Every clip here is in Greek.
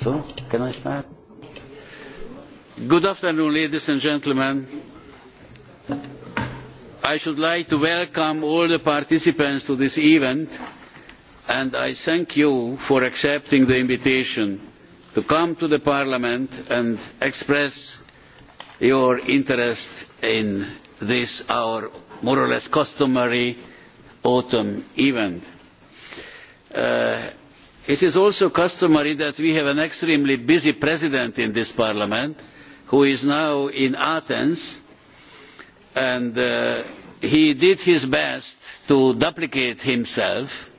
So, can I start? Good afternoon, ladies and gentlemen. I should like to welcome all the participants to this event, and I thank you for accepting the invitation to come to the Parliament and express your interest in this our more or less customary autumn event. It is also customary that we have an extremely busy President in this Parliament who is now in Athens and he did his best to duplicate himself,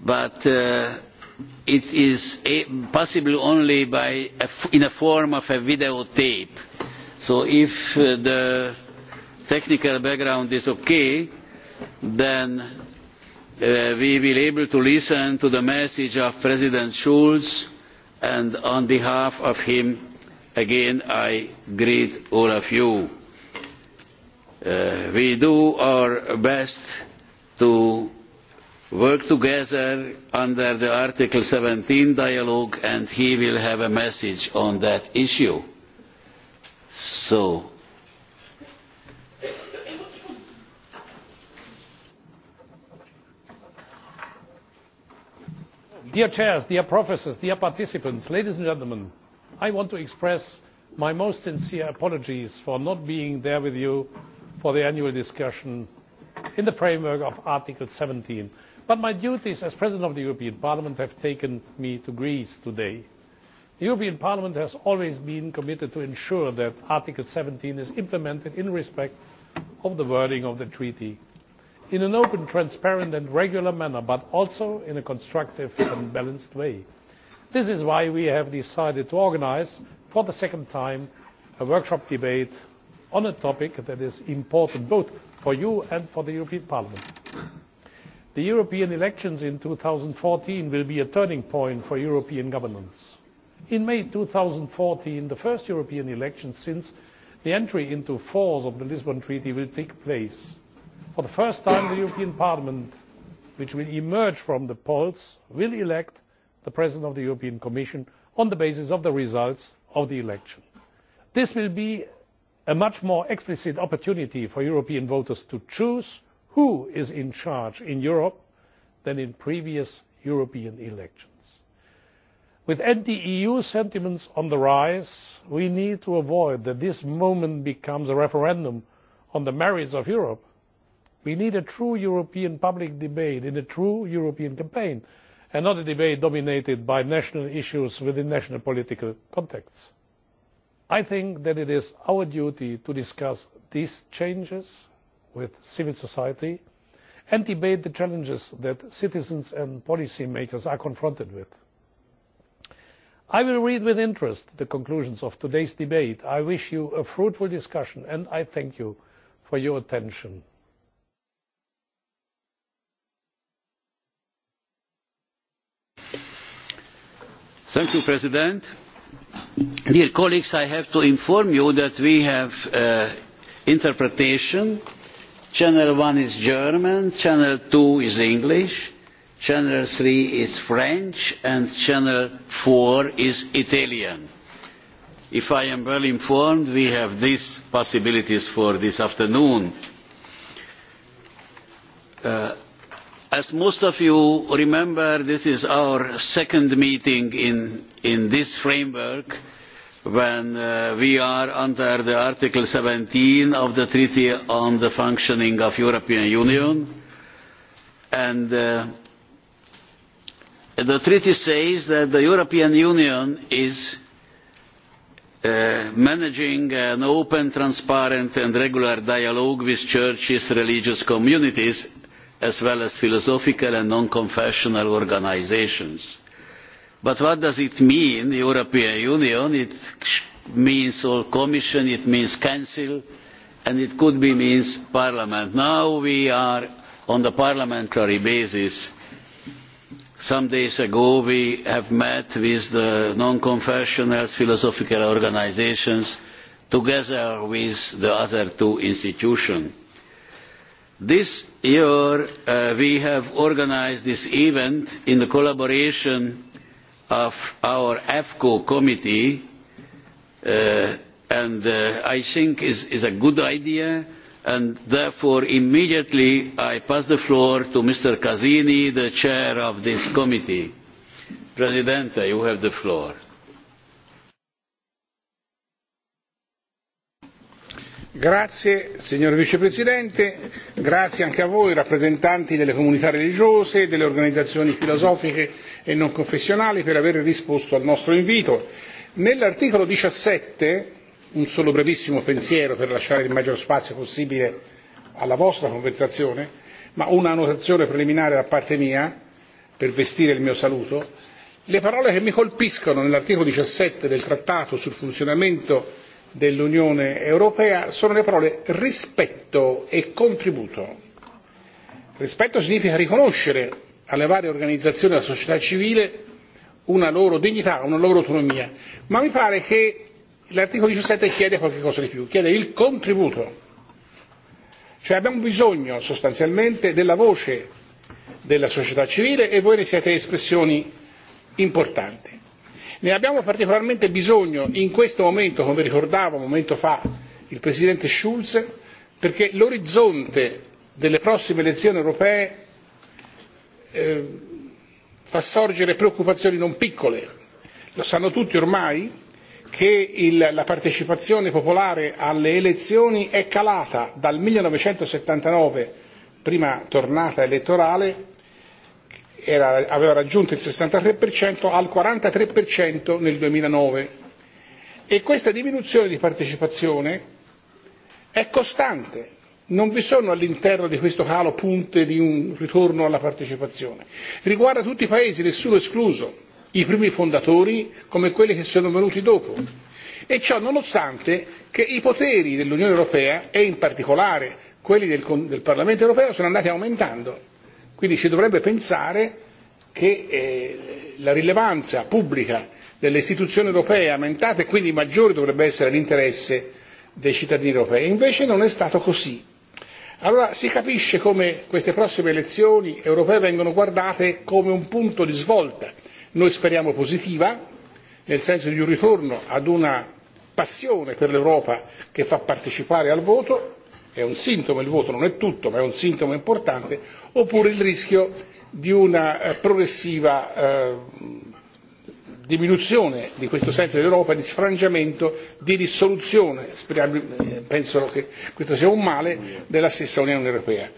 but it is possible only in a form of a videotape. So if the technical background is okay, then we will be able to listen to the message of President Schulz and on behalf of him again I greet all of you. We do our best to work together under the Article 17 dialogue and he will have a message on that issue. So dear chairs dear professors dear participants ladies and gentlemen i want to express my most sincere apologies for not being there with you for the annual discussion in the framework of article 17. but my duties as president of the european parliament have taken me to greece today. the european parliament has always been committed to ensuring that article 17 is implemented in respect of the wording of the treaty in an open transparent and regular manner but also in a constructive and balanced way. this is why we have decided to organise for the second time a workshop debate on a topic that is important both for you and for the european parliament. the european elections in two fourteen will be a turning point for european governance. in may two thousand fourteen the first european elections since the entry into force of the lisbon treaty will take place for the first time the european parliament which will emerge from the polls will elect the president of the european commission on the basis of the results of the election. this will be a much more explicit opportunity for european voters to choose who is in charge in europe than in previous european elections. with anti eu sentiments on the rise we need to avoid that this moment becomes a referendum on the merits of Europe. We need a true European public debate in a true European campaign, and not a debate dominated by national issues within national political contexts. I think that it is our duty to discuss these changes with civil society and debate the challenges that citizens and policymakers are confronted with. I will read with interest the conclusions of today's debate. I wish you a fruitful discussion and I thank you for your attention. Thank President. Dear colleagues, I have to inform you that we have interpretation. Channel 1 is German, Channel 2 is English, Channel 3 is French, and Channel 4 is Italian. If I am well informed, we have these possibilities for this afternoon. As most of you remember, this is our second meeting in this framework when we are under the Article 17 of the Treaty on the Functioning of the European Union. And the Treaty says that the European Union is managing an open, transparent and regular dialogue with churches, religious communities as well as philosophical and non confessional organisations. But what does it mean, the European Union? It means all Commission, it means Council and it could be means Parliament. Now we are on the parliamentary basis. Some days ago we have met with the non confessional philosophical organisations together with the other two institutions This year we have organised this event in the collaboration of our AFCO committee and I think it is a good idea and therefore immediately I pass the floor to Mr. Casini, the chair of this committee. Presidente, you have the floor. Grazie signor Vicepresidente, grazie anche a voi rappresentanti delle comunità religiose, delle organizzazioni filosofiche e non confessionali per aver risposto al nostro invito. Nell'articolo 17, un solo brevissimo pensiero per lasciare il maggior spazio possibile alla vostra conversazione, ma una notazione preliminare da parte mia per vestire il mio saluto, le parole che mi colpiscono nell'articolo 17 del Trattato sul funzionamento dell'Unione Europea sono le parole rispetto e contributo. Rispetto significa riconoscere alle varie organizzazioni della società civile una loro dignità, una loro autonomia, ma mi pare che l'articolo 17 chiede qualcosa di più, chiede il contributo. Cioè abbiamo bisogno sostanzialmente della voce della società civile e voi ne siete espressioni importanti ne abbiamo particolarmente bisogno in questo momento come ricordava un momento fa il presidente schulz perché l'orizzonte delle prossime elezioni europee fa sorgere preoccupazioni non piccole lo sanno tutti ormai che la partecipazione popolare alle elezioni è calata dal 1979, prima tornata elettorale aveva raggiunto il 63% al 43% nel 2009 e questa diminuzione di partecipazione è costante non vi sono all'interno di questo calo punte di un ritorno alla partecipazione riguarda tutti i paesi nessuno escluso i primi fondatori come quelli che sono venuti dopo e ciò nonostante che i poteri dell'unione europea e in particolare quelli del parlamento europeo sono andati aumentando. Quindi si dovrebbe pensare che la rilevanza pubblica delle istituzioni europee è aumentata e quindi maggiore dovrebbe essere l'interesse dei cittadini europei. Invece non è stato così. Allora si capisce come queste prossime elezioni europee vengono guardate come un punto di svolta. Noi speriamo positiva, nel senso di un ritorno ad una passione per l'Europa che fa partecipare al voto, è un sintomo il voto non è tutto ma è un sintomo importante oppure il rischio di una progressiva diminuzione di questo senso dell'europa di sfrangiamento di dissoluzione penso che questo sia un male della stessa unione europea.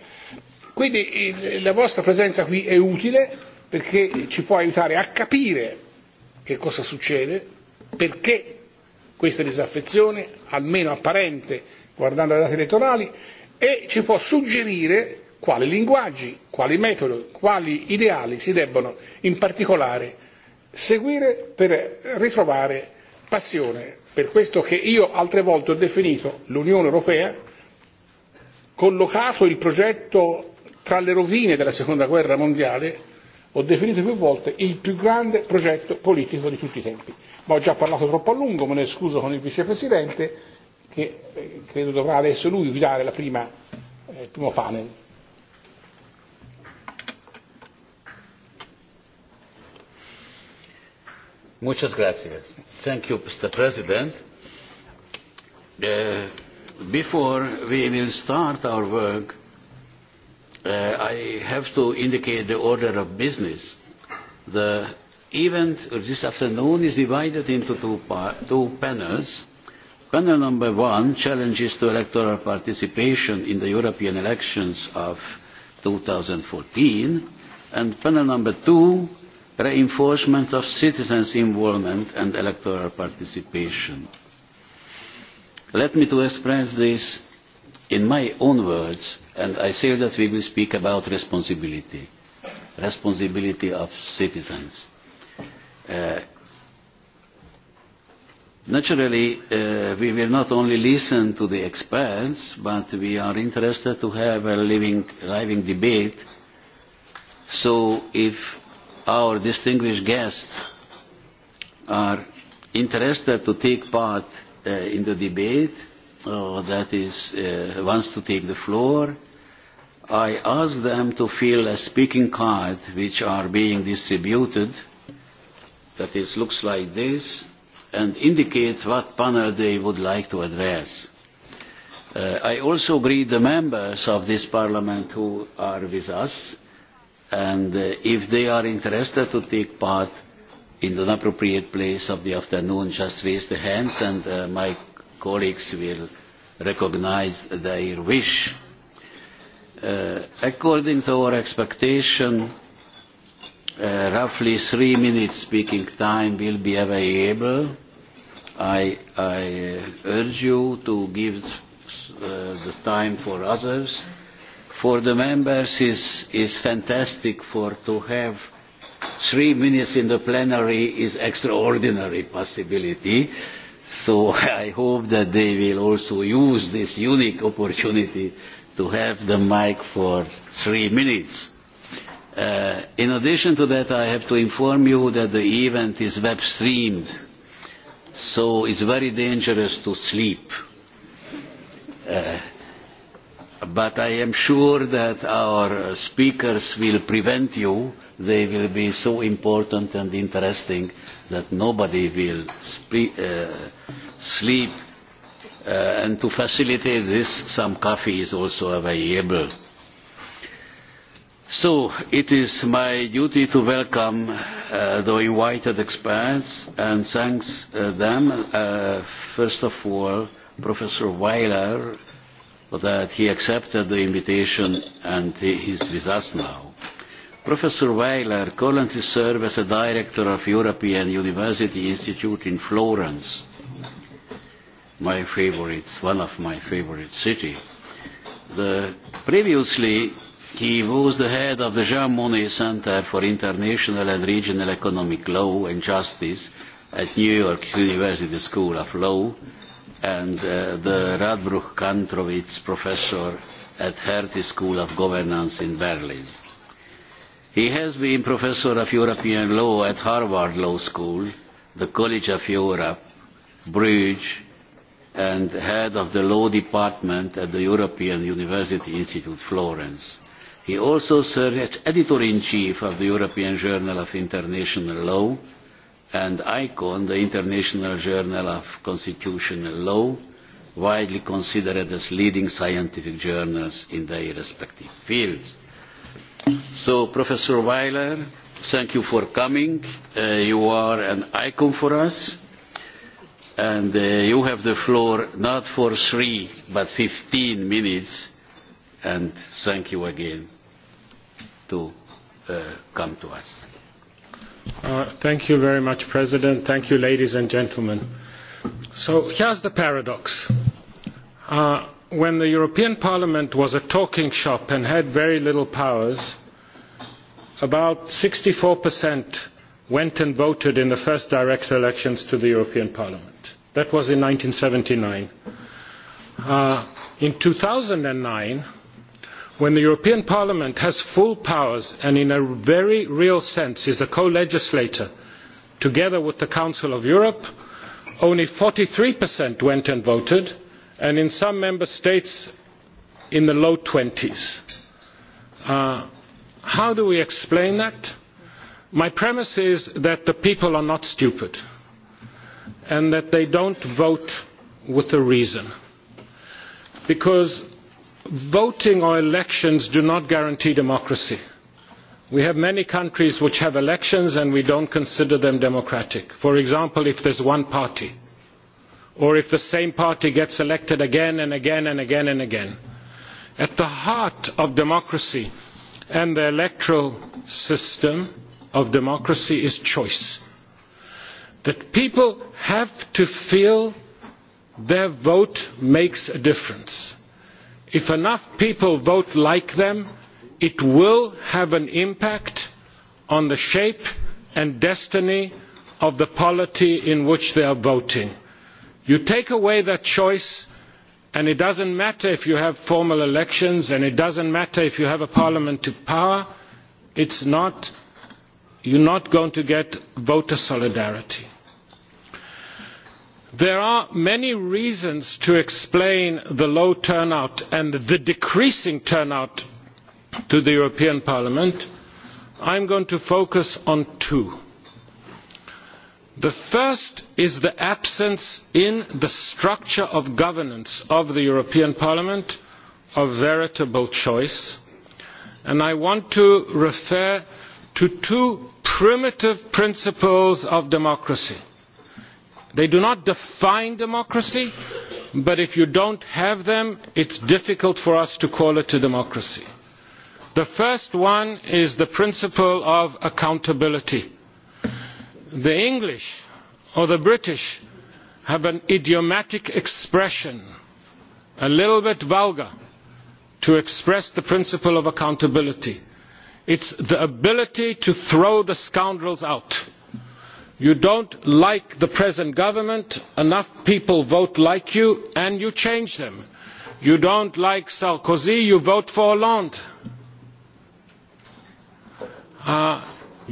quindi la vostra presenza qui è utile perché ci può aiutare a capire che cosa succede perché questa disaffezione almeno apparente guardando le date elettorali e ci può suggerire quali linguaggi, quali metodi, quali ideali si debbono in particolare seguire per ritrovare passione per questo che io altre volte ho definito l'Unione Europea collocato il progetto tra le rovine della Seconda Guerra Mondiale ho definito più volte il più grande progetto politico di tutti i tempi. Ma ho già parlato troppo a lungo, me ne scuso con il vicepresidente che credo dovrà adesso lui guidare la prima, il primo panel. Muchas gracias. Thank you, Mr. President. Before we will start our work, I have to indicate the order of business. The event this afternoon is divided into two, two panels Panel number one, challenges to electoral participation in the European elections of 2014. And panel number two, reinforcement of citizens' involvement and electoral participation. Let me to express this in my own words, and I say that we will speak about responsibility, responsibility of citizens. Naturally, we will not only listen to the experts, but we are interested to have a living debate. So if our distinguished guests are interested to take part in the debate, or that is, wants to take the floor, I ask them to fill a speaking card which are being distributed. That is, looks like this and indicate what panel they would like to address. I also greet the members of this Parliament who are with us and if they are interested to take part in an appropriate place of the afternoon, just raise the hands and my colleagues will recognise their wish. According to our expectation roughly three minutes speaking time will be available. I, I urge you to give the time for others. For the members is is fantastic for to have three minutes in the plenary is extraordinary possibility. So I hope that they will also use this unique opportunity to have the mic for three minutes. In addition to that, I have to inform you that the event is web streamed, so it's very dangerous to sleep. But I am sure that our speakers will prevent you. They will be so important and interesting that nobody will sleep. And to facilitate this, some coffee is also available. So it is my duty to welcome the invited experts and thank them, first of all, Professor Weiler, that he accepted the invitation and he is with us now. Professor Weiler currently serves as a director of European University Institute in Florence, my favourite, one of my favorite cities. Previously, He was the head of the Jean Monnet Center for International and Regional Economic Law and Justice at New York University School of Law and the Radbruch Kantrowitz Professor at Hertie School of Governance in Berlin. He has been Professor of European Law at Harvard Law School, the College of Europe, Bruges, and head of the Law Department at the European University Institute Florence. He also served as editor-in-chief of the European Journal of International Law and ICON, the International Journal of Constitutional Law, widely considered as leading scientific journals in their respective fields. So, Professor Weiler, thank you for coming. You are an icon for us. And you have the floor not for three, but 15 minutes. And thank you again to come to us. Thank you very much, President. Thank you, ladies and gentlemen. So here's the paradox. When the European Parliament was a talking shop and had very little powers, about 64% went and voted in the first direct elections to the European Parliament. That was in 1979. In 2009, when the european parliament has full powers and in a very real sense is a co legislator together with the council of europe only forty three went and voted and in some member states in the low twenties. how do we explain that? my premise is that the people are not stupid and that they don't vote with a reason because voting or elections do not guarantee democracy. We have many countries which have elections and we don't consider them democratic. For example, if there is one party, or if the same party gets elected again and again and again and again. At the heart of democracy and the electoral system of democracy is choice. That people have to feel their vote makes a difference if enough people vote like them it will have an impact on the shape and destiny of the polity in which they are voting. you take away that choice and it doesn't matter if you have formal elections and it does not matter if you have a parliament to power you are not going to get voter solidarity. There are many reasons to explain the low turnout and the decreasing turnout to the European Parliament. I am going to focus on two. The first is the absence in the structure of governance of the European Parliament of veritable choice, and I want to refer to two primitive principles of democracy They do not define democracy, but if you do don't have them, it is difficult for us to call it a democracy. The first one is the principle of accountability. The English or the British have an idiomatic expression, a little bit vulgar, to express the principle of accountability. It is the ability to throw the scoundrels out you don't like the present government enough people vote like you and you change them. you don't like sarkozy you vote for hollande.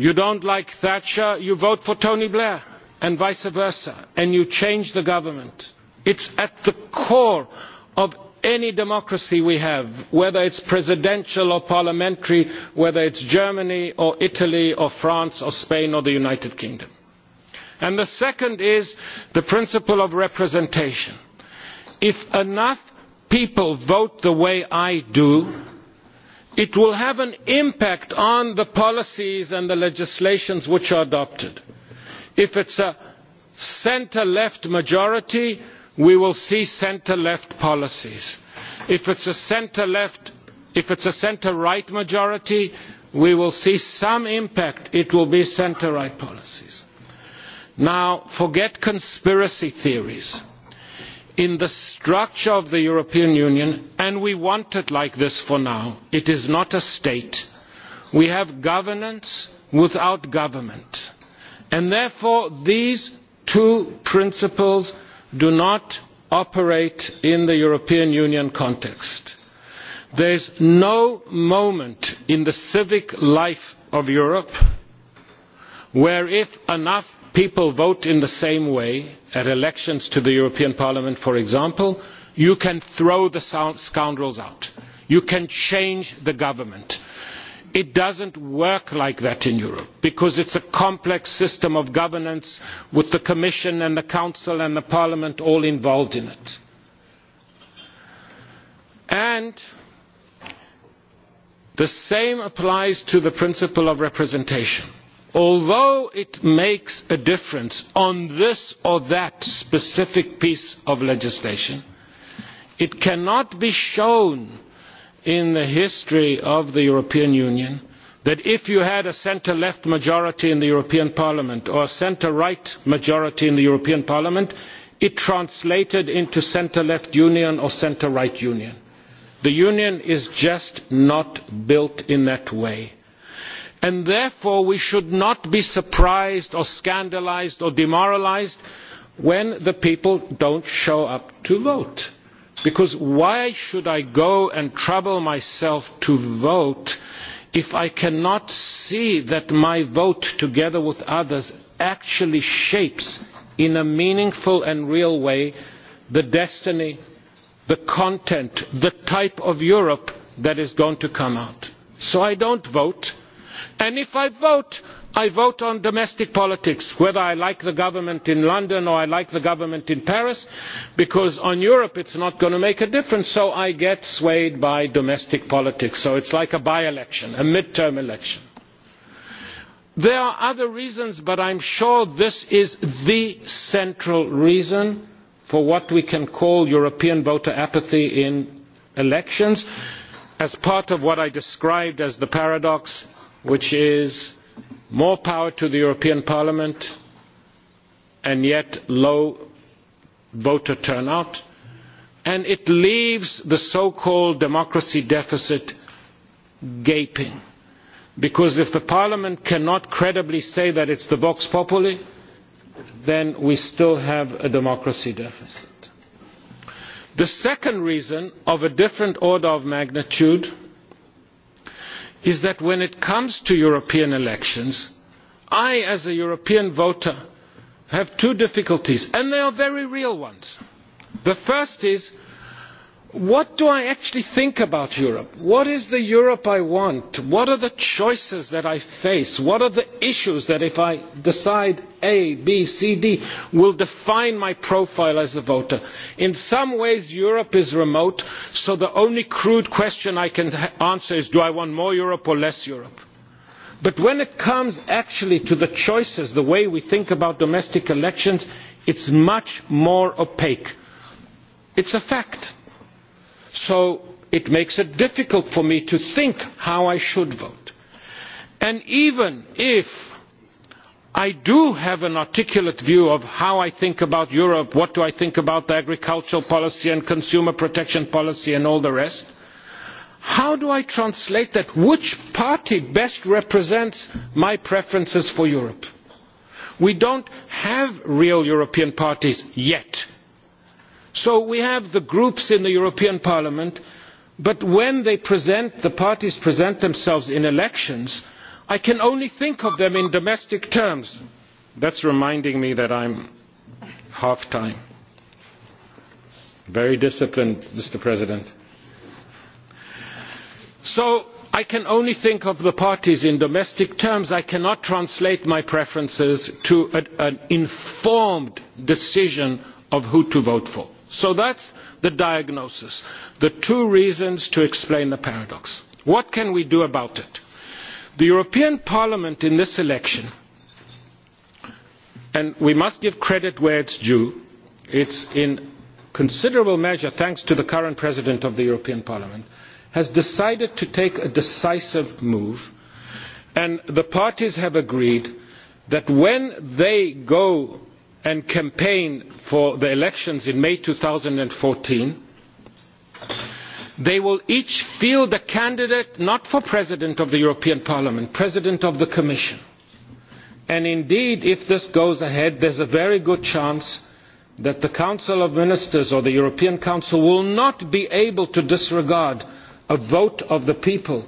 you don't like thatcher you vote for tony blair and vice versa and you change the government. It's at the core of any democracy we have whether it's presidential or parliamentary whether it's germany or italy or france or spain or the united kingdom and the second is the principle of representation. if enough people vote the way i do it will have an impact on the policies and the legislations which are adopted. if it's a centre left majority we will see centre left policies. if it is a centre right majority we will see some impact it will be centre right policies. Now, forget conspiracy theories. In the structure of the European Union, and we want it like this for now, it is not a state. We have governance without government. And therefore, these two principles do not operate in the European Union context. There is no moment in the civic life of Europe where if enough people vote in the same way at elections to the European Parliament, for example, you can throw the scoundrels out. You can change the government. It does not work like that in Europe because it is a complex system of governance with the Commission and the Council and the Parliament all involved in it. And the same applies to the principle of representation although it makes a difference on this or that specific piece of legislation, it cannot be shown in the history of the European Union that if you had a centre left majority in the European Parliament or a centre right majority in the European Parliament, it translated into centre left union or centre right union. The Union is just not built in that way and therefore we should not be surprised or scandalised or demoralised when the people do not show up to vote because why should i go and trouble myself to vote if i cannot see that my vote together with others actually shapes in a meaningful and real way the destiny the content the type of europe that is going to come out so i do not vote and if i vote i vote on domestic politics whether i like the government in london or i like the government in paris because on europe it is not going to make a difference so i get swayed by domestic politics so it is like a by election a mid term election. there are other reasons but i am sure this is the central reason for what we can call european voter apathy in elections as part of what i described as the paradox which is more power to the European Parliament and yet low voter turnout, and it leaves the so-called democracy deficit gaping. Because if the Parliament cannot credibly say that it's the vox populi, then we still have a democracy deficit. The second reason, of a different order of magnitude, is that when it comes to European elections, I, as a European voter, have two difficulties, and they are very real ones. The first is What do I actually think about Europe? What is the Europe I want? What are the choices that I face? What are the issues that if I decide A, B, C, D will define my profile as a voter? In some ways Europe is remote, so the only crude question I can answer is do I want more Europe or less Europe? But when it comes actually to the choices, the way we think about domestic elections, it's much more opaque. It's a fact so it makes it difficult for me to think how I should vote. And even if I do have an articulate view of how I think about Europe, what do I think about the agricultural policy and consumer protection policy and all the rest, how do I translate that? Which party best represents my preferences for Europe? We don't have real European parties yet so we have the groups in the european parliament but when the parties present themselves in elections i can only think of them in domestic terms. That's reminding me that i am half time. very disciplined mr president. so i can only think of the parties in domestic terms. i cannot translate my preferences to an informed decision of who to vote for. So that's the diagnosis, the two reasons to explain the paradox. What can we do about it? The European Parliament in this election, and we must give credit where it's due, it's in considerable measure thanks to the current President of the European Parliament, has decided to take a decisive move, and the parties have agreed that when they go and campaign for the elections in may 2014 they will each field a candidate not for president of the european parliament president of the commission and indeed if this goes ahead there is a very good chance that the council of ministers or the european council will not be able to disregard a vote of the people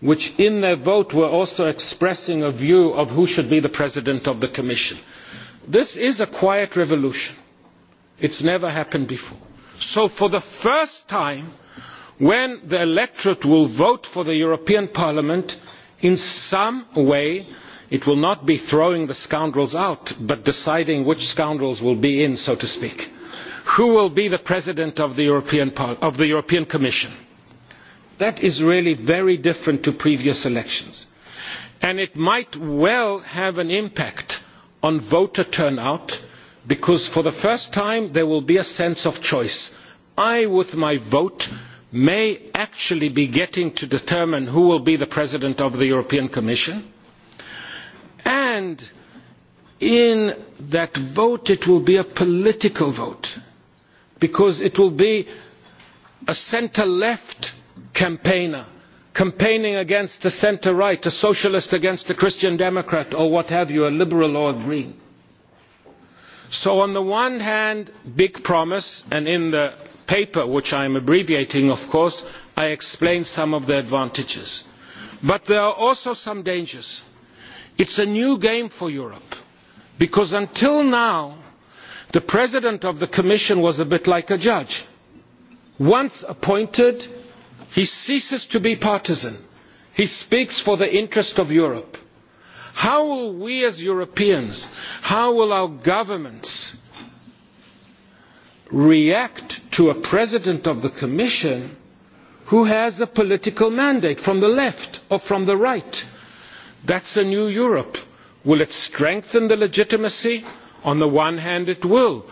which in their vote were also expressing a view of who should be the president of the commission This is a quiet revolution. It's never happened before. So for the first time, when the electorate will vote for the European Parliament, in some way it will not be throwing the scoundrels out, but deciding which scoundrels will be in, so to speak. Who will be the President of the European Commission? That is really very different to previous elections. And it might well have an impact on voter turnout because for the first time there will be a sense of choice. I, with my vote, may actually be getting to determine who will be the President of the European Commission. And in that vote it will be a political vote because it will be a centre-left campaigner campaigning against the centre right a socialist against a christian democrat or what have you a liberal or a green. so on the one hand big promise and in the paper which i am abbreviating of course i explain some of the advantages but there are also some dangers. It's a new game for europe because until now the president of the commission was a bit like a judge once appointed He ceases to be partisan. He speaks for the interest of Europe. How will we as Europeans, how will our governments react to a President of the Commission who has a political mandate from the left or from the right? That's a new Europe. Will it strengthen the legitimacy? On the one hand it will,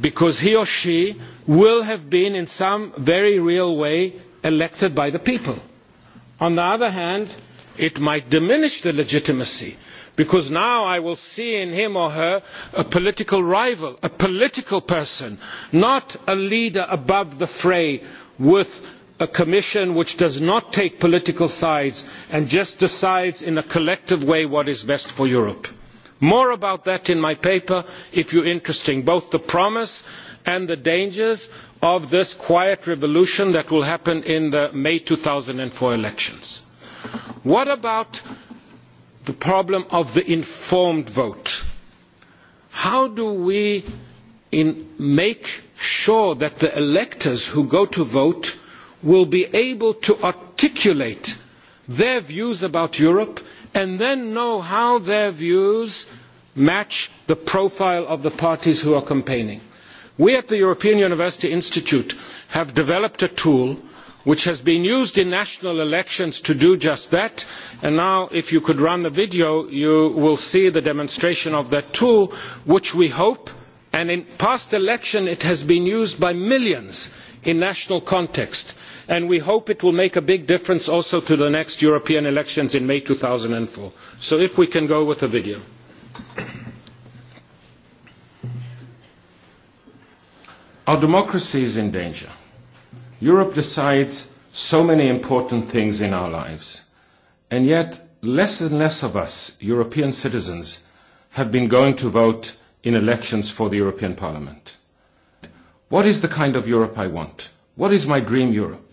because he or she will have been in some very real way elected by the people. On the other hand, it might diminish the legitimacy because now I will see in him or her a political rival, a political person, not a leader above the fray with a commission which does not take political sides and just decides in a collective way what is best for Europe more about that in my paper if you are interested both the promise and the dangers of this quiet revolution that will happen in the may two thousand four elections. what about the problem of the informed vote? how do we make sure that the electors who go to vote will be able to articulate their views about europe and then know how their views match the profile of the parties who are campaigning. We at the European University Institute have developed a tool which has been used in national elections to do just that and now if you could run the video you will see the demonstration of that tool which we hope and in past elections it has been used by millions in national context and we hope it will make a big difference also to the next European elections in May 2004. So if we can go with a video. Our democracy is in danger. Europe decides so many important things in our lives, and yet less and less of us, European citizens, have been going to vote in elections for the European Parliament. What is the kind of Europe I want? What is my dream Europe?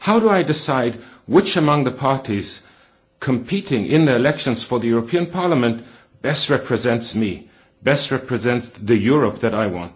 How do I decide which among the parties competing in the elections for the European Parliament best represents me, best represents the Europe that I want?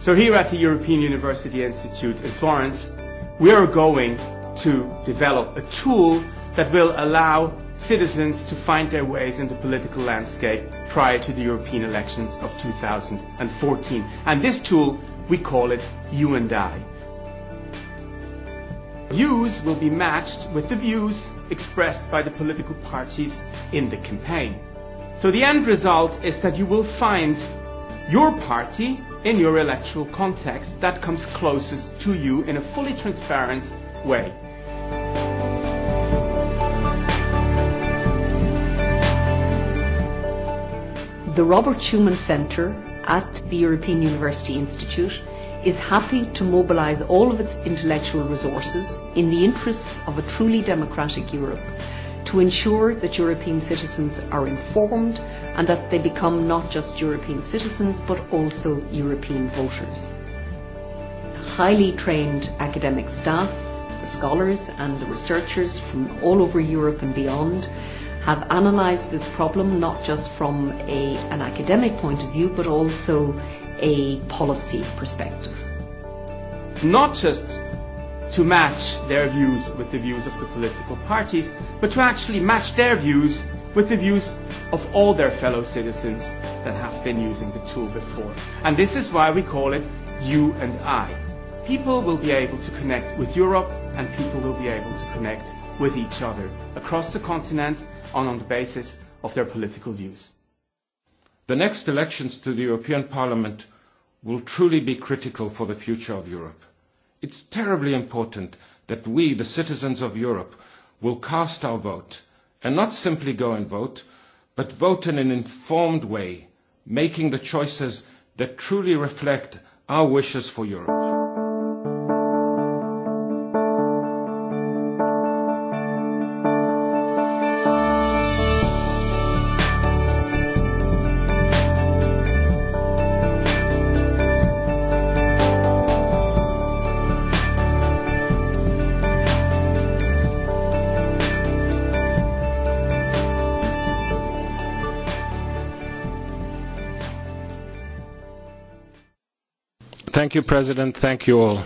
So here at the European University Institute in Florence, we are going to develop a tool that will allow citizens to find their ways in the political landscape prior to the European elections of 2014. And this tool, we call it You and I. Views will be matched with the views expressed by the political parties in the campaign. So the end result is that you will find your party in your electoral context that comes closest to you in a fully transparent way. the Robert Schumann Centre at the European University Institute is happy to mobilise all of its intellectual resources in the interests of a truly democratic Europe to ensure that European citizens are informed and that they become not just European citizens but also European voters. Highly trained academic staff, the scholars and the researchers from all over Europe and beyond have analysed this problem not just from a, an academic point of view but also a policy perspective. Not just to match their views with the views of the political parties, but to actually match their views with the views of all their fellow citizens that have been using the tool before. And this is why we call it you and I. People will be able to connect with Europe and people will be able to connect with each other across the continent and on the basis of their political views. The next elections to the European Parliament will truly be critical for the future of Europe. It's terribly important that we, the citizens of Europe, will cast our vote and not simply go and vote, but vote in an informed way, making the choices that truly reflect our wishes for Europe. you, President. Thank you all.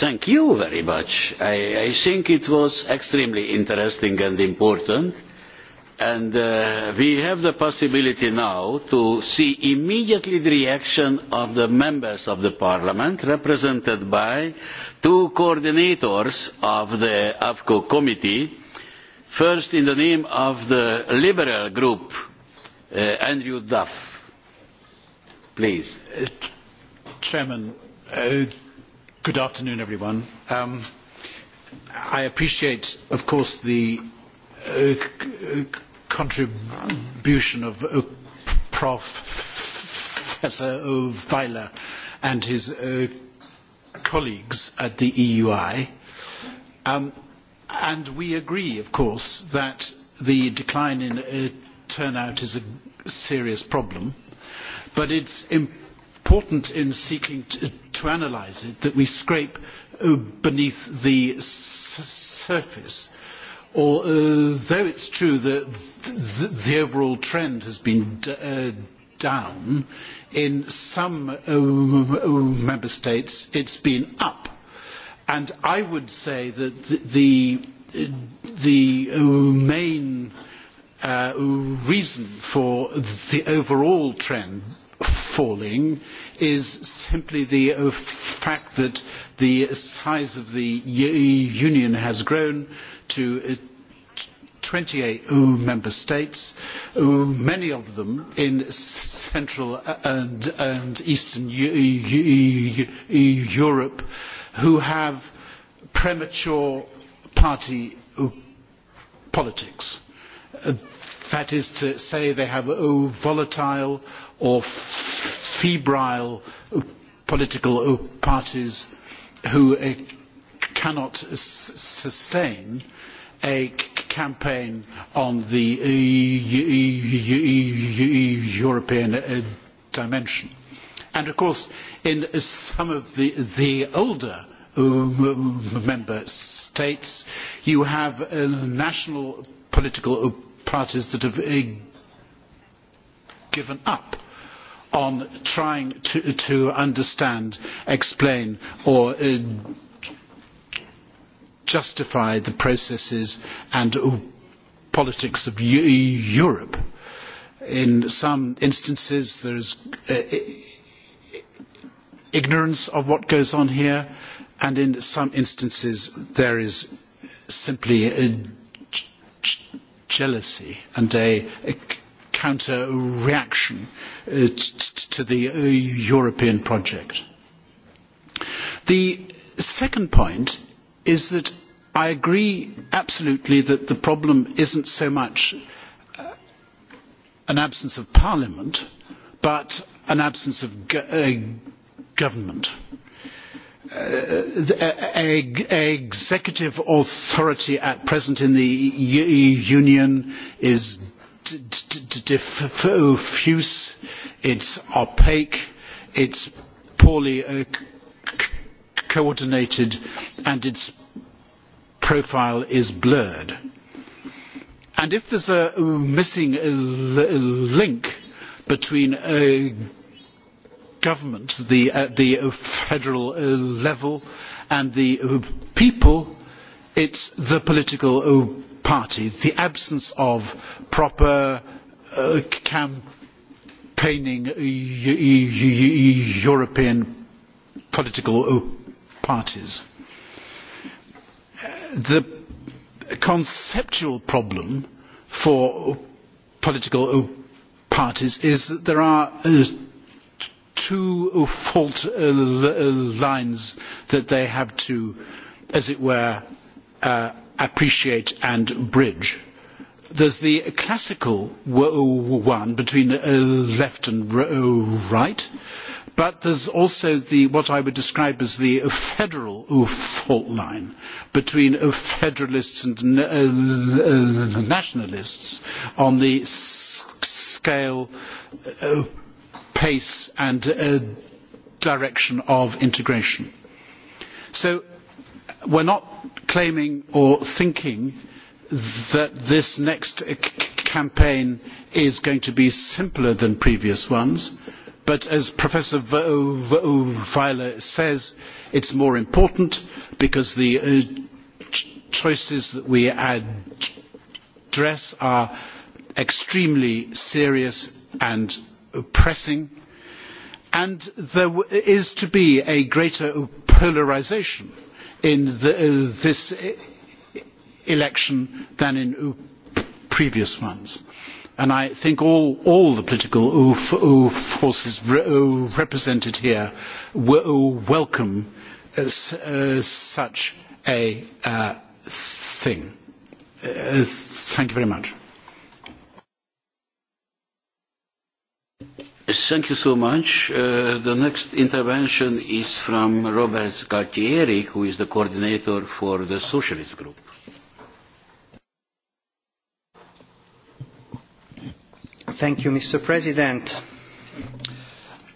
Thank you very much. I think it was extremely interesting and important. And we have the possibility now to see immediately the reaction of the members of the Parliament, represented by two coordinators of the AFCO committee. First, in the name of the Liberal group, Andrew Duff Please. Chairman, good afternoon, everyone. I appreciate, of course, the contribution of Professor Weiler and his colleagues at the EUI. And we agree, of course, that the decline in turnout is a serious problem but it is important in seeking to analyse it that we scrape beneath the surface. Although it is true that the overall trend has been down, in some member states it has been up. And I would say that the main reason for the overall trend falling is simply the fact that the size of the Union has grown to 28 member states, many of them in Central and Eastern Europe, who have premature party politics. That is to say, they have volatile or febrile political parties who cannot sustain a campaign on the European dimension. And of course, in some of the older member states, you have national political parties that have given up on trying to understand, explain or justify the processes and politics of Europe. In some instances there is ignorance of what goes on here and in some instances there is simply jealousy and a counter reaction to the European project. The second point is that I agree absolutely that the problem isn't so much an absence of parliament but an absence of government. Executive authority at present in the Union is diffuse, it's opaque, it's poorly coordinated and its profile is blurred. And if there's a missing link between government, the federal level and the people, it's the political party the absence of proper campaigning european political parties the conceptual problem for political parties is that there are two fault lines that they have to as it were appreciate and bridge. There's the classical one between left and right, but there's also what I would describe as the federal fault line between federalists and nationalists on the scale, pace and direction of integration. So we are not claiming or thinking that this next campaign is going to be simpler than previous ones but as professor weiler says it is more important because the choices that we address are extremely serious and pressing and there is to be a greater polarisation in this election than in previous ones. And I think all the political forces represented here welcome such a thing. Thank you very much. Thank you so much. The next intervention is from Robert Galtieri, who is the coordinator for the Socialist Group. Thank you, Mr. President.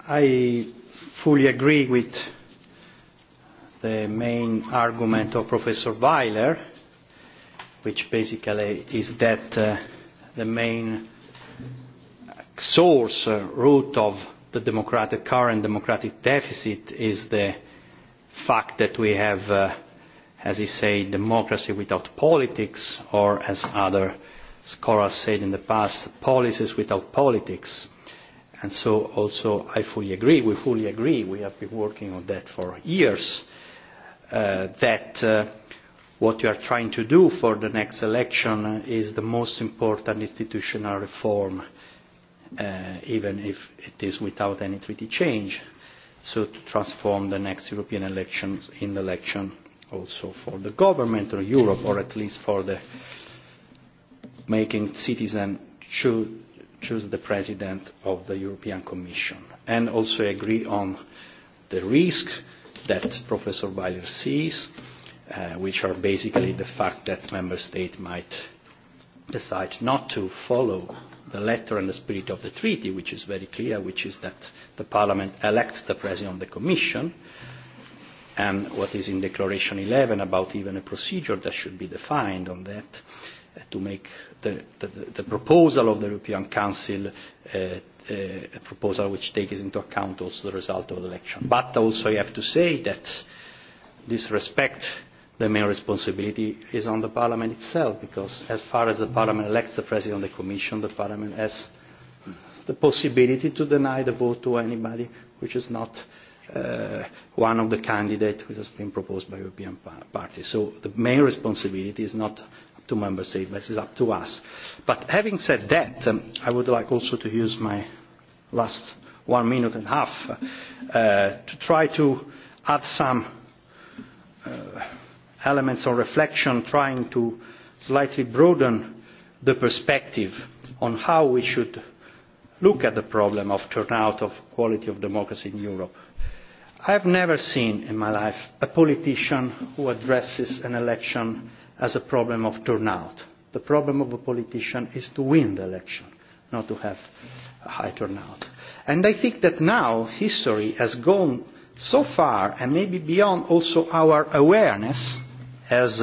I fully agree with the main argument of Professor Weiler, which basically is that the main source, root of the democratic current democratic deficit is the fact that we have, as he said, democracy without politics, or as other scholars said in the past, policies without politics. And so also I fully agree, we fully agree, we have been working on that for years, that what you are trying to do for the next election is the most important institutional reform even if it is without any treaty change, so to transform the next European elections in the election also for the government or Europe, or at least for the making citizens choose the president of the European Commission. And also agree on the risk that Professor Weiler sees, which are basically the fact that member states might decide not to follow the letter and the spirit of the treaty, which is very clear, which is that the Parliament elects the President of the Commission, and what is in Declaration 11 about even a procedure that should be defined on that, to make the proposal of the European Council a proposal which takes into account also the result of the election. But also I have to say that this respect the main responsibility is on the Parliament itself, because as far as the Parliament elects the President of the Commission, the Parliament has the possibility to deny the vote to anybody which is not one of the candidates which has been proposed by European parties. So the main responsibility is not to Member States, but is up to us. But having said that, I would like also to use my last one minute and a half to try to add some elements of reflection trying to slightly broaden the perspective on how we should look at the problem of turnout of quality of democracy in Europe. I have never seen in my life a politician who addresses an election as a problem of turnout. The problem of a politician is to win the election, not to have a high turnout. And I think that now history has gone so far and maybe beyond also our awareness as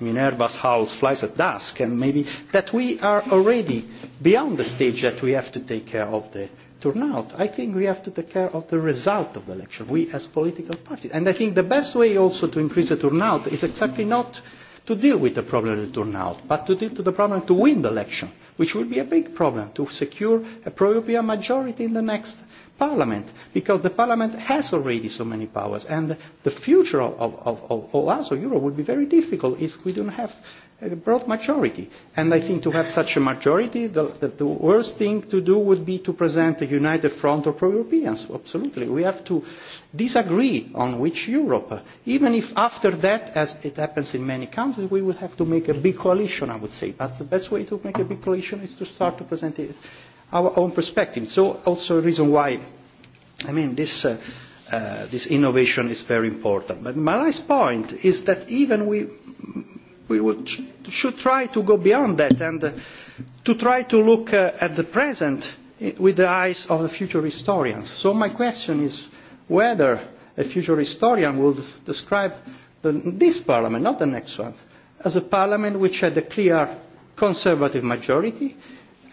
Minerva's house flies at dusk, and maybe that we are already beyond the stage that we have to take care of the turnout. I think we have to take care of the result of the election, we as political parties. And I think the best way also to increase the turnout is exactly not to deal with the problem of the turnout, but to deal with the problem to win the election, which will be a big problem, to secure a pro-European majority in the next Parliament, because the Parliament has already so many powers, and the future of us, of Europe, would be very difficult if we don't have a broad majority. And I think to have such a majority, the worst thing to do would be to present a united front of pro-Europeans. Absolutely. We have to disagree on which Europe, even if after that, as it happens in many countries, we would have to make a big coalition, I would say. But the best way to make a big coalition is to start to present it our own perspective. So also a reason why, I mean, this this innovation is very important. But my last point is that even we we should try to go beyond that and to try to look at the present with the eyes of the future historians. So my question is whether a future historian will describe this parliament, not the next one, as a parliament which had a clear conservative majority,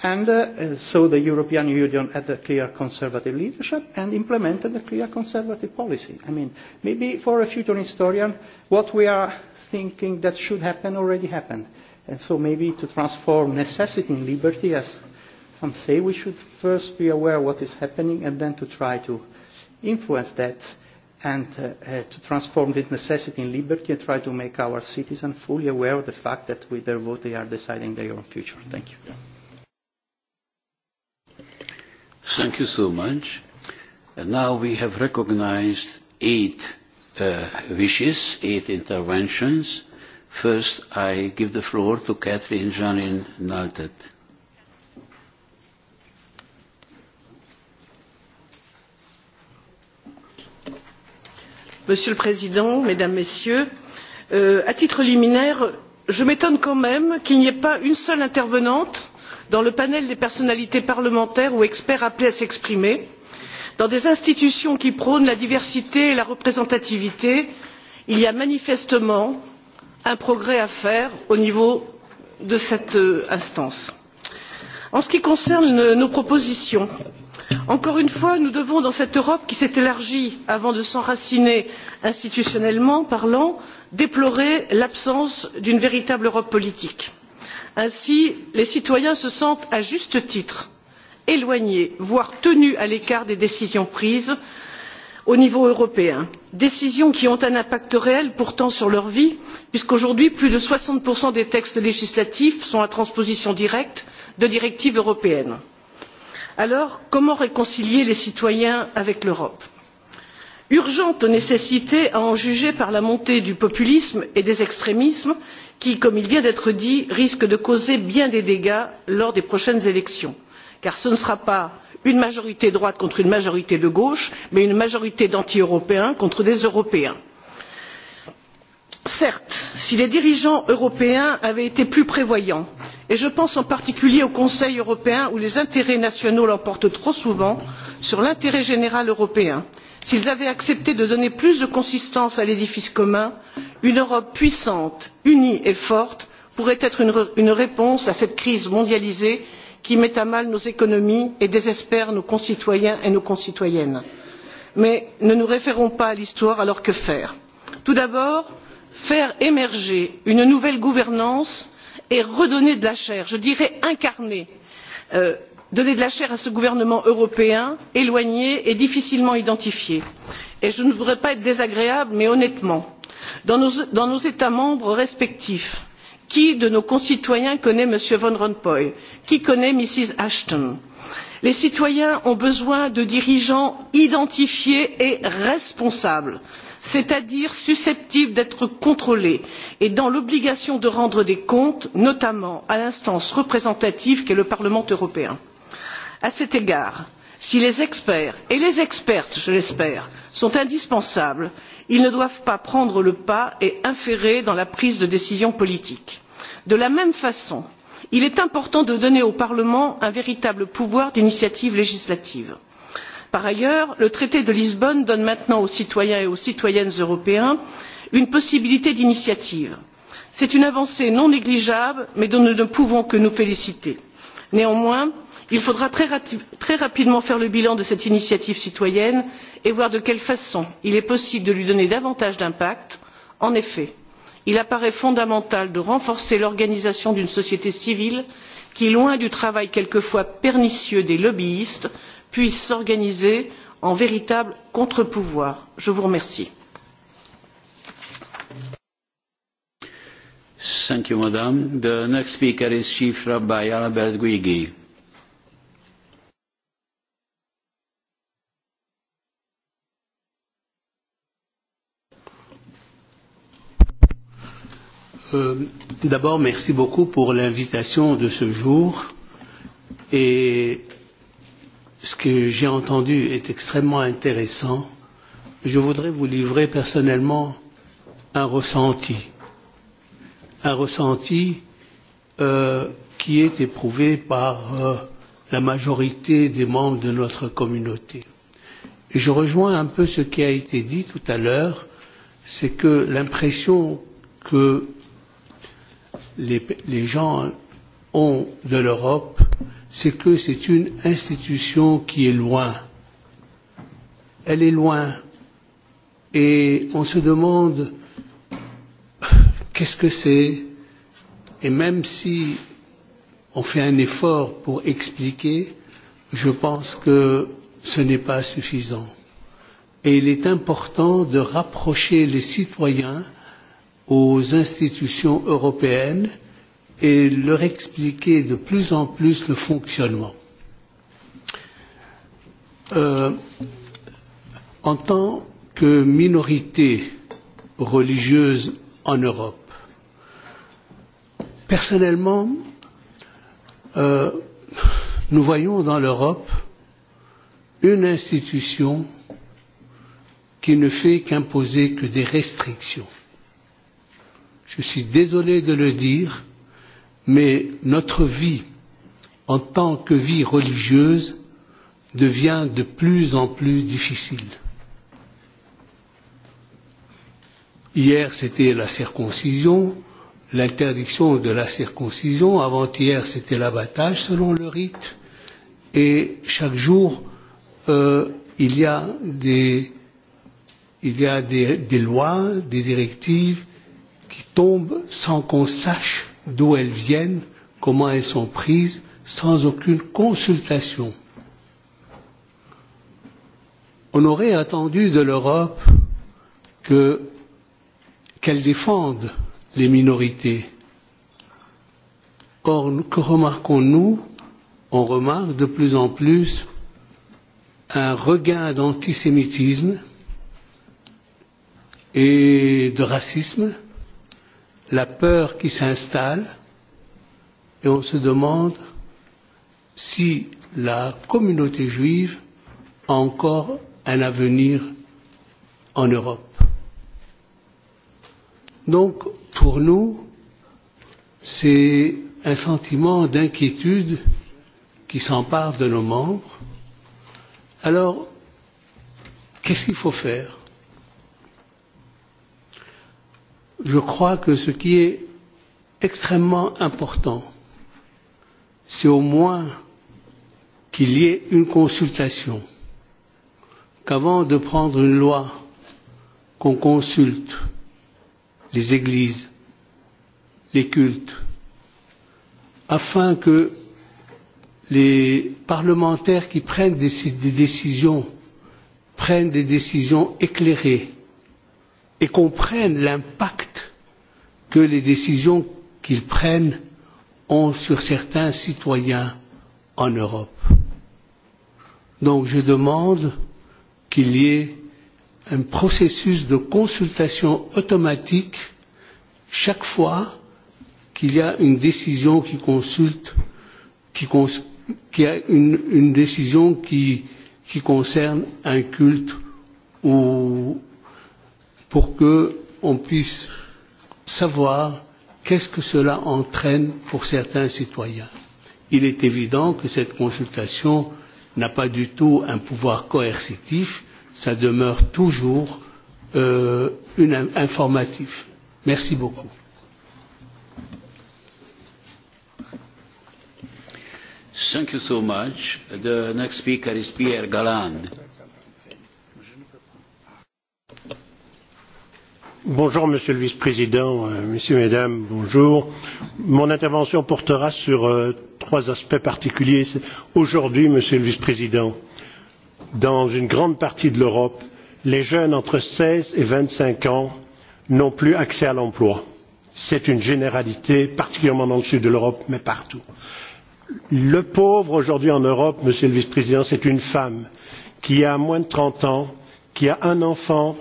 And so the European Union had a clear conservative leadership and implemented a clear conservative policy. I mean, maybe for a future historian, what we are thinking that should happen already happened. And so maybe to transform necessity in liberty, as some say, we should first be aware of what is happening and then to try to influence that and to transform this necessity in liberty and try to make our citizens fully aware of the fact that with their vote they are deciding their own future. Thank you. Thank you so much. And Now we have recognized eight wishes, eight interventions. First, I give the floor to Catherine Janin Naltet. Monsieur le Président, Mesdames, Messieurs, à titre liminaire, je m'étonne quand même qu'il n'y ait pas une seule intervenante dans le panel des personnalités parlementaires ou experts appelés à s'exprimer dans des institutions qui prônent la diversité et la représentativité il y a manifestement un progrès à faire au niveau de cette instance. en ce qui concerne nos propositions encore une fois nous devons dans cette europe qui s'est élargie avant de s'enraciner institutionnellement parlant déplorer l'absence d'une véritable europe politique ainsi les citoyens se sentent à juste titre éloignés voire tenus à l'écart des décisions prises au niveau européen décisions qui ont un impact réel pourtant sur leur vie puisqu'aujourd'hui plus de soixante des textes législatifs sont la transposition directe de directives européennes. alors comment réconcilier les citoyens avec l'europe? urgente nécessité à en juger par la montée du populisme et des extrémismes qui comme il vient d'être dit risque de causer bien des dégâts lors des prochaines élections car ce ne sera pas une majorité droite contre une majorité de gauche mais une majorité d'anti européens contre des européens. certes si les dirigeants européens avaient été plus prévoyants et je pense en particulier au conseil européen où les intérêts nationaux l'emportent trop souvent sur l'intérêt général européen s'ils avaient accepté de donner plus de consistance à l'édifice commun une europe puissante unie et forte pourrait être une réponse à cette crise mondialisée qui met à mal nos économies et désespère nos concitoyens et nos concitoyennes. mais ne nous référons pas à l'histoire alors que faire? tout d'abord faire émerger une nouvelle gouvernance et redonner de la chair je dirais incarner donner de la chair à ce gouvernement européen éloigné et difficilement identifié. et je ne voudrais pas être désagréable mais honnêtement dans nos états membres respectifs qui de nos concitoyens connaît m. van rompuy? qui connaît mrs ashton? les citoyens ont besoin de dirigeants identifiés et responsables c'est à dire susceptibles d'être contrôlés et dans l'obligation de rendre des comptes notamment à l'instance représentative qu'est le parlement européen à cet égard si les experts et les expertes je l'espère sont indispensables ils ne doivent pas prendre le pas et inférer dans la prise de décision politique. de la même façon il est important de donner au parlement un véritable pouvoir d'initiative législative. par ailleurs le traité de lisbonne donne maintenant aux citoyens et aux citoyennes européens une possibilité d'initiative. c'est une avancée non négligeable mais dont nous ne pouvons que nous féliciter. néanmoins il faudra très rapidement faire le bilan de cette initiative citoyenne et voir de quelle façon il est possible de lui donner davantage d'impact. en effet il apparaît fondamental de renforcer l'organisation d'une société civile qui loin du travail quelquefois pernicieux des lobbyistes puisse s'organiser en véritable contre pouvoir. je vous remercie. D'abord, merci beaucoup pour l'invitation de ce jour. Et ce que j'ai entendu est extrêmement intéressant. Je voudrais vous livrer personnellement un ressenti. Un ressenti qui est éprouvé par la majorité des membres de notre communauté. Je rejoins un peu ce qui a été dit tout à l'heure, c'est que l'impression que les gens ont de l'Europe, c'est que c'est une institution qui est loin. Elle est loin. Et on se demande qu'est-ce que c'est. Et même si on fait un effort pour expliquer, je pense que ce n'est pas suffisant. Et il est important de rapprocher les citoyens aux institutions européennes et leur expliquer de plus en plus le fonctionnement. En tant que minorité religieuse en Europe, personnellement, nous voyons dans l'Europe une institution qui ne fait qu'imposer que des restrictions je suis désolé de le dire, mais notre vie en tant que vie religieuse devient de plus en plus difficile. Hier, c'était la circoncision, l'interdiction de la circoncision, avant-hier, c'était l'abattage selon le rite, et chaque jour, il y a des lois, des directives tombent sans qu'on sache d'où elles viennent, comment elles sont prises, sans aucune consultation. On aurait attendu de l'Europe qu'elle défende les minorités. Or, que remarquons-nous On remarque de plus en plus un regain d'antisémitisme et de racisme la peur qui s'installe et on se demande si la communauté juive a encore un avenir en Europe. Donc, pour nous, c'est un sentiment d'inquiétude qui s'empare de nos membres. Alors, qu'est-ce qu'il faut faire je crois que ce qui est extrêmement important, c'est au moins qu'il y ait une consultation, qu'avant de prendre une loi, qu'on consulte les églises, les cultes, afin que les parlementaires qui prennent des décisions prennent des décisions éclairées et comprennent l'impact que les décisions qu'ils prennent ont sur certains citoyens en Europe. Donc je demande qu'il y ait un processus de consultation automatique chaque fois qu'il y a une décision qui consulte, qui a une décision qui concerne un culte ou pour qu'on puisse savoir qu'est-ce que cela entraîne pour certains citoyens. Il est évident que cette consultation n'a pas du tout un pouvoir coercitif, ça demeure toujours informatif. Merci beaucoup. Thank you so The next speaker is Pierre Galland. Bonjour Monsieur le Vice-président, Messieurs, Mesdames, bonjour. Mon intervention portera sur trois aspects particuliers. Aujourd'hui, Monsieur le Vice-président, dans une grande partie de l'Europe, les jeunes entre seize et vingt cinq ans n'ont plus accès à l'emploi. C'est une généralité, particulièrement dans le sud de l'Europe, mais partout. Le pauvre aujourd'hui en Europe, Monsieur le Vice-président, c'est une femme qui a moins de trente ans, qui a un enfant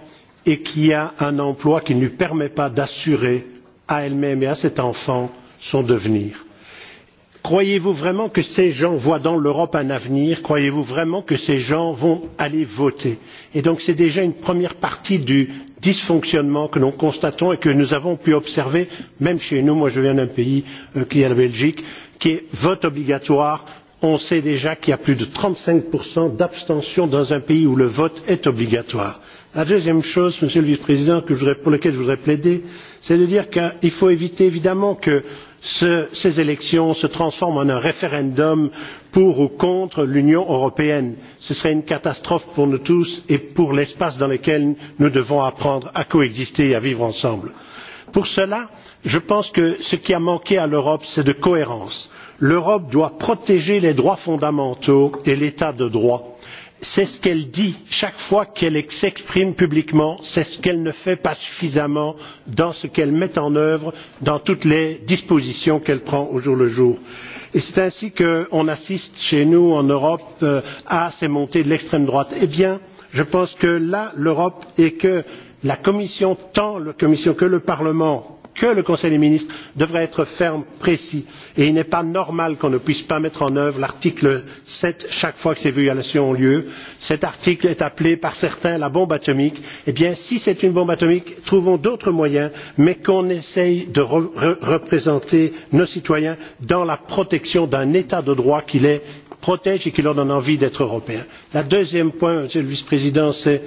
et qui a un emploi qui ne lui permet pas d'assurer à elle même et à cet enfant son devenir. croyez vous vraiment que ces gens voient dans l'europe un avenir? croyez vous vraiment que ces gens vont aller voter? et donc c'est déjà une première partie du dysfonctionnement que nous constatons et que nous avons pu observer même chez nous moi je viens d'un pays qui est la belgique qui est vote obligatoire on sait déjà qu'il y a plus de trente cinq d'abstention dans un pays où le vote est obligatoire. La deuxième chose, Monsieur le Vice Président, pour laquelle je voudrais plaider, c'est de dire qu'il faut éviter évidemment que ces élections se transforment en un référendum pour ou contre l'Union européenne. Ce serait une catastrophe pour nous tous et pour l'espace dans lequel nous devons apprendre à coexister et à vivre ensemble. Pour cela, je pense que ce qui a manqué à l'Europe, c'est de cohérence. L'Europe doit protéger les droits fondamentaux et l'État de droit c'est ce qu'elle dit chaque fois qu'elle s'exprime publiquement c'est ce qu'elle ne fait pas suffisamment dans ce qu'elle met en œuvre dans toutes les dispositions qu'elle prend au jour le jour. c'est ainsi qu'on assiste chez nous en europe à ces montées de l'extrême droite. eh bien je pense que là l'europe et que la commission tant la commission que le parlement que le Conseil des ministres devrait être ferme, précis, et il n'est pas normal qu'on ne puisse pas mettre en œuvre l'article 7 chaque fois que ces violations ont lieu. Cet article est appelé par certains la bombe atomique. Eh bien, si c'est une bombe atomique, trouvons d'autres moyens, mais qu'on essaye de représenter nos citoyens dans la protection d'un État de droit qui les protège et qui leur donne envie d'être européens. Le deuxième point, Monsieur le Vice-président, c'est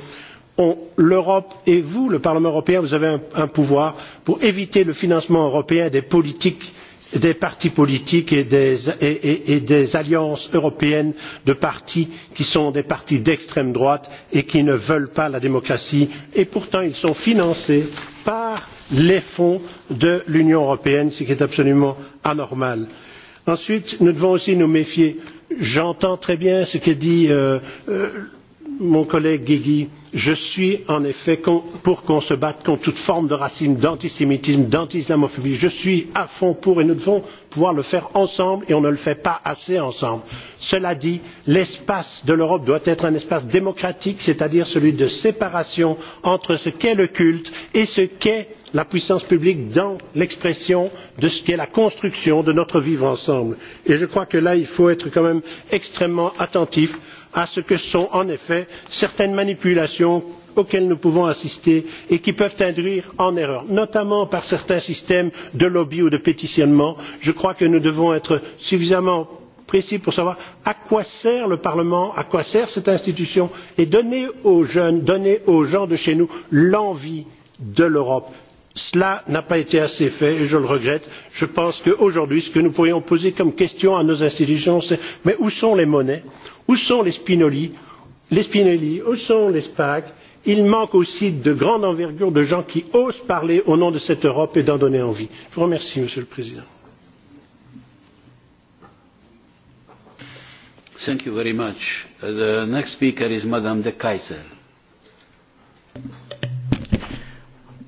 l'Europe et vous, le Parlement européen, vous avez un pouvoir pour éviter le financement européen des politiques, des partis politiques et des alliances européennes de partis qui sont des partis d'extrême droite et qui ne veulent pas la démocratie et pourtant ils sont financés par les fonds de l'Union européenne, ce qui est absolument anormal. Ensuite, nous devons aussi nous méfier. J'entends très bien ce que dit mon collègue Guigui je suis en effet pour qu'on se batte contre toute forme de racisme d'antisémitisme d'islamophobie je suis à fond pour et nous devons pouvoir le faire ensemble et on ne le fait pas assez ensemble. cela dit l'espace de l'europe doit être un espace démocratique c'est à dire celui de séparation entre ce qu'est le culte et ce qu'est la puissance publique dans l'expression de ce qu'est la construction de notre vivre ensemble. et je crois que là il faut être quand même extrêmement attentif à ce que sont en effet certaines manipulations auxquelles nous pouvons assister et qui peuvent induire en erreur notamment par certains systèmes de lobby ou de pétitionnement. je crois que nous devons être suffisamment précis pour savoir à quoi sert le parlement à quoi sert cette institution et donner aux jeunes donner aux gens de chez nous l'envie de l'europe. cela n'a pas été assez fait et je le regrette. je pense qu'aujourd'hui ce que nous pourrions poser comme question à nos institutions c'est mais où sont les monnaies? Où sont les Spinelli, les Spinelli, où sont les SPAC Il manque aussi de grande envergure de gens qui osent parler au nom de cette Europe et d'en donner envie. Je vous remercie, Monsieur le Président. Thank you very much. The next speaker is de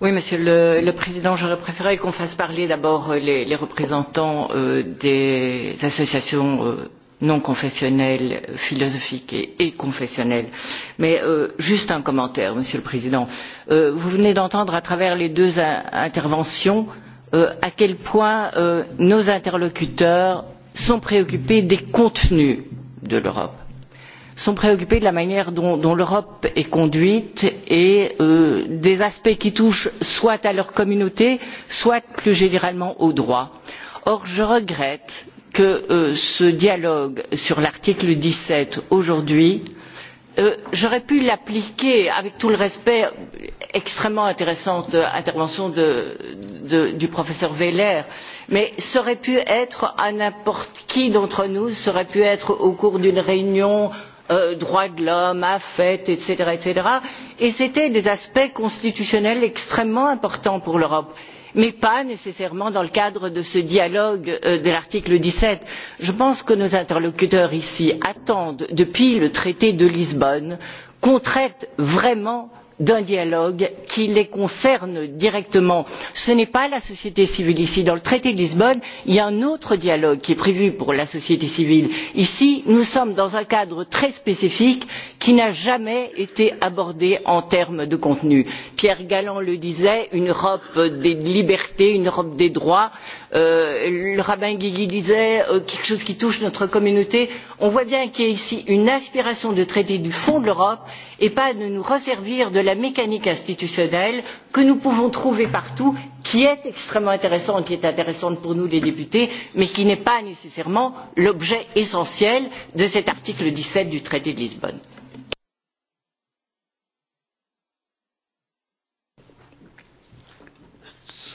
Oui, Monsieur le Président, j'aurais préféré qu'on fasse parler d'abord les représentants des associations non confessionnel, philosophique et confessionnelle. Mais juste un commentaire, Monsieur le Président. Vous venez d'entendre à travers les deux interventions à quel point nos interlocuteurs sont préoccupés des contenus de l'Europe, sont préoccupés de la manière dont l'Europe est conduite et des aspects qui touchent soit à leur communauté, soit plus généralement aux droit. Or, je regrette que ce dialogue sur l'article dix sept aujourd'hui j'aurais pu l'appliquer avec tout le respect extrêmement intéressante intervention du professeur Weller, mais serait aurait pu être à n'importe qui d'entre nous serait pu être au cours d'une réunion droits de l'homme afet etc. et c'était des aspects constitutionnels extrêmement importants pour l'europe mais pas nécessairement dans le cadre de ce dialogue de l'article. dix sept je pense que nos interlocuteurs ici attendent depuis le traité de lisbonne qu'on traite vraiment d'un dialogue qui les concerne directement. ce n'est pas la société civile ici. dans le traité de lisbonne il y a un autre dialogue qui est prévu pour la société civile. ici nous sommes dans un cadre très spécifique qui n'a jamais été abordé en termes de contenu. pierre galland le disait une europe des libertés une europe des droits le rabbin guigui disait quelque chose qui touche notre communauté on voit bien qu'il y a ici une aspiration de traiter du fond de l'europe et pas de nous resservir de la mécanique institutionnelle que nous pouvons trouver partout qui est extrêmement intéressante qui est intéressante pour nous les députés mais qui n'est pas nécessairement l'objet essentiel de cet article dix sept du traité de lisbonne.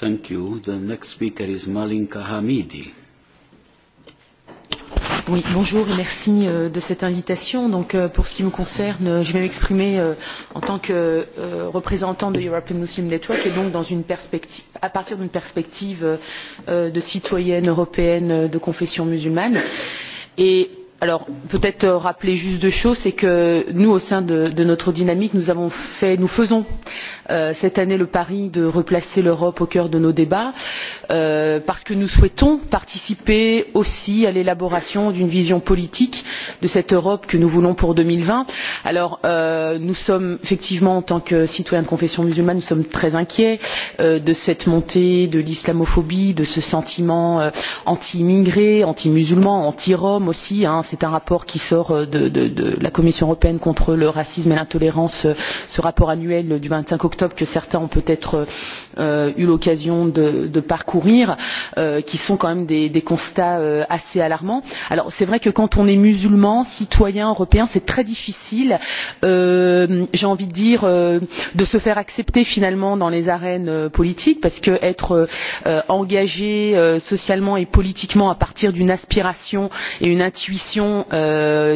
Thank you. The next speaker is Malinka Hamidi. Oui, bonjour et merci de cette invitation. Donc, pour ce qui me concerne, je vais m'exprimer en tant que représentant de European Muslim Network et donc dans une perspective, à partir d'une perspective de citoyenne européenne de confession musulmane. Et alors peut être rappeler juste deux choses c'est que nous au sein de notre dynamique nous avons fait nous faisons cette année le pari de replacer l'europe au cœur de nos débats parce que nous souhaitons participer aussi à l'élaboration d'une vision politique de cette europe que nous voulons pour. deux mille vingt alors nous sommes effectivement en tant que citoyens de confession musulmane sommes très inquiets de cette montée de l'islamophobie de ce sentiment anti immigré anti musulman anti rom aussi c'est un rapport qui sort de la commission européenne contre le racisme et l'intolérance ce rapport annuel du vingt cinq octobre que certains ont peut-être eu l'occasion de parcourir qui sont quand même des constats assez alarmants. alors c'est vrai que quand on est musulman citoyen européen c'est très difficile j'ai envie de dire de se faire accepter finalement dans les arènes politiques parce que être engagé socialement et politiquement à partir d'une aspiration et une intuition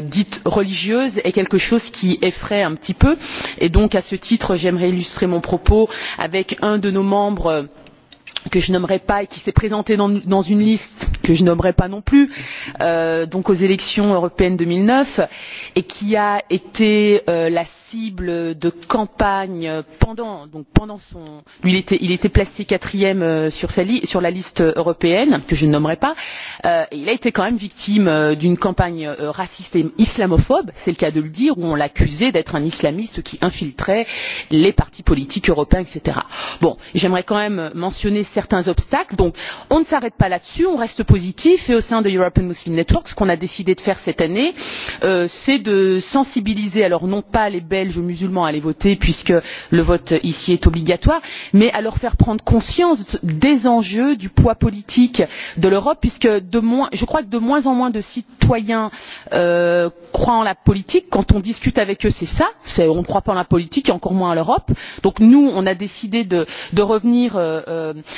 dite religieuse est quelque chose qui effraie un petit peu et donc à ce titre j'aimerais illustrer mon propos avec un de nos membres que je nommerai pas et qui s'est présenté dans une liste que je nommerai pas non plus donc aux élections européennes deux mille neuf et qui a été la cible de campagne pendant son il était placé quatrième sur la liste européenne que je ne nommerai pas et il a été quand même victime d'une campagne raciste et islamophobe c'est le cas de le dire où on l'accusait d'être un islamiste qui infiltrait les partis politiques européens etc. bon j'aimerais quand même mentionner certains obstacles donc on ne s'arrête pas là dessus on reste positif et au sein de european muslim network ce qu'on a décidé de faire cette année c'est de sensibiliser alors non pas les belges musulmans à aller voter puisque le vote ici est obligatoire mais à leur faire prendre conscience des enjeux du poids politique de l'europe puisque je crois que de moins en moins de citoyens croient en la politique quand on discute avec eux c'est ça on ne croit pas en la politique et encore moins en l'europe. donc nous on a décidé de revenir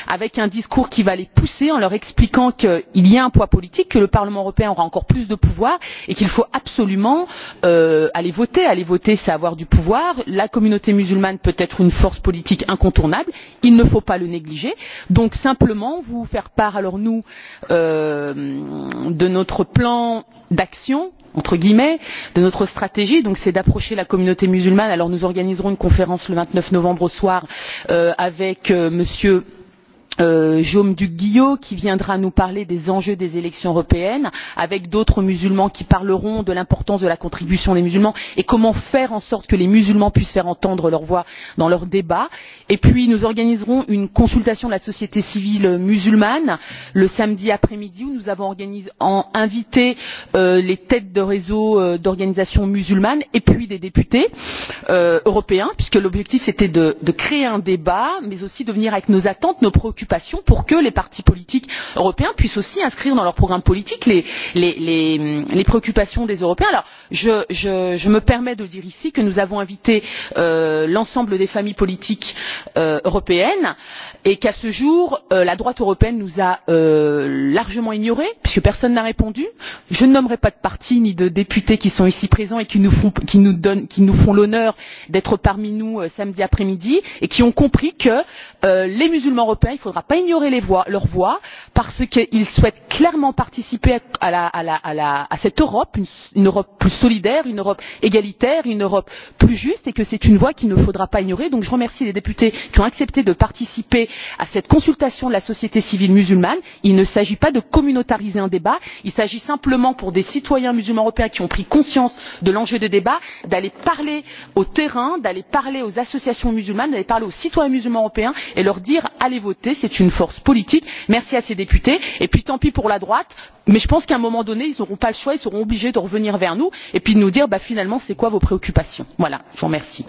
avec un discours qui va les pousser en leur expliquant qu'il y a un poids politique que le parlement européen aura encore plus de pouvoir et qu'il faut absolument aller voter. aller voter c'est avoir du pouvoir la communauté musulmane peut être une force politique incontournable il ne faut pas le négliger. donc simplement vous faire part alors nous de notre plan d'action entre guillemets de notre stratégie donc c'est d'approcher la communauté musulmane alors nous organiserons une conférence le vingt neuf novembre au soir avec m. Jaume Duguillot qui viendra nous parler des enjeux des élections européennes avec d'autres musulmans qui parleront de l'importance de la contribution des musulmans et comment faire en sorte que les musulmans puissent faire entendre leur voix dans leurs débats et puis nous organiserons une consultation de la société civile musulmane le samedi après-midi où nous avons invité les têtes de réseau d'organisations musulmanes et puis des députés européens puisque l'objectif c'était de créer un débat mais aussi de venir avec nos attentes nos préoccupations pour que les partis politiques européens puissent aussi inscrire dans leur programme politique les préoccupations des européens. alors je me permets de dire ici que nous avons invité l'ensemble des familles politiques européennes et qu'à ce jour la droite européenne nous a largement ignorés puisque personne n'a répondu. je ne nommerai pas de partis ni de députés qui sont ici présents et qui nous font l'honneur d'être parmi nous samedi après midi et qui ont compris que les musulmans européens ne faudra pas ignorer leur voix parce qu'ils souhaitent clairement participer à cette europe une europe plus solidaire une europe égalitaire une europe plus juste et que c'est une voix qu'il ne faudra pas ignorer. donc je remercie les députés qui ont accepté de participer à cette consultation de la société civile musulmane. il ne s'agit pas de communautariser un débat il s'agit simplement pour des citoyens musulmans européens qui ont pris conscience de l'enjeu de débat, d'aller parler au terrain d'aller parler aux associations musulmanes d'aller parler aux citoyens musulmans européens et leur dire allez voter c'est une force politique merci à ces députés et puis tant pis pour la droite mais je pense qu'à un moment donné ils n'auront pas le choix ils seront obligés de revenir vers nous et puis de nous dire finalement c'est quoi vos préoccupations. voilà je vous remercie.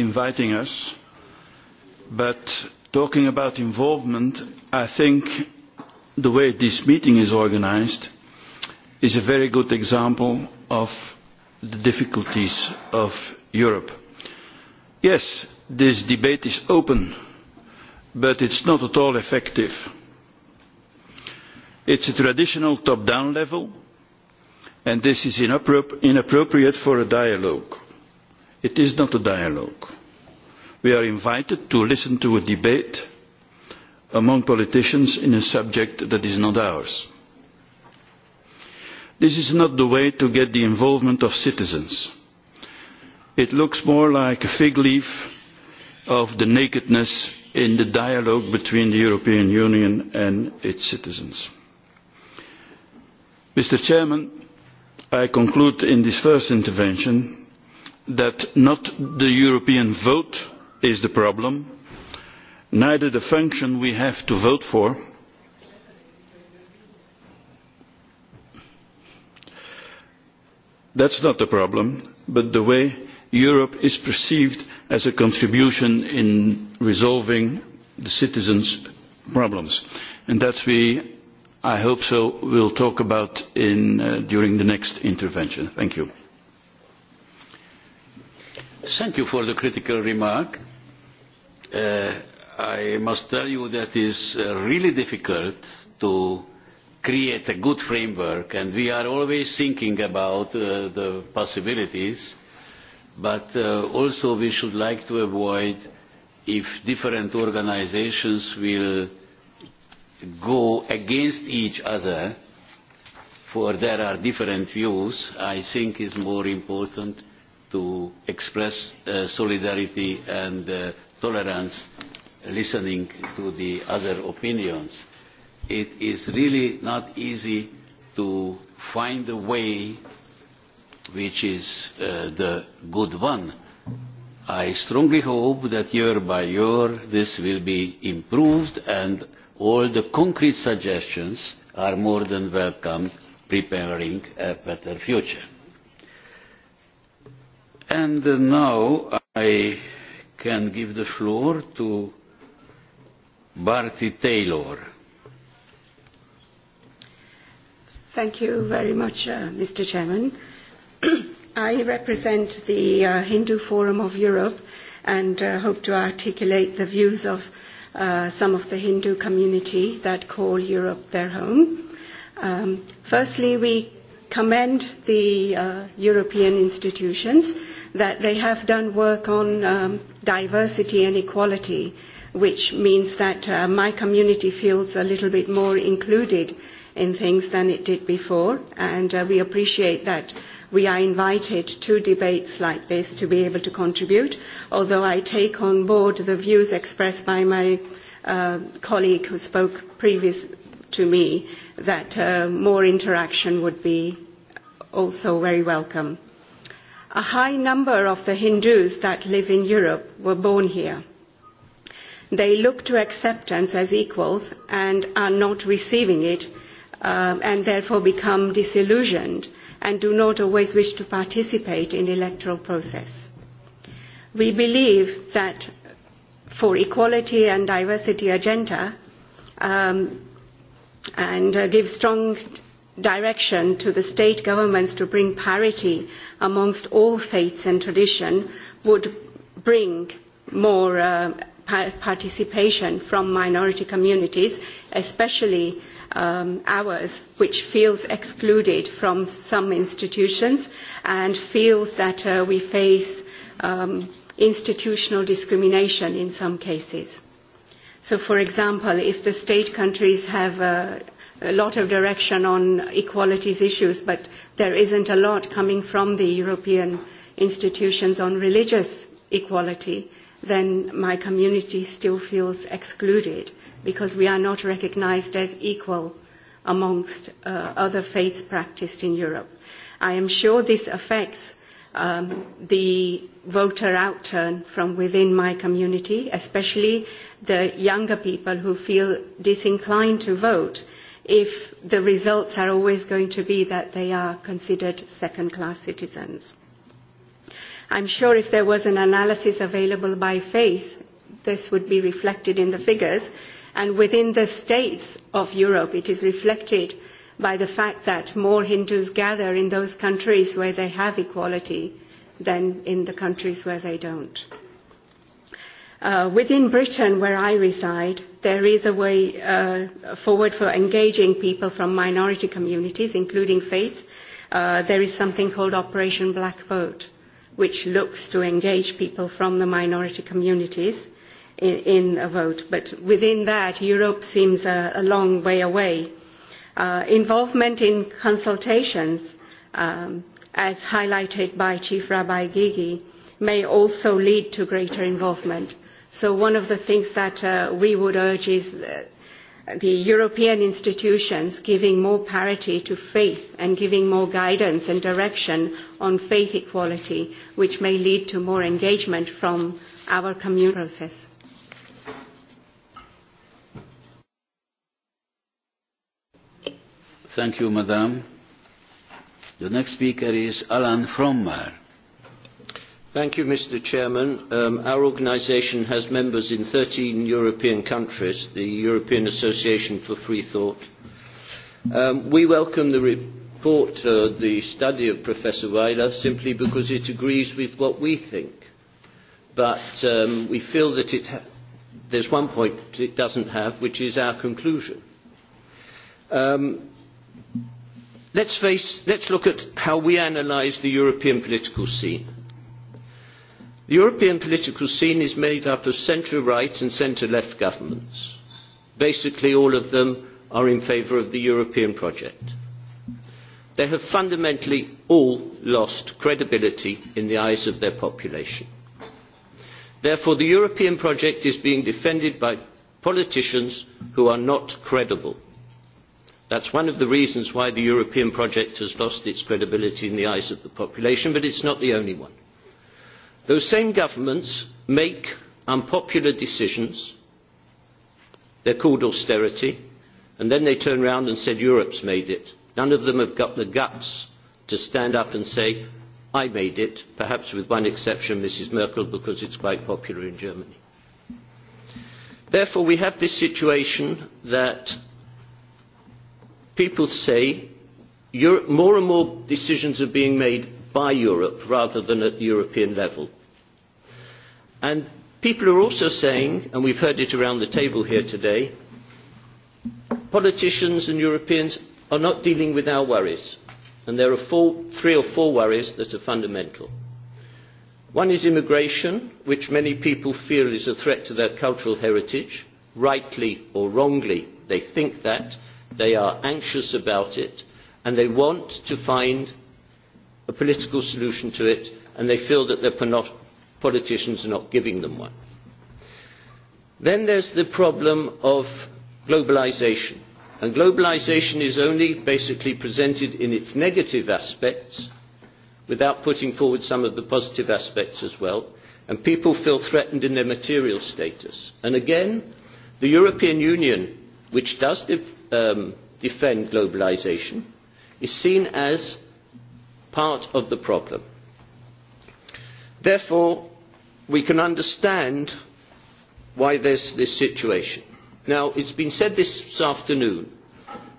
inviting us, Talking about involvement, I think the way this meeting is organised is a very good example of the difficulties of Europe. Yes, this debate is open, but it's not at all effective. It's a traditional top-down level, and this is inappropriate for a dialogue. It is not a dialogue we are invited to listen to a debate among politicians in a subject that is not ours. This is not the way to get the involvement of citizens. It looks more like a fig leaf of the nakedness in the dialogue between the European Union and its citizens. Mr Chairman, I conclude in this first intervention that not the European vote is the problem neither the function we have to vote for that's not the problem but the way europe is perceived as a contribution in resolving the citizens' problems and that we i hope so will talk about during the next intervention. thank you. thank you for the critical remark. I must tell you that it is really difficult to create a good framework and we are always thinking about the possibilities but also we should like to avoid if different organisations will go against each other for there are different views I think is more important to express solidarity and tolerance, listening to the other opinions. It is really not easy to find a way which is the good one. I strongly hope that year by year this will be improved and all the concrete suggestions are more than welcome preparing a better future. And now I can give the floor to Barty Taylor. Thank you very much, Mr. Chairman. I represent the Hindu Forum of Europe and hope to articulate the views of some of the Hindu community that call Europe their home. Firstly, we commend the European institutions that they have done work on diversity and equality, which means that my community feels a little bit more included in things than it did before, and we appreciate that we are invited to debates like this to be able to contribute, although I take on board the views expressed by my colleague who spoke previous to me that more interaction would be also very welcome. A high number of the Hindus that live in Europe were born here. They look to acceptance as equals and are not receiving it and therefore become disillusioned and do not always wish to participate in the electoral process. We believe that for equality and diversity agenda and give strong direction to the state governments to bring parity amongst all faiths and tradition would bring more participation from minority communities, especially ours, which feels excluded from some institutions and feels that we face institutional discrimination in some cases. So, for example, if the state countries have a lot of direction on equalities issues, but there isn't a lot coming from the European institutions on religious equality, then my community still feels excluded because we are not recognised as equal amongst other faiths practised in Europe. I am sure this affects the voter outturn from within my community, especially the younger people who feel disinclined to vote if the results are always going to be that they are considered second class citizens. I'm sure if there was an analysis available by faith, this would be reflected in the figures, and within the states of Europe it is reflected by the fact that more Hindus gather in those countries where they have equality than in the countries where they don't. Within Britain, where I reside, there is a way forward for engaging people from minority communities, including faiths. There is something called Operation Black Vote, which looks to engage people from the minority communities in a vote. But within that, Europe seems a long way away. Involvement in consultations, as highlighted by Chief Rabbi Gigi, may also lead to greater involvement. So one of the things that we would urge is the European institutions giving more parity to faith and giving more guidance and direction on faith equality, which may lead to more engagement from our community process. Thank you, Madam. The next speaker is Alan Frommer. Thank you, Mr. Chairman. Our organisation has members in 13 European countries, the European Association for Free Thought. We welcome the report, the study of Professor Weiler, simply because it agrees with what we think. But we feel that it there's one point it doesn't have, which is our conclusion. Let's face, let's look at how we analyse the European political scene The European political scene is made up of centre right and centre left governments. Basically all of them are in favour of the European project. They have fundamentally all lost credibility in the eyes of their population. Therefore the European project is being defended by politicians who are not credible. That is one of the reasons why the European project has lost its credibility in the eyes of the population, but it is not the only one. Those same governments make unpopular decisions. they are called austerity. And then they turn around and say Europe's made it. None of them have got the guts to stand up and say, I made it, perhaps with one exception, Mrs. Merkel, because it's quite popular in Germany. Therefore, we have this situation that people say more and more decisions are being made by Europe rather than at European level. And people are also saying, and we've heard it around the table here today, politicians and Europeans are not dealing with our worries. And there are three or four worries that are fundamental. One is immigration, which many people feel is a threat to their cultural heritage. Rightly or wrongly, they think that. They are anxious about it. And they want to find a political solution to it. And they feel that their politicians are not giving them one. Then there's the problem of globalisation. And globalisation is only basically presented in its negative aspects without putting forward some of the positive aspects as well. And people feel threatened in their material status. And again, the European Union, which does defend globalisation, is seen as part of the problem. Therefore, we can understand why there is this situation. Now, has been said this afternoon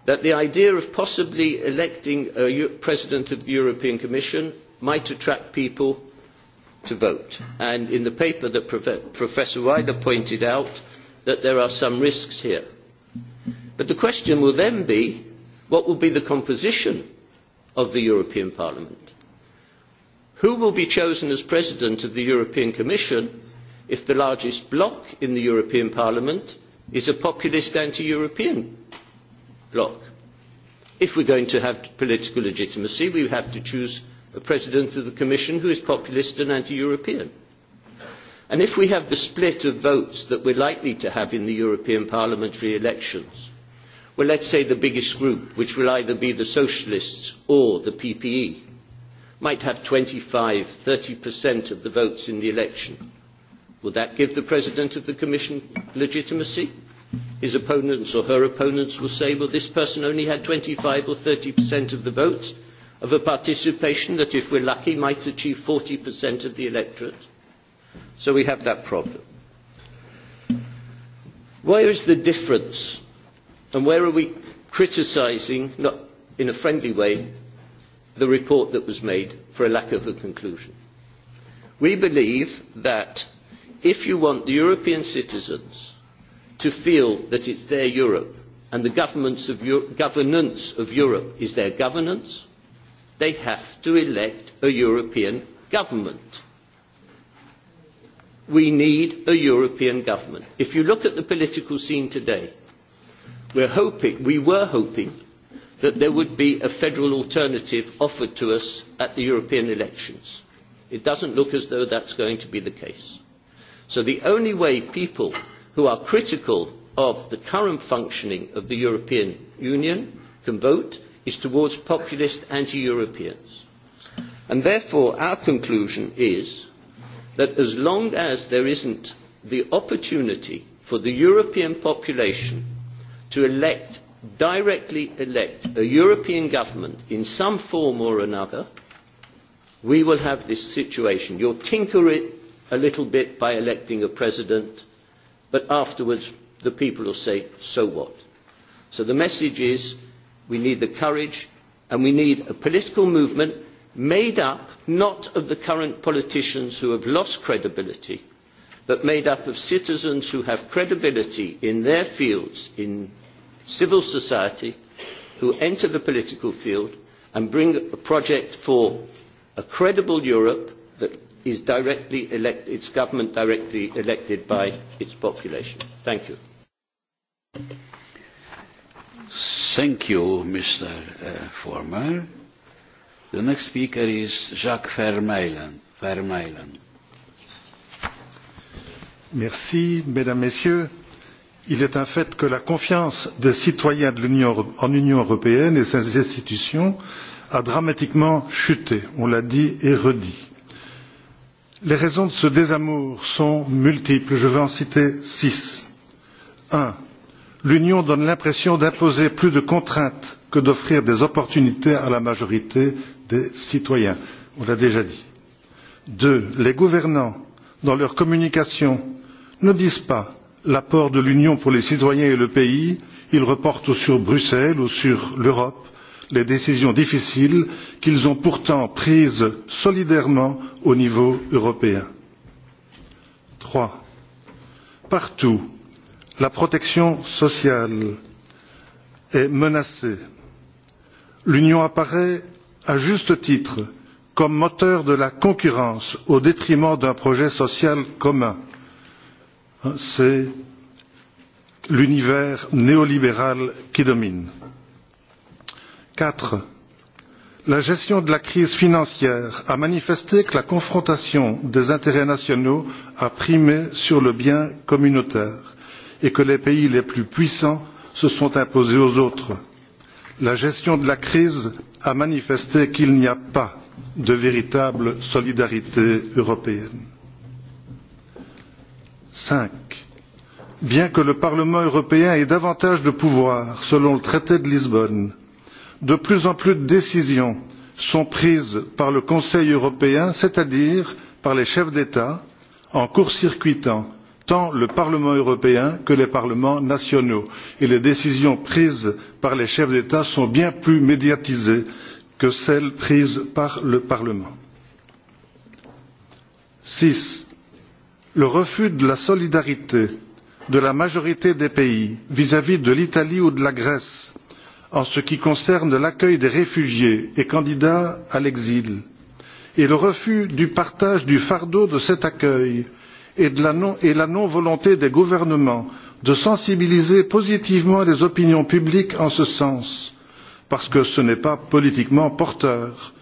that the idea of possibly electing a President of the European Commission might attract people to vote. And in the paper that Professor Weiler pointed out that there are some risks here. But the question will then be, what will be the composition of the European Parliament? who will be chosen as president of the european commission if the largest bloc in the european parliament is a populist anti european bloc? if we are going to have political legitimacy we have to choose a president of the commission who is populist and anti european. and if we have the split of votes that we are likely to have in the european parliamentary elections well let us say the biggest group which will either be the socialists or the ppe might have 25, 30% of the votes in the election. Will that give the President of the Commission legitimacy? His opponents or her opponents will say, well, this person only had 25 or 30% of the votes of a participation that, if we're lucky, might achieve 40% of the electorate. So we have that problem. Where is the difference? And where are we criticising, not in a friendly way, the report that was made for a lack of a conclusion. We believe that if you want the European citizens to feel that it's their Europe and the governments governance of Europe is their governance, they have to elect a European government. We need a European government. If you look at the political scene today, we're hoping, we were hoping that there would be a federal alternative offered to us at the European elections. It doesn't look as though that's going to be the case. So the only way people who are critical of the current functioning of the European Union can vote is towards populist anti-Europeans. And therefore our conclusion is that as long as there isn't the opportunity for the European population to elect directly elect a European government in some form or another, we will have this situation. You'll tinker it a little bit by electing a president, but afterwards the people will say, so what? So the message is we need the courage and we need a political movement made up not of the current politicians who have lost credibility, but made up of citizens who have credibility in their fields, in civil society who enter the political field and bring a project for a credible Europe that is directly elected, its government directly elected by its population. Thank you. Thank you, Mr. Former. The next speaker is Jacques Vermeulen. Merci, Mesdames, Messieurs il est un fait que la confiance des citoyens en l'union européenne et ses institutions a dramatiquement chuté on l'a dit et redit. les raisons de ce désamour sont multiples je vais en citer six. premièrement l'union donne l'impression d'imposer plus de contraintes que d'offrir des opportunités à la majorité des citoyens on l'a déjà dit. deuxièmement les gouvernants dans leur communication ne disent pas l'apport de l'union pour les citoyens et le pays ils reportent sur bruxelles ou sur l'europe les décisions difficiles qu'ils ont pourtant prises solidairement au niveau européen. Troisièmement, partout la protection sociale est menacée. l'union apparaît à juste titre comme moteur de la concurrence au détriment d'un projet social commun c'est l'univers néolibéral qui domine. Quatrièmement, la gestion de la crise financière a manifesté que la confrontation des intérêts nationaux a primé sur le bien communautaire et que les pays les plus puissants se sont imposés aux autres. La gestion de la crise a manifesté qu'il n'y a pas de véritable solidarité européenne cinq bien que le parlement européen ait davantage de pouvoir selon le traité de lisbonne de plus en plus de décisions sont prises par le conseil européen c'est à dire par les chefs d'état en court circuitant tant le parlement européen que les parlements nationaux et les décisions prises par les chefs d'état sont bien plus médiatisées que celles prises par le parlement. six le refus de la solidarité de la majorité des pays vis à vis de l'italie ou de la grèce en ce qui concerne l'accueil des réfugiés et candidats à l'exil et le refus du partage du fardeau de cet accueil et la non volonté des gouvernements de sensibiliser positivement les opinions publiques en ce sens parce que ce n'est pas politiquement porteur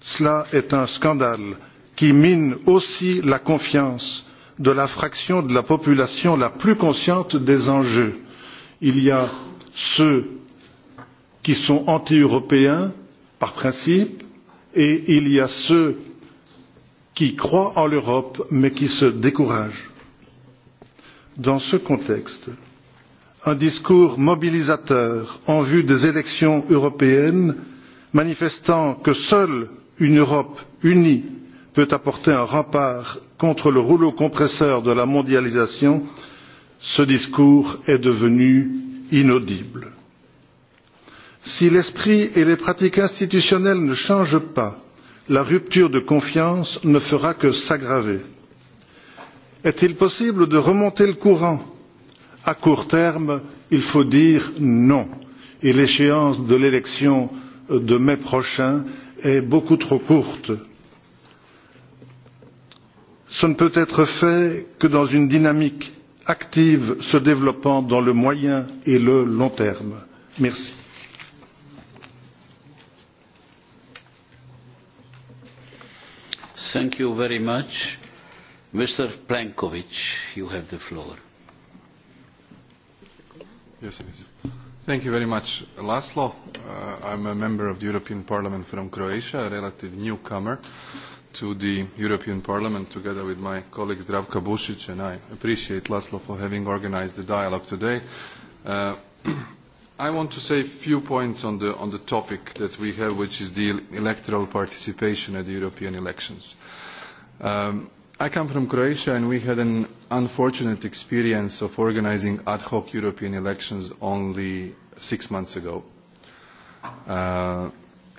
cela est un scandale qui mine aussi la confiance de la fraction de la population la plus consciente des enjeux. Il y a ceux qui sont anti européens par principe et il y a ceux qui croient en l'Europe mais qui se découragent. Dans ce contexte, un discours mobilisateur en vue des élections européennes manifestant que seule une Europe unie peut apporter un rempart contre le rouleau compresseur de la mondialisation ce discours est devenu inaudible. si l'esprit et les pratiques institutionnelles ne changent pas la rupture de confiance ne fera que s'aggraver. est il possible de remonter le courant? à court terme il faut dire non et l'échéance de l'élection de mai prochain est beaucoup trop courte ce ne peut être fait que dans une dynamique active se développant dans le moyen et le long terme. merci. Thank you very much. Mr. Plankovic, you have the floor. Yes, it is. Thank you very much, Laszlo. I'm a member of the European Parliament from Croatia, a relative newcomer to the European Parliament together with my colleagues Dravka Busic and I appreciate Laszlo for having organised the dialogue today. I want to say a few points on the, topic that we have, which is the electoral participation at the European elections. I come from Croatia and we had an unfortunate experience of organising ad hoc European elections only six months ago.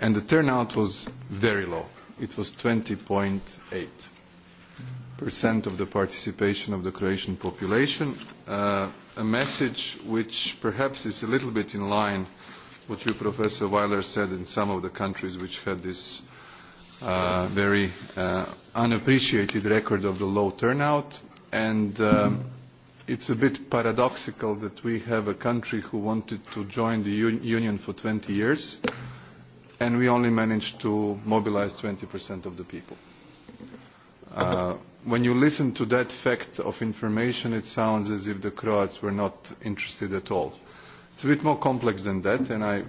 and the turnout was very low it was 20.8% of the participation of the Croatian population, a message which perhaps is a little bit in line with what you, Professor Weiler, said in some of the countries which had this very unappreciated record of the low turnout. And it's a bit paradoxical that we have a country who wanted to join the Union for 20 years and we only managed to mobilize 20% of the people. When you listen to that fact of information, it sounds as if the Croats were not interested at all. It's a bit more complex than that, and I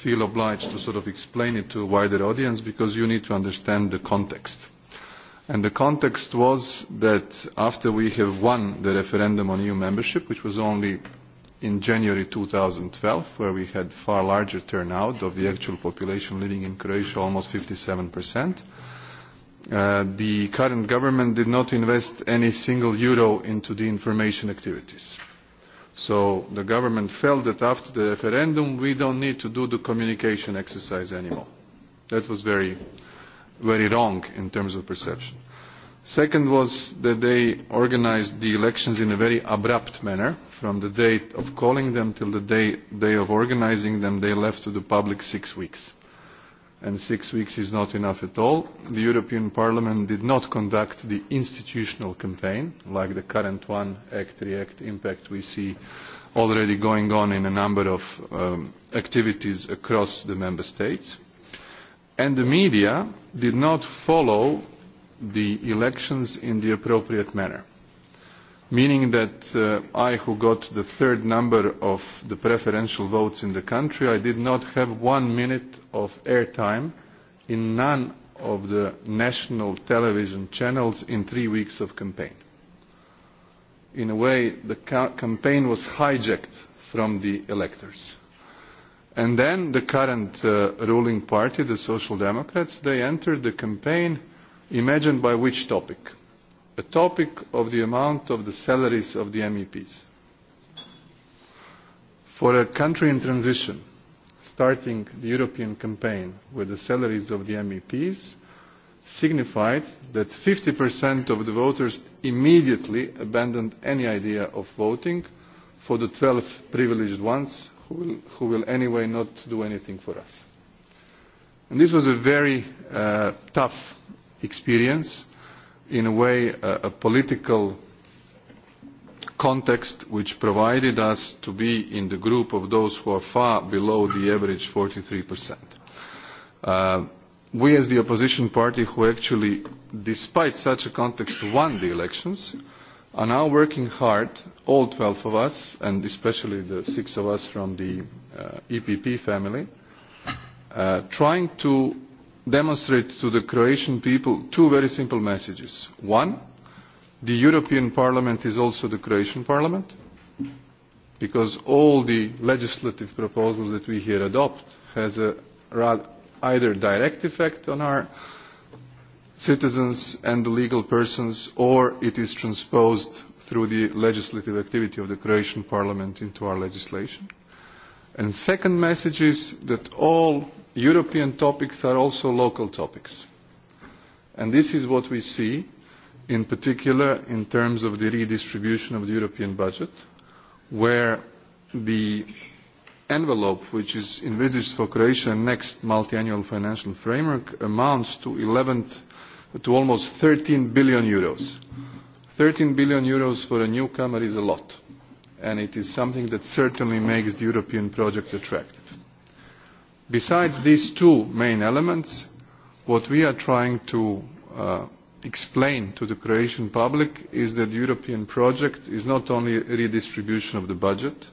feel obliged to sort of explain it to a wider audience because you need to understand the context. And the context was that after we have won the referendum on EU membership, which was only in January 2012, where we had far larger turnout of the actual population living in Croatia, almost 57%. The current government did not invest any single euro into the information activities. So the government felt that after the referendum, we don't need to do the communication exercise anymore. That was very, very wrong in terms of perception. Second was that they organised the elections in a very abrupt manner. From the date of calling them till the day of organising them, they left to the public six weeks. And six weeks is not enough at all. The European Parliament did not conduct the institutional campaign, like the current one, Act, React, Impact, we see already going on in a number of activities across the Member States. And the media did not follow the elections in the appropriate manner. Meaning that I, who got the third number of the preferential votes in the country, I did not have one minute of airtime in none of the national television channels in three weeks of campaign. In a way, the campaign was hijacked from the electors. And then the current ruling party, the Social Democrats, they entered the campaign Imagine by which topic? A topic of the amount of the salaries of the MEPs. For a country in transition, starting the European campaign with the salaries of the MEPs, signified that 50% of the voters immediately abandoned any idea of voting for the 12 privileged ones who will anyway not do anything for us. This was a very tough experience in a way a political context which provided us to be in the group of those who are far below the average 43%. We as the opposition party who actually, despite such a context, won the elections, are now working hard, all 12 of us, and especially the six of us from the EPP family, trying to demonstrate to the Croatian people two very simple messages. One, the European Parliament is also the Croatian Parliament, because all the legislative proposals that we here adopt has either direct effect on our citizens and the legal persons, or it is transposed through the legislative activity of the Croatian Parliament into our legislation. And second message is that all European topics are also local topics. And this is what we see, in particular, in terms of the redistribution of the European budget, where the envelope which is envisaged for Croatia in next multiannual financial framework amounts to 11 to almost 13 billion euros. 13 billion for a newcomer is a lot, and it is something that certainly makes the European project attractive. Besides these two main elements, what we are trying to explain to the Croatian public is that the European project is not only a redistribution of the budget,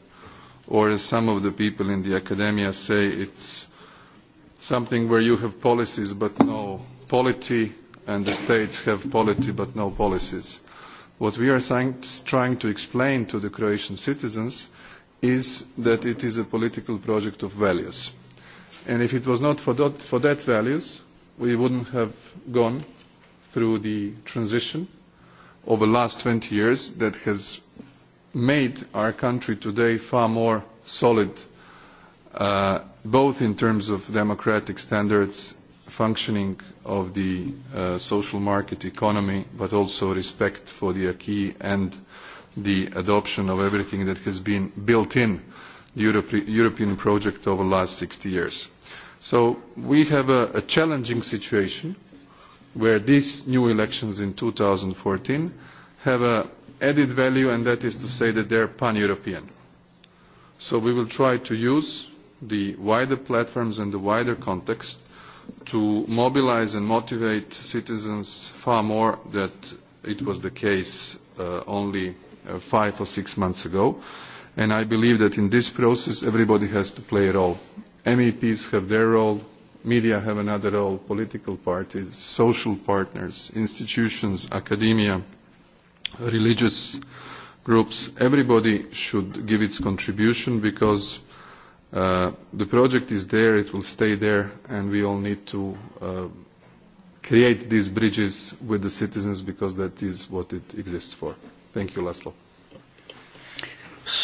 or as some of the people in the academia say, it's something where you have policies but no polity, and the states have polity but no policies. What we are trying to explain to the Croatian citizens is that it is a political project of values And if it was not for that values, we wouldn't have gone through the transition over the last 20 years that has made our country today far more solid, both in terms of democratic standards, functioning of the social market economy, but also respect for the acquis and the adoption of everything that has been built in the European project over the last 60 years. So we have a challenging situation where these new elections in 2014 have an added value and that is to say that they are pan-European. So we will try to use the wider platforms and the wider context to mobilise and motivate citizens far more than it was the case only five or six months ago. And I believe that in this process everybody has to play a role meps have their role media have another role political parties social partners institutions academia religious groups everybody should give its contribution because the project is there it will stay there and we all need to create these bridges with the citizens because that is what it exists for. Thank you, Laszlo.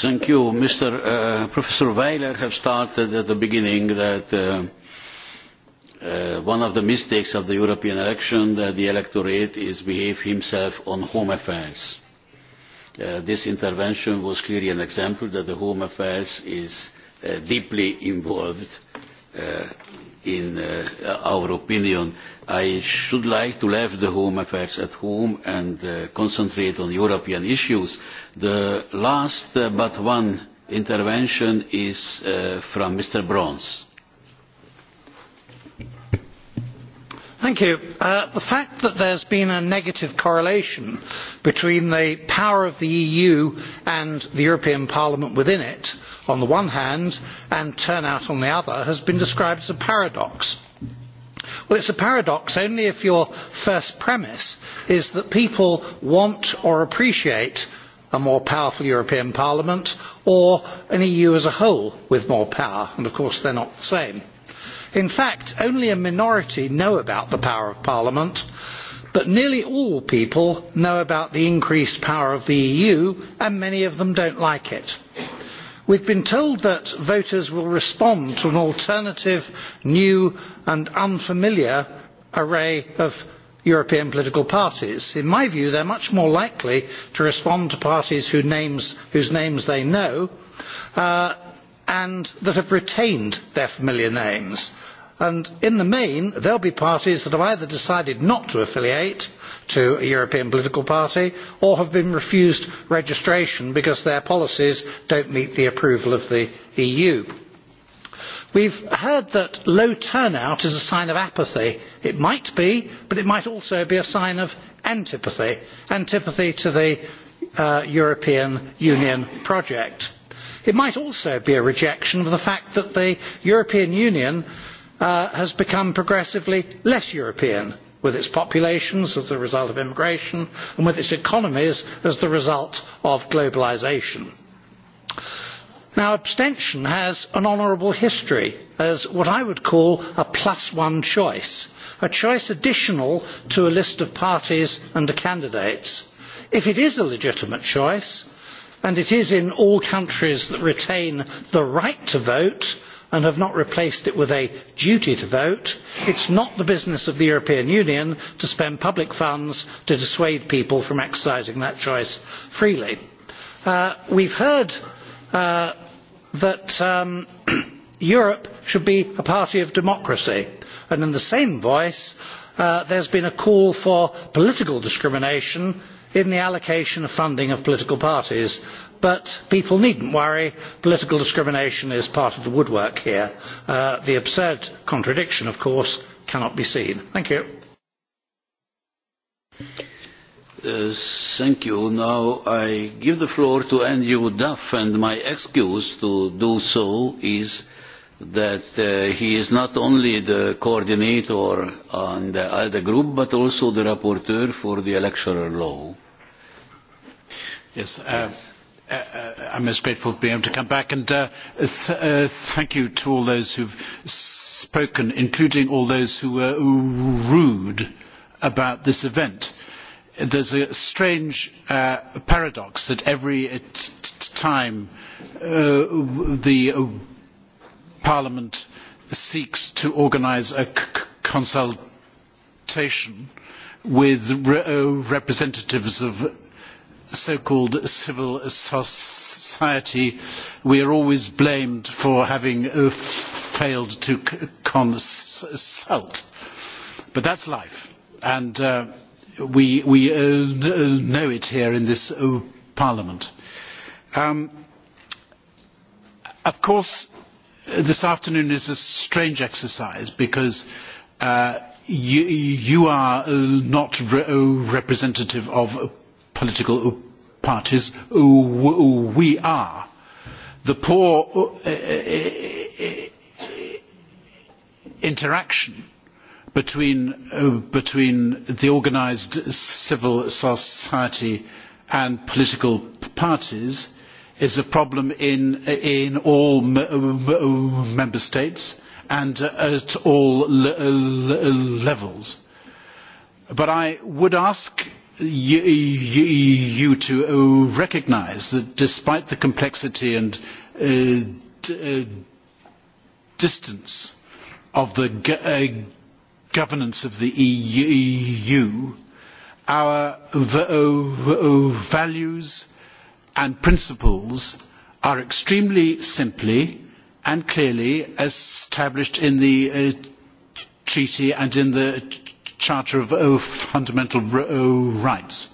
Thank you. Mr. Professor Weiler have started at the beginning that one of the mistakes of the European election that the electorate is behave himself on home affairs. This intervention was clearly an example that the home affairs is deeply involved in our opinion. I should like to leave the home affairs at home and concentrate on European issues. The last but one intervention is from Mr. Brons. President, the fact that there has been a negative correlation between the power of the eu and the european parliament within it on the one hand and turnout on the other has been described as a paradox. well it is a paradox only if your first premise is that people want or appreciate a more powerful european parliament or an eu as a whole with more power and of course they are not the same. In fact, only a minority know about the power of Parliament, but nearly all people know about the increased power of the EU, and many of them don't like it. We have been told that voters will respond to an alternative, new and unfamiliar array of European political parties. In my view, they are much more likely to respond to parties whose names they know and that have retained their familiar names. And in the main, there will be parties that have either decided not to affiliate to a European political party or have been refused registration because their policies do not meet the approval of the EU. We have heard that low turnout is a sign of apathy. It might be, but it might also be a sign of antipathy, antipathy to the European Union project It might also be a rejection of the fact that the European Union has become progressively less European with its populations as a result of immigration and with its economies as the result of globalisation. abstention has an honourable history as what I would call a plus one choice, a choice additional to a list of parties and candidates. If it is a legitimate choice, and it is in all countries that retain the right to vote and have not replaced it with a duty to vote it is not the business of the european union to spend public funds to dissuade people from exercising that choice freely. we have heard that europe should be a party of democracy and in the same voice there has been a call for political discrimination in the allocation of funding of political parties but people need not worry political discrimination is part of the woodwork here. the absurd contradiction of course cannot be seen. thank you. Thank you. Now I give the floor to Andrew Duff, and my excuse to do so is that he is not only the coordinator on the ALDE group, but also the rapporteur for the electoral law. Yes. I'm most grateful to be able to come back and thank you to all those who've spoken, including all those who were rude about this event. There's a strange paradox that every time the Parliament seeks to organise a consultation with representatives of so-called civil society, we are always blamed for having failed to consult. But that's life, and we know it here in this Parliament. Of course, this afternoon is a strange exercise because you are not representative of political parties we are. The poor interaction between the organised civil society and political parties is a problem in all member states and at all levels. But I would ask you to recognise that despite the complexity and distance of the governance of the EU, our values and principles are extremely simply and clearly established in the Treaty and in the Charter of Fundamental Rights.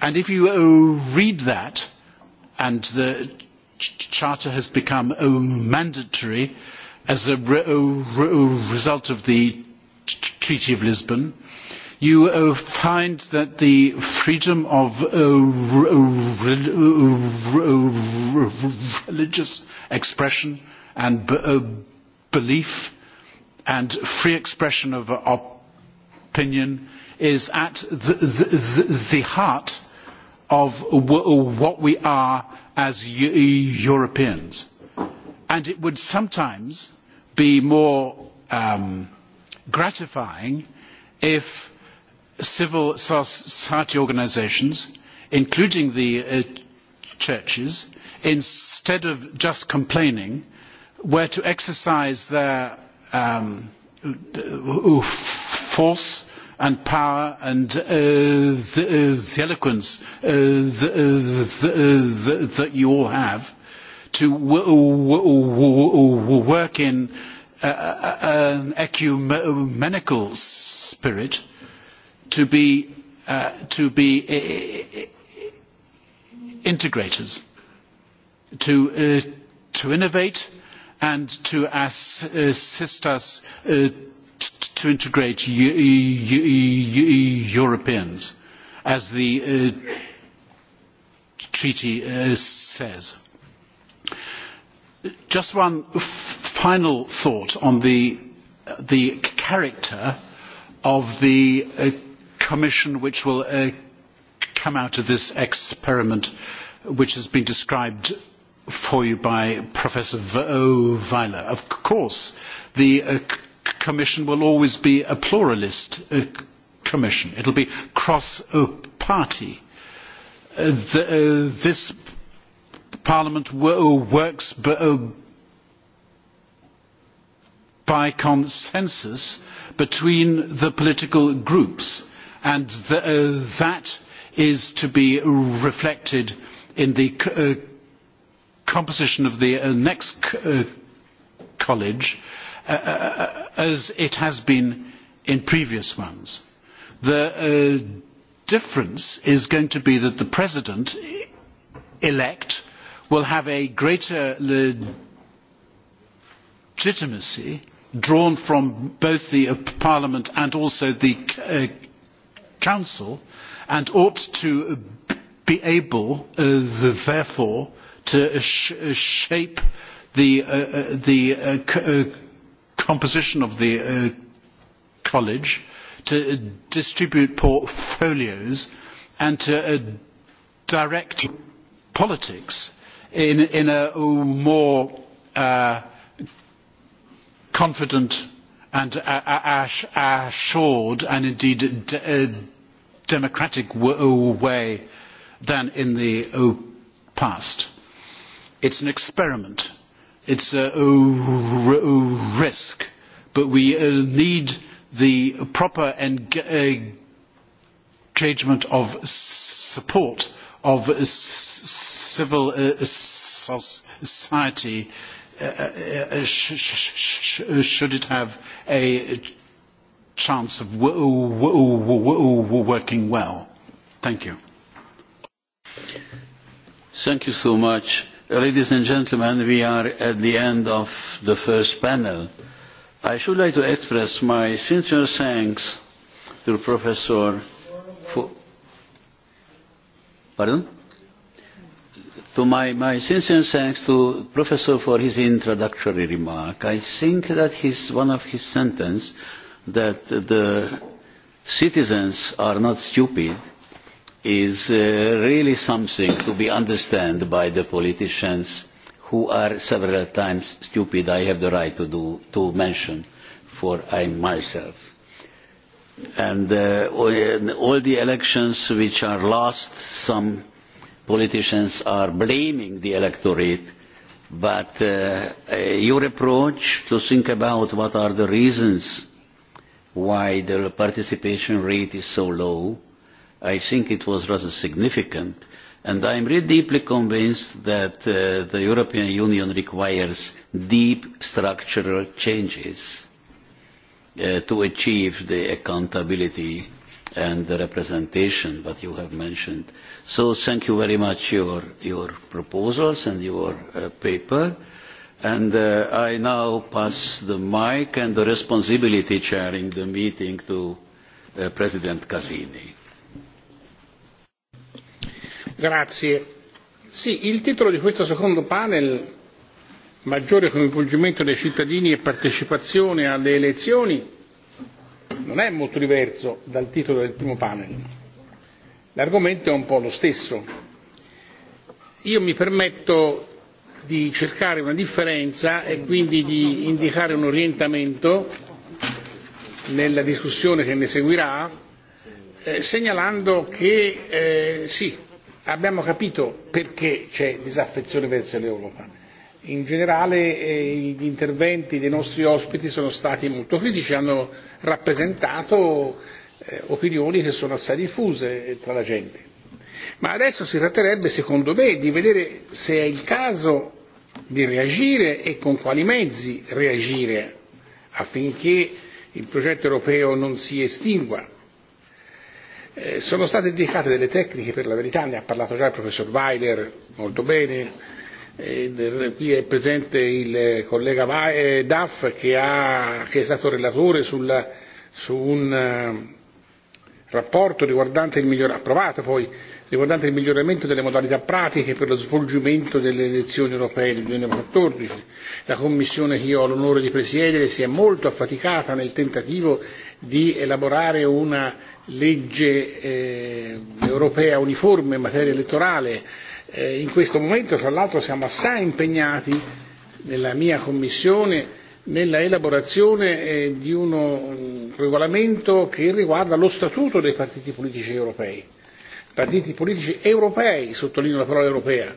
And if you read that, and the Charter has become mandatory as a result of the Treaty of Lisbon, you find that the freedom of religious expression and belief and free expression of opinion is at the heart of what we are as Europeans. And it would sometimes be more gratifying if civil society organizations including the churches, instead of just complaining, were to exercise their force and power and the eloquence that you all have to work in an ecumenical spirit to be integrators, to innovate and to assist us to integrate Europeans, as the treaty says. Just one final thought on the character of the Commission which will come out of this experiment which has been described for you by Professor Weiler. Of course, the Commission will always be a pluralist Commission. It will be cross-party. This Parliament works by consensus between the political groups, and that is to be reflected in the composition of the next college as it has been in previous ones. The difference is going to be that the President elect will have a greater legitimacy drawn from both the Parliament and also the Council and ought to be able, therefore, to shape the composition of the college to distribute portfolios and to direct politics in a more confident and assured and indeed democratic way than in the past. It's an experiment It's a risk, but we need the proper engagement of support of civil society should it have a chance of working well. Thank you. Thank you so much. Ladies and gentlemen, we are at the end of the first panel. I should like to express my sincere thanks to Professor Pardon? To my, my sincere thanks to Professor for his introductory remark. I think that his, one of his sentences that the citizens are not stupid is really something to be understood by the politicians who are several times stupid I have the right to to mention for I myself. And all the elections which are lost, some politicians are blaming the electorate, but your approach to think about what are the reasons why the participation rate is so low I think it was rather significant. And I am really deeply convinced that the European Union requires deep structural changes to achieve the accountability and the representation that you have mentioned. So thank you very much for your proposals and your paper. And I now pass the mic and the responsibility chairing the meeting to President Casini. Grazie. Sì, il titolo di questo secondo panel, maggiore coinvolgimento dei cittadini e partecipazione alle elezioni, non è molto diverso dal titolo del primo panel. L'argomento è un po' lo stesso. Io mi permetto di cercare una differenza e quindi di indicare un orientamento nella discussione che ne seguirà, segnalando che sì, abbiamo capito perché c'è disaffezione verso l'Europa. In generale gli interventi dei nostri ospiti sono stati molto critici, hanno rappresentato opinioni che sono assai diffuse tra la gente. Ma adesso si tratterebbe, secondo me, di vedere se è il caso di reagire e con quali mezzi reagire affinché il progetto europeo non si estingua sono state indicate delle tecniche per la verità ne ha parlato già il professor Weiler molto bene qui è presente il collega Duff che è stato relatore su un rapporto riguardante il approvato poi riguardante il miglioramento delle modalità pratiche per lo svolgimento delle elezioni europee del 2014. La Commissione che io ho l'onore di presiedere si è molto affaticata nel tentativo di elaborare una legge europea uniforme in materia elettorale. In questo momento, tra l'altro, siamo assai impegnati nella mia Commissione nella elaborazione di un regolamento che riguarda lo statuto dei partiti politici europei. Partiti politici europei, sottolineo la parola europea,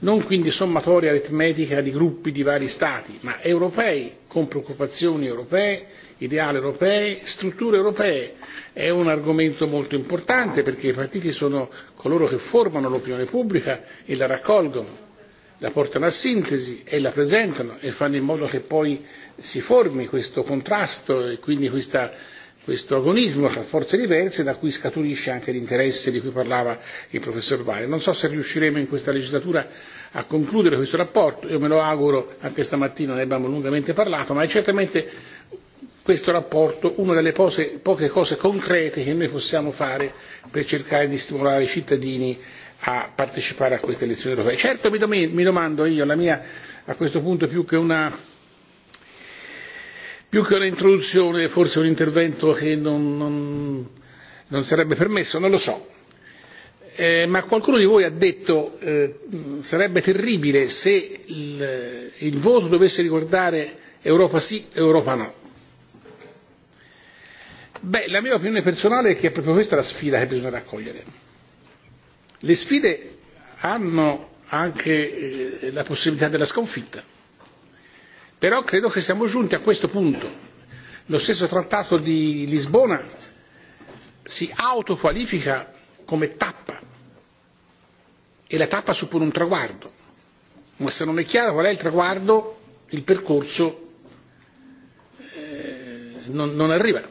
non quindi sommatoria aritmetica di gruppi di vari Stati, ma europei, con preoccupazioni europee ideali europei, strutture europee. È un argomento molto importante perché i partiti sono coloro che formano l'opinione pubblica e la raccolgono, la portano a sintesi e la presentano e fanno in modo che poi si formi questo contrasto e quindi questo agonismo tra forze diverse da cui scaturisce anche l'interesse di cui parlava il professor Valle. Non so se riusciremo in questa legislatura a concludere questo rapporto, io me lo auguro, anche stamattina ne abbiamo lungamente parlato, ma è certamente questo rapporto una delle poche cose concrete che noi possiamo fare per cercare di stimolare i cittadini a partecipare a queste elezioni europee. Certo mi domando io, la mia a questo punto più che una più che un'introduzione forse un intervento che non sarebbe permesso, non lo so. Ma qualcuno di voi ha detto sarebbe terribile se il voto dovesse ricordare Europa sì, Europa no. Beh, la mia opinione personale è che è proprio questa la sfida che bisogna raccogliere. Le sfide hanno anche la possibilità della sconfitta, però credo che siamo giunti a questo punto. Lo stesso Trattato di Lisbona si autoqualifica come tappa e la tappa suppone un traguardo, ma se non è chiaro qual è il traguardo il percorso non arriva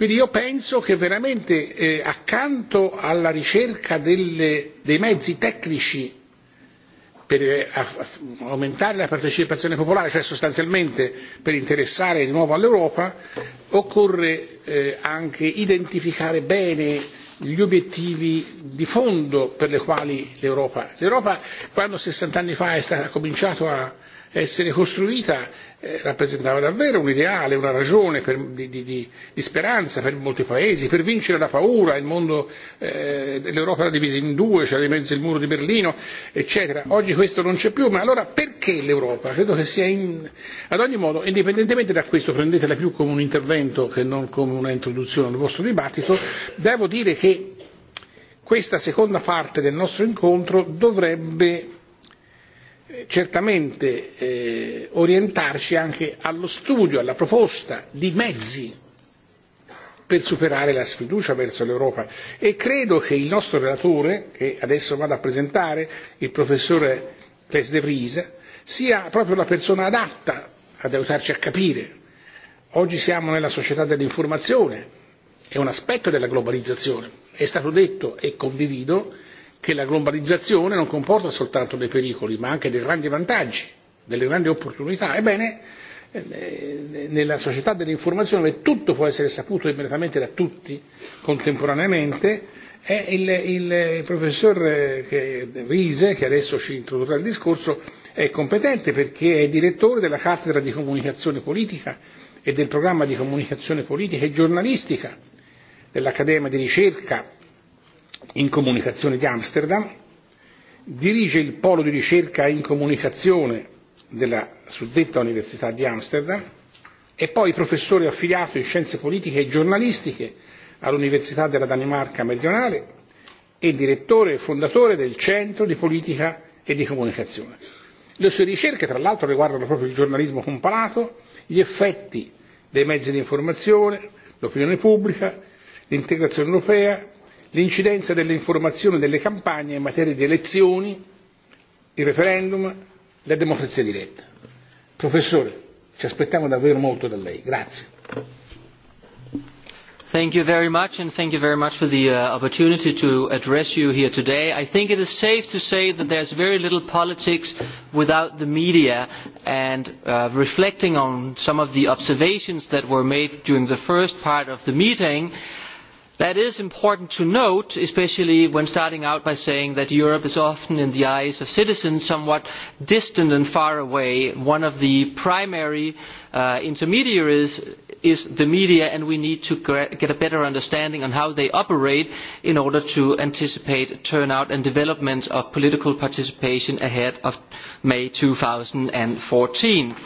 Quindi io penso che veramente accanto alla ricerca dei mezzi tecnici per aumentare la partecipazione popolare, cioè sostanzialmente per interessare di nuovo all'Europa, occorre anche identificare bene gli obiettivi di fondo per le quali l'Europa. L'Europa quando 60 anni fa è stata cominciato a essere costruita rappresentava davvero un ideale, una ragione di speranza per molti paesi, per vincere la paura, il mondo l'Europa era divisa in due, c'era di mezzo il muro di Berlino, eccetera. Oggi questo non c'è più, ma allora perché l'Europa? Credo che sia ad ogni modo, indipendentemente da questo, prendetela più come un intervento che non come una introduzione al vostro dibattito, devo dire che questa seconda parte del nostro incontro dovrebbe certamente orientarci anche allo studio, alla proposta di mezzi per superare la sfiducia verso l'Europa e credo che il nostro relatore, che adesso vado a presentare, il professore Tess De Vries, sia proprio la persona adatta ad aiutarci a capire. Oggi siamo nella società dell'informazione, è un aspetto della globalizzazione, è stato detto e condivido che la globalizzazione non comporta soltanto dei pericoli ma anche dei grandi vantaggi, delle grandi opportunità. Ebbene, nella società dell'informazione dove tutto può essere saputo immediatamente da tutti contemporaneamente, il professor Riese, che adesso ci introdurrà il discorso, è competente perché è direttore della cattedra di comunicazione politica e del programma di comunicazione politica e giornalistica dell'Accademia di ricerca in comunicazione di Amsterdam, dirige il polo di ricerca in comunicazione della suddetta Università di Amsterdam, è poi professore affiliato in scienze politiche e giornalistiche all'Università della Danimarca Meridionale e direttore e fondatore del Centro di Politica e di Comunicazione. Le sue ricerche, tra l'altro, riguardano proprio il giornalismo comparato, gli effetti dei mezzi di informazione, l'opinione pubblica, l'integrazione europea, l'incidenza dell'informazione informazioni delle campagne in materia di elezioni il referendum la democrazia diretta. professore ci aspettiamo davvero molto da lei grazie. Thank you very much and thank you very much for the opportunity to address you here today. I think it is safe to say that there is very little politics without the media and reflecting on some of the observations that were made during the first part of the meeting That is important to note, especially when starting out by saying that Europe is often, in the eyes of citizens, somewhat distant and far away. One of the primary intermediaries is the media, and we need to get a better understanding on how they operate in order to anticipate turnout and development of political participation ahead of May 2014.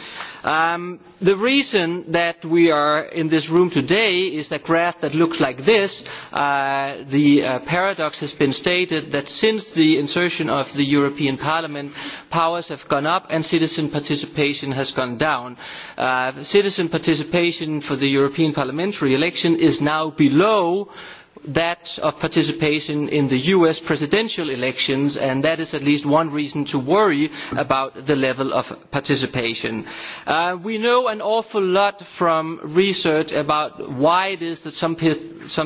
The reason that we are in this room today is a graph that looks like this. The paradox has been stated that since the insertion of the European Parliament, powers have gone up and citizen participation has gone down. Citizen participation for the European parliamentary election is now below that of participation in the us presidential elections and that is at least one reason to worry about the level of participation. we know an awful lot from research about why it is that some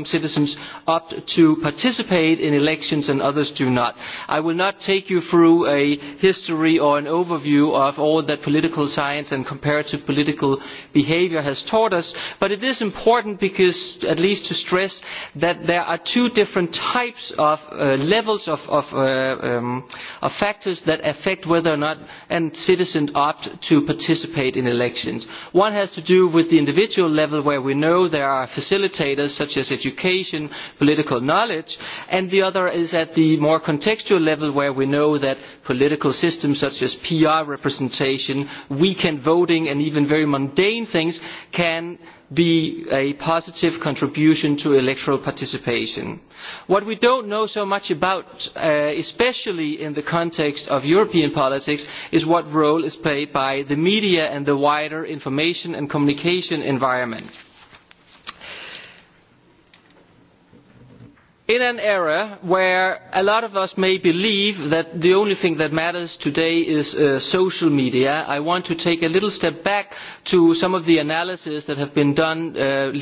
citizens opt to participate in elections and others do not. i will not take you through a history or an overview of all that political science and comparative political behaviour has taught us but it is important because at least to stress that there are two different types of levels of factors that affect whether or not a citizen opts to participate in elections. One has to do with the individual level where we know there are facilitators such as education, political knowledge, and the other is at the more contextual level where we know that political systems such as PR representation, weekend voting and even very mundane things can be a positive contribution to electoral participation. What we do not know so much about, especially in the context of European politics, is what role is played by the media and the wider information and communication environment in an era where a lot of us may believe that the only thing that matters today is social media i want to take a little step back to some of the analyses that have been done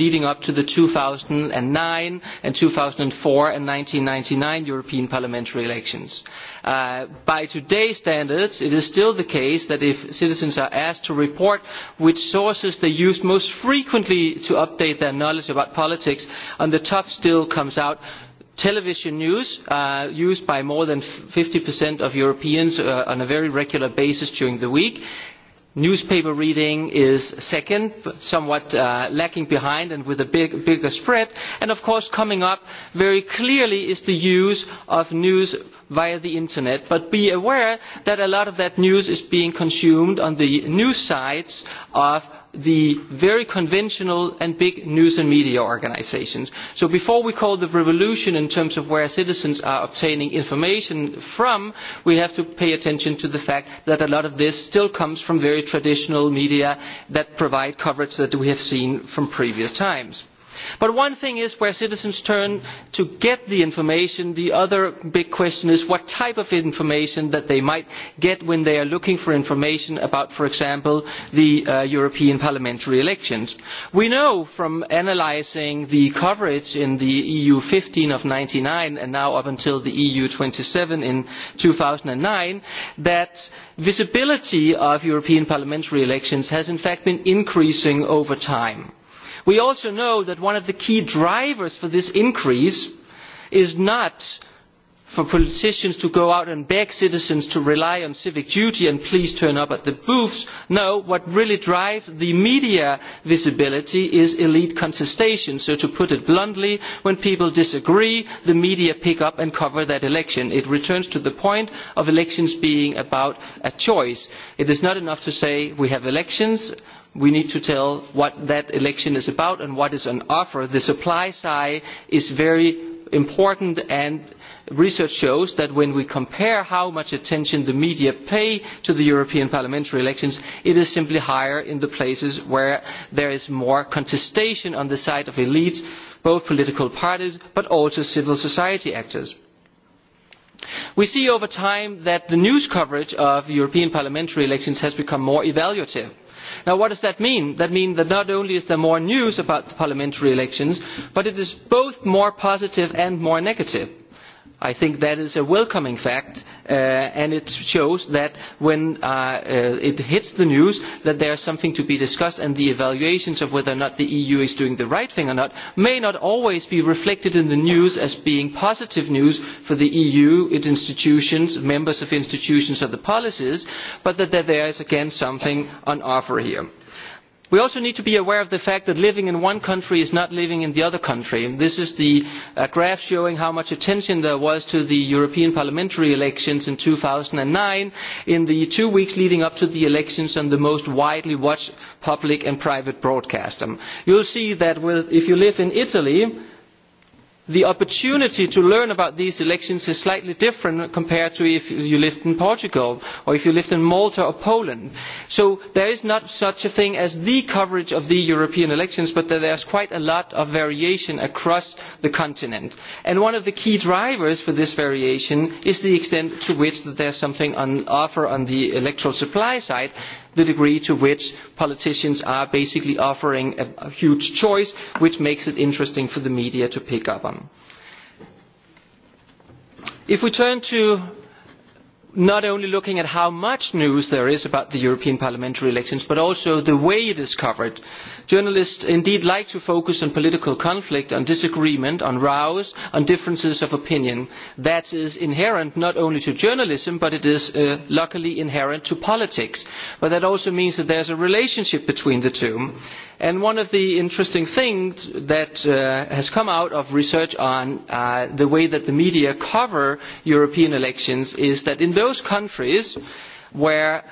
leading up to the 2009 and 2004 and 1999 european parliamentary elections by today's standards it is still the case that if citizens are asked to report which sources they use most frequently to update their knowledge about politics on the top still comes out television news used by more than 50% of Europeans on a very regular basis during the week. Newspaper reading is second, somewhat lacking behind and with a bigger spread. And of course, coming up very clearly is the use of news via the internet. But be aware that a lot of that news is being consumed on the news sites of the very conventional and big news and media organisations. So before we call the revolution in terms of where citizens are obtaining information from, we have to pay attention to the fact that a lot of this still comes from very traditional media that provide coverage that we have seen from previous times but one thing is where citizens turn to get the information the other big question is what type of information that they might get when they are looking for information about for example the european parliamentary elections. we know from analysing the coverage in the eu fifteen of and ninety nine and now up until the eu twenty seven in two thousand and nine that visibility of european parliamentary elections has in fact been increasing over time we also know that one of the key drivers for this increase is not for politicians to go out and beg citizens to rely on civic duty and please turn up at the booths. No, what really drives the media visibility is elite contestation. So to put it bluntly, when people disagree, the media pick up and cover that election. It returns to the point of elections being about a choice. It is not enough to say we have elections we need to tell what that election is about and what is on offer. The supply side is very important and research shows that when we compare how much attention the media pay to the European parliamentary elections, it is simply higher in the places where there is more contestation on the side of elites, both political parties but also civil society actors. We see over time that the news coverage of European parliamentary elections has become more evaluative what does that mean? that means that not only is there more news about the parliamentary elections but it is both more positive and more negative. I think that is a welcoming fact and it shows that when it hits the news that there is something to be discussed and the evaluations of whether or not the EU is doing the right thing or not may not always be reflected in the news as being positive news for the EU, its institutions, members of institutions or the policies, but that there is again something on offer here we also need to be aware of the fact that living in one country is not living in the other country. this is the graph showing how much attention there was to the european parliamentary elections in 2009 in the two weeks leading up to the elections on the most widely watched public and private broadcast. you will see that if you live in italy the opportunity to learn about these elections is slightly different compared to if you lived in Portugal or if you lived in Malta or Poland. So there is not such a thing as the coverage of the European elections, but there is quite a lot of variation across the continent. And one of the key drivers for this variation is the extent to which there is something on offer on the electoral supply side the degree to which politicians are basically offering a huge choice which makes it interesting for the media to pick up on If we turn to not only looking at how much news there is about the European parliamentary elections, but also the way it is covered. Journalists indeed like to focus on political conflict, on disagreement, on rows, on differences of opinion. That is inherent not only to journalism, but it is luckily inherent to politics. But that also means that there is a relationship between the two And one of the interesting things that has come out of research on the way that the media cover European elections is that in those countries where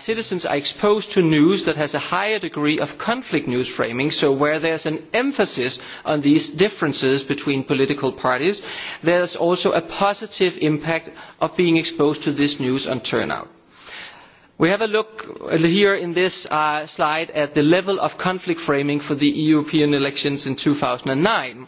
citizens are exposed to news that has a higher degree of conflict news framing, so where there is an emphasis on these differences between political parties, there is also a positive impact of being exposed to this news on turnout. We have a look here in this slide at the level of conflict framing for the European elections in 2009.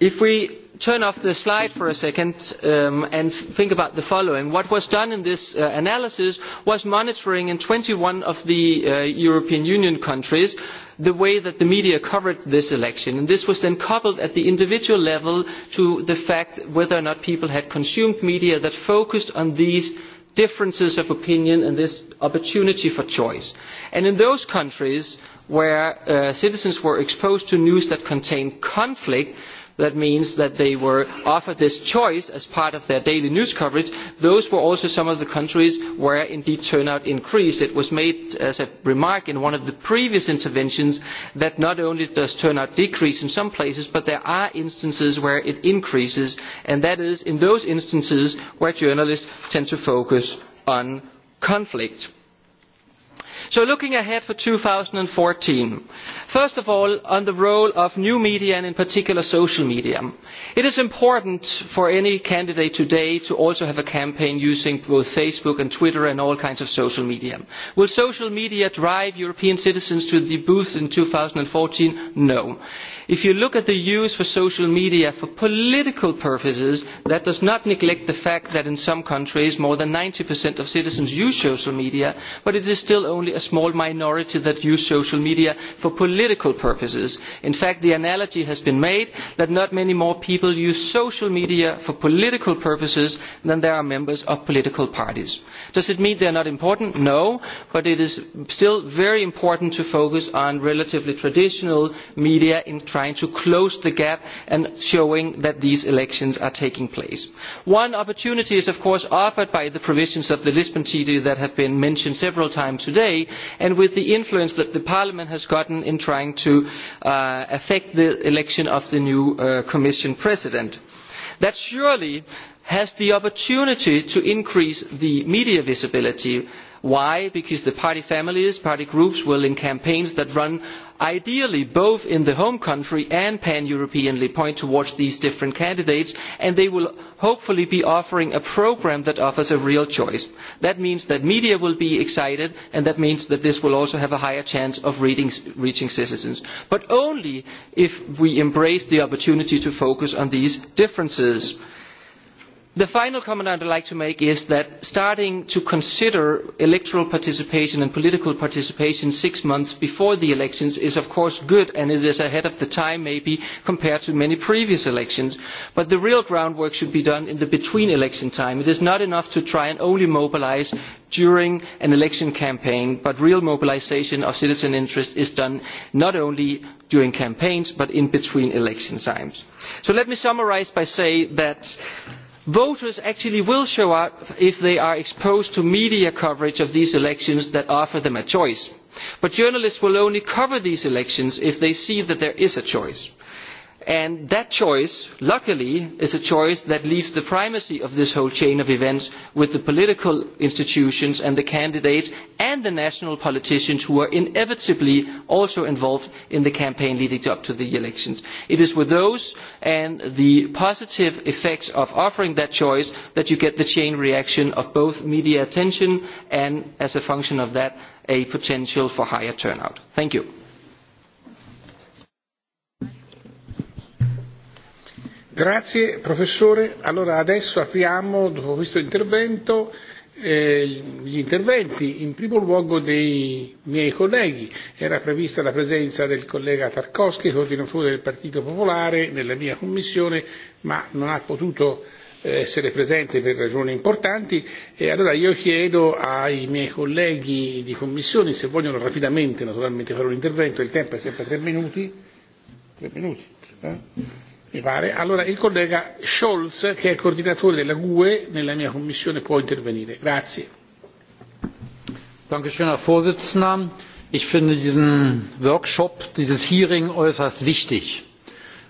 If we turn off the slide for a second and think about the following, what was done in this analysis was monitoring in 21 of the European Union countries the way that the media covered this election. And this was then coupled at the individual level to the fact whether or not people had consumed media that focused on these differences of opinion and this opportunity for choice. And in those countries where citizens were exposed to news that contained conflict, that means that they were offered this choice as part of their daily news coverage. Those were also some of the countries where indeed turnout increased. It was made as a remark in one of the previous interventions that not only does turnout decrease in some places, but there are instances where it increases, and that is in those instances where journalists tend to focus on conflict so looking ahead for two fourteen first of all on the role of new media and in particular social media it is important for any candidate today to also have a campaign using both facebook and twitter and all kinds of social media. will social media drive european citizens to the booth in two fourteen? no. If you look at the use for social media for political purposes, that does not neglect the fact that in some countries more than 90% of citizens use social media, but it is still only a small minority that use social media for political purposes. In fact, the analogy has been made that not many more people use social media for political purposes than there are members of political parties. Does it mean they are not important? No, but it is still very important to focus on relatively traditional media in trying to close the gap and showing that these elections are taking place. One opportunity is of course offered by the provisions of the Lisbon Treaty that have been mentioned several times today and with the influence that the Parliament has gotten in trying to affect the election of the new Commission President. That surely has the opportunity to increase the media visibility Why? Because the party families, party groups will in campaigns that run ideally both in the home country and pan-Europeanly point towards these different candidates and they will hopefully be offering a programme that offers a real choice. That means that media will be excited and that means that this will also have a higher chance of reaching citizens. But only if we embrace the opportunity to focus on these differences the final comment i would like to make is that starting to consider electoral participation and political participation six months before the elections is of course good and it is ahead of the time maybe compared to many previous elections but the real groundwork should be done in the between election time. it is not enough to try and only mobilise during an election campaign but real mobilisation of citizen interest is done not only during campaigns but in between election times. so let me summarise by saying that voters actually will show up if they are exposed to media coverage of these elections that offer them a choice but journalists will only cover these elections if they see that there is a choice and that choice luckily is a choice that leaves the primacy of this whole chain of events with the political institutions and the candidates and the national politicians who are inevitably also involved in the campaign leading up to the elections. it is with those and the positive effects of offering that choice that you get the chain reaction of both media attention and as a function of that a potential for higher turnout. thank you. Grazie professore. Allora adesso apriamo, dopo questo intervento, gli interventi, in primo luogo dei miei colleghi. Era prevista la presenza del collega Tarkovsky, coordinatore del Partito Popolare, nella mia commissione, ma non ha potuto essere presente per ragioni importanti e allora io chiedo ai miei colleghi di commissione se vogliono rapidamente naturalmente fare un intervento, il tempo è sempre tre minuti. Tre minuti. Mi pare. Allora il collega Scholz, che è coordinatore della GUE nella mia commissione, può intervenire. Grazie. Dankeschön, Herr Vorsitzender. Ich finde diesen Workshop, dieses Hearing äußerst wichtig,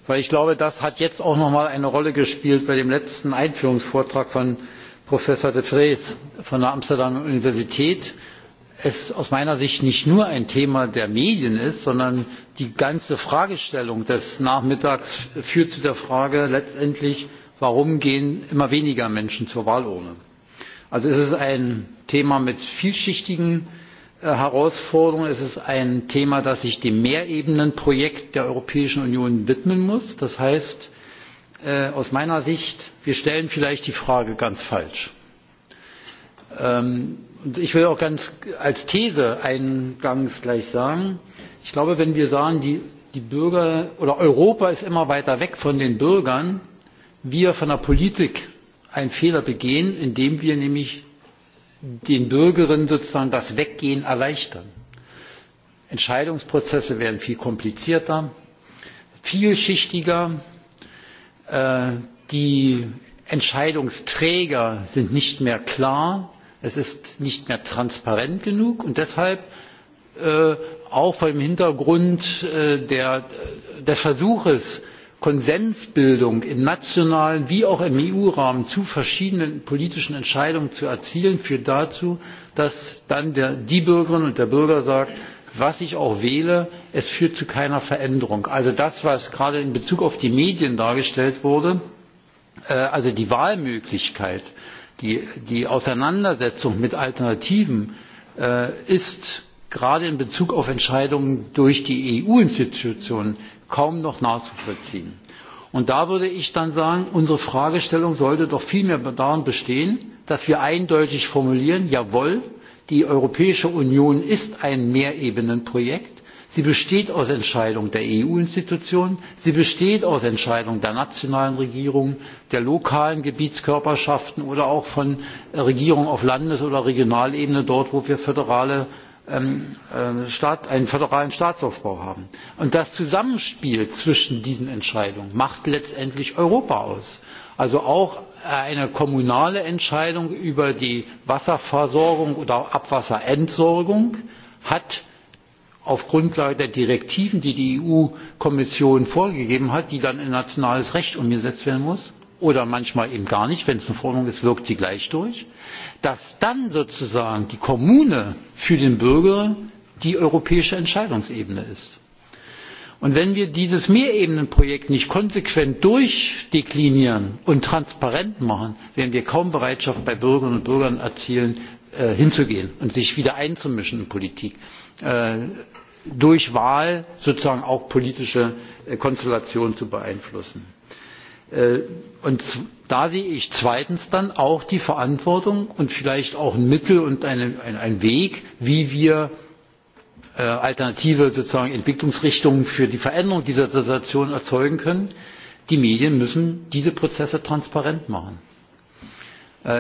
weil ich glaube, das hat jetzt auch noch mal eine Rolle gespielt bei dem letzten Einführungsvortrag von Professor de Vries von der Amsterdamer Universität es aus meiner sicht nicht nur ein thema der medien ist sondern die ganze fragestellung des nachmittags führt zu der frage letztendlich warum gehen immer weniger menschen zur wahlurne? also es ist ein thema mit vielschichtigen herausforderungen es ist ein thema das sich dem mehrebenenprojekt der europäischen union widmen muss. das heißt aus meiner sicht wir stellen vielleicht die frage ganz falsch ich will auch ganz als these eingangs gleich sagen ich glaube wenn wir sagen die bürger oder europa ist immer weiter weg von den bürgern wir von der politik einen fehler begehen indem wir nämlich den bürgerinnen sozusagen das weggehen erleichtern. entscheidungsprozesse werden viel komplizierter vielschichtiger die entscheidungsträger sind nicht mehr klar es ist nicht mehr transparent genug und deshalb auch vor dem hintergrund des versuches konsensbildung im nationalen wie auch im eu rahmen zu verschiedenen politischen entscheidungen zu erzielen führt dazu dass dann die bürgerin und der bürger sagen was ich auch wähle es führt zu keiner veränderung. also das was gerade in bezug auf die medien dargestellt wurde also die wahlmöglichkeit die auseinandersetzung mit alternativen ist gerade in bezug auf entscheidungen durch die eu institutionen kaum noch nachzuvollziehen. und da würde ich dann sagen unsere fragestellung sollte doch vielmehr darin bestehen dass wir eindeutig formulieren jawohl die europäische union ist ein mehrebenenprojekt sie besteht aus entscheidungen der eu institutionen sie besteht aus entscheidungen der nationalen regierungen der lokalen gebietskörperschaften oder auch von regierungen auf landes oder regionalebene dort wo wir einen föderalen staatsaufbau haben. und das zusammenspiel zwischen diesen entscheidungen macht letztendlich europa aus also auch eine kommunale entscheidung über die wasserversorgung oder abwasserentsorgung hat auf Grundlage der Direktiven, die die EU-Kommission vorgegeben hat, die dann in nationales Recht umgesetzt werden muss, oder manchmal eben gar nicht, wenn es eine Verordnung ist, wirkt sie gleich durch, dass dann sozusagen die Kommune für den Bürger die europäische Entscheidungsebene ist. Und wenn wir dieses Mehrebenenprojekt nicht konsequent durchdeklinieren und transparent machen, werden wir kaum Bereitschaft bei Bürgerinnen und Bürgern erzielen, hinzugehen und sich wieder einzumischen in Politik durch Wahl sozusagen auch politische Konstellationen zu beeinflussen. Und da sehe ich zweitens dann auch die Verantwortung und vielleicht auch ein Mittel und einen Weg, wie wir alternative Entwicklungsrichtungen für die Veränderung dieser Situation erzeugen können. Die Medien müssen diese Prozesse transparent machen.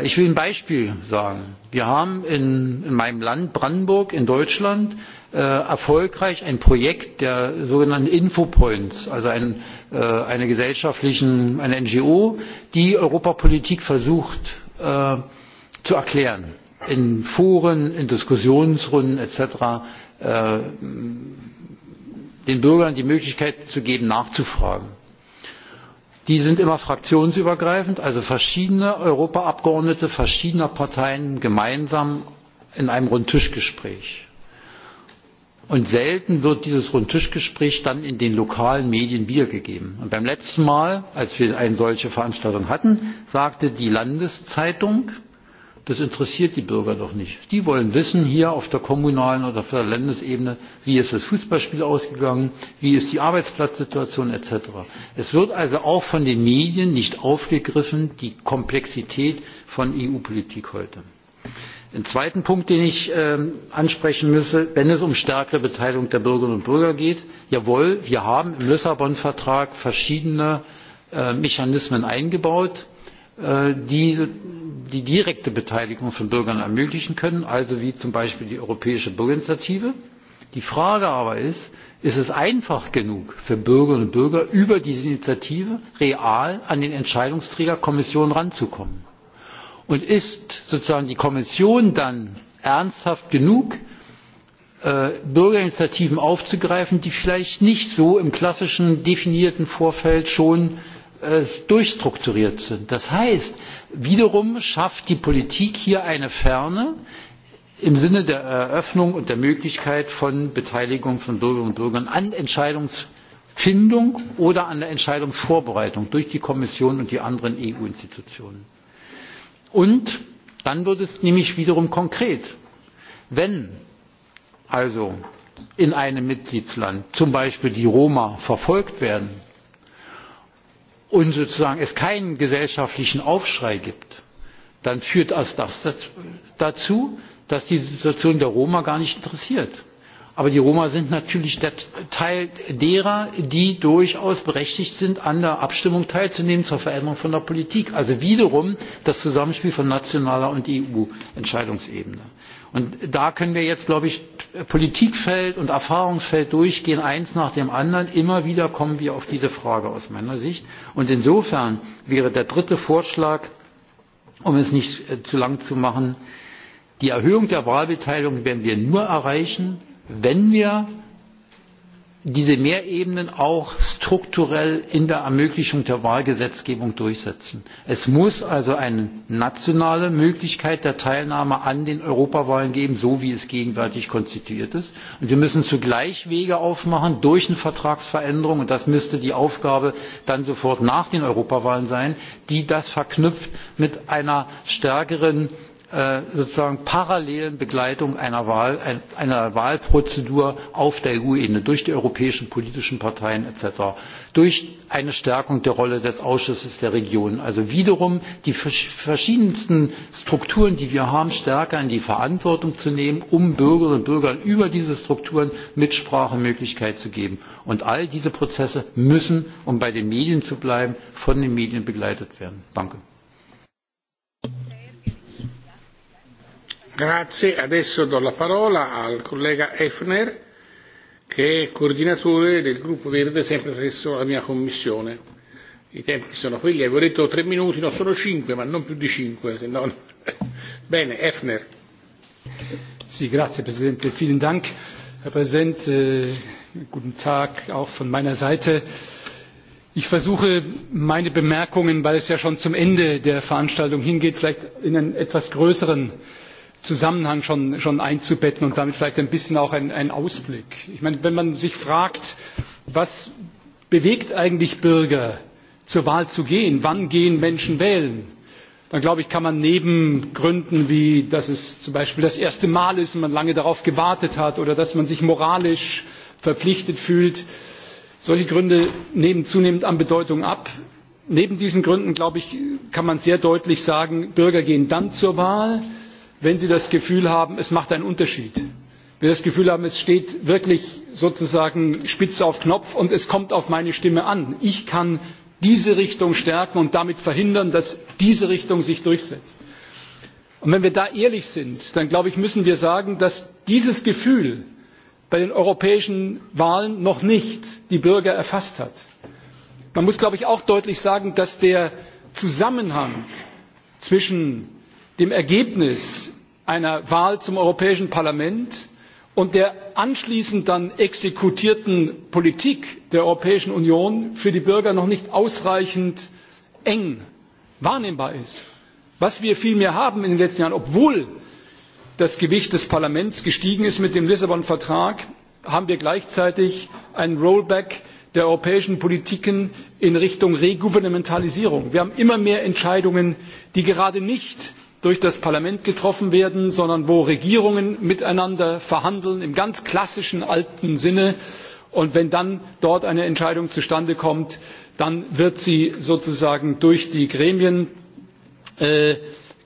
Ich will ein Beispiel sagen. Wir haben in meinem Land Brandenburg in Deutschland erfolgreich ein Projekt der sogenannten Info Points, also einer gesellschaftlichen, eine NGO, die Europapolitik versucht zu erklären. In Foren, in Diskussionsrunden etc. den Bürgern die Möglichkeit zu geben, nachzufragen die sind immer fraktionsübergreifend also verschiedene europaabgeordnete verschiedener parteien gemeinsam in einem rundtischgespräch und selten wird dieses rundtischgespräch dann in den lokalen medien wiedergegeben. beim letzten mal als wir eine solche veranstaltung hatten sagte die landeszeitung das interessiert die Bürger doch nicht. Die wollen wissen, hier auf der kommunalen oder auf der Landesebene, wie ist das Fußballspiel ausgegangen, wie ist die Arbeitsplatzsituation etc. Es wird also auch von den Medien nicht aufgegriffen, die Komplexität von EU-Politik heute. Ein zweiten Punkt, den ich ansprechen müsse, wenn es um stärkere Beteiligung der Bürgerinnen und Bürger geht. Jawohl, wir haben im Lissabon-Vertrag verschiedene Mechanismen eingebaut die die direkte Beteiligung von Bürgern ermöglichen können, also wie zum Beispiel die Europäische Bürgerinitiative. Die Frage aber ist, ist es einfach genug für Bürgerinnen und Bürger, über diese Initiative real an den Entscheidungsträger Kommission ranzukommen? Und ist sozusagen die Kommission dann ernsthaft genug, Bürgerinitiativen aufzugreifen, die vielleicht nicht so im klassischen definierten Vorfeld schon durchstrukturiert sind. Das heißt, wiederum schafft die Politik hier eine Ferne im Sinne der Eröffnung und der Möglichkeit von Beteiligung von Bürgerinnen und Bürgern an Entscheidungsfindung oder an der Entscheidungsvorbereitung durch die Kommission und die anderen EU-Institutionen. Und dann wird es nämlich wiederum konkret. Wenn also in einem Mitgliedsland zum Beispiel die Roma verfolgt werden, und sozusagen es keinen gesellschaftlichen aufschrei gibt dann führt das dazu dass die situation der roma gar nicht interessiert. aber die roma sind natürlich der teil derer die durchaus berechtigt sind an der abstimmung teilzunehmen zur veränderung von der politik also wiederum das zusammenspiel von nationaler und eu entscheidungsebene und da können wir jetzt glaube ich politikfeld und erfahrungsfeld durchgehen eins nach dem anderen immer wieder kommen wir auf diese frage aus meiner sicht und insofern wäre der dritte vorschlag um es nicht zu lang zu machen die erhöhung der wahlbeteiligung werden wir nur erreichen wenn wir diese mehrebenen auch strukturell in der ermöglichung der wahlgesetzgebung durchsetzen. es muss also eine nationale möglichkeit der teilnahme an den europawahlen geben so wie es gegenwärtig konstituiert ist und wir müssen zugleich wege aufmachen durch eine vertragsveränderung und das müsste die aufgabe dann sofort nach den europawahlen sein die das verknüpft mit einer stärkeren sozusagen parallelen Begleitung einer Wahlprozedur auf der EU-Ebene durch die europäischen politischen Parteien etc., durch eine Stärkung der Rolle des Ausschusses der Regionen, also wiederum die verschiedensten Strukturen, die wir haben, stärker in die Verantwortung zu nehmen, um Bürgerinnen und Bürgern über diese Strukturen Mitsprachemöglichkeit zu geben. Und all diese Prozesse müssen, um bei den Medien zu bleiben, von den Medien begleitet werden. Grazie, adesso do la parola al collega Efner che è coordinatore del gruppo Verde sempre presso la mia commissione. I tempi sono quelli, avevo detto tre minuti, no sono cinque ma non più di cinque. Se Bene, Efner. Sì, grazie Presidente, vielen Dank. Herr Präsident, guten Tag auch von meiner Seite. Ich versuche meine Bemerkungen, weil es ja schon zum Ende der Veranstaltung hingeht, vielleicht in einen etwas größeren Zusammenhang schon einzubetten und damit vielleicht ein bisschen auch einen Ausblick. Ich meine, wenn man sich fragt, was bewegt eigentlich Bürger, zur Wahl zu gehen, wann gehen Menschen wählen, dann glaube ich, kann man neben Gründen wie, dass es zum Beispiel das erste Mal ist und man lange darauf gewartet hat oder dass man sich moralisch verpflichtet fühlt, solche Gründe nehmen zunehmend an Bedeutung ab. Neben diesen Gründen, glaube ich, kann man sehr deutlich sagen, Bürger gehen dann zur Wahl, wenn sie das gefühl haben es macht einen unterschied wenn sie das gefühl haben es steht wirklich sozusagen spitze auf knopf und es kommt auf meine stimme an ich kann diese richtung stärken und damit verhindern dass diese richtung sich durchsetzt. und wenn wir da ehrlich sind dann glaube ich müssen wir sagen dass dieses gefühl bei den europäischen wahlen noch nicht die bürger erfasst hat. man muss glaube ich auch deutlich sagen dass der zusammenhang zwischen dem ergebnis einer wahl zum europäischen parlament und der anschließend dann exekutierten politik der europäischen union für die bürger noch nicht ausreichend eng wahrnehmbar ist. was wir vielmehr haben in den letzten jahren obwohl das gewicht des parlaments gestiegen ist mit dem lissabon vertrag haben wir gleichzeitig ein rollback der europäischen politiken in richtung regouvernementalisierung. wir haben immer mehr entscheidungen die gerade nicht durch das parlament getroffen werden sondern wo regierungen miteinander verhandeln im ganz klassischen alten sinne und wenn dann dort eine entscheidung zustande kommt dann wird sie sozusagen durch die gremien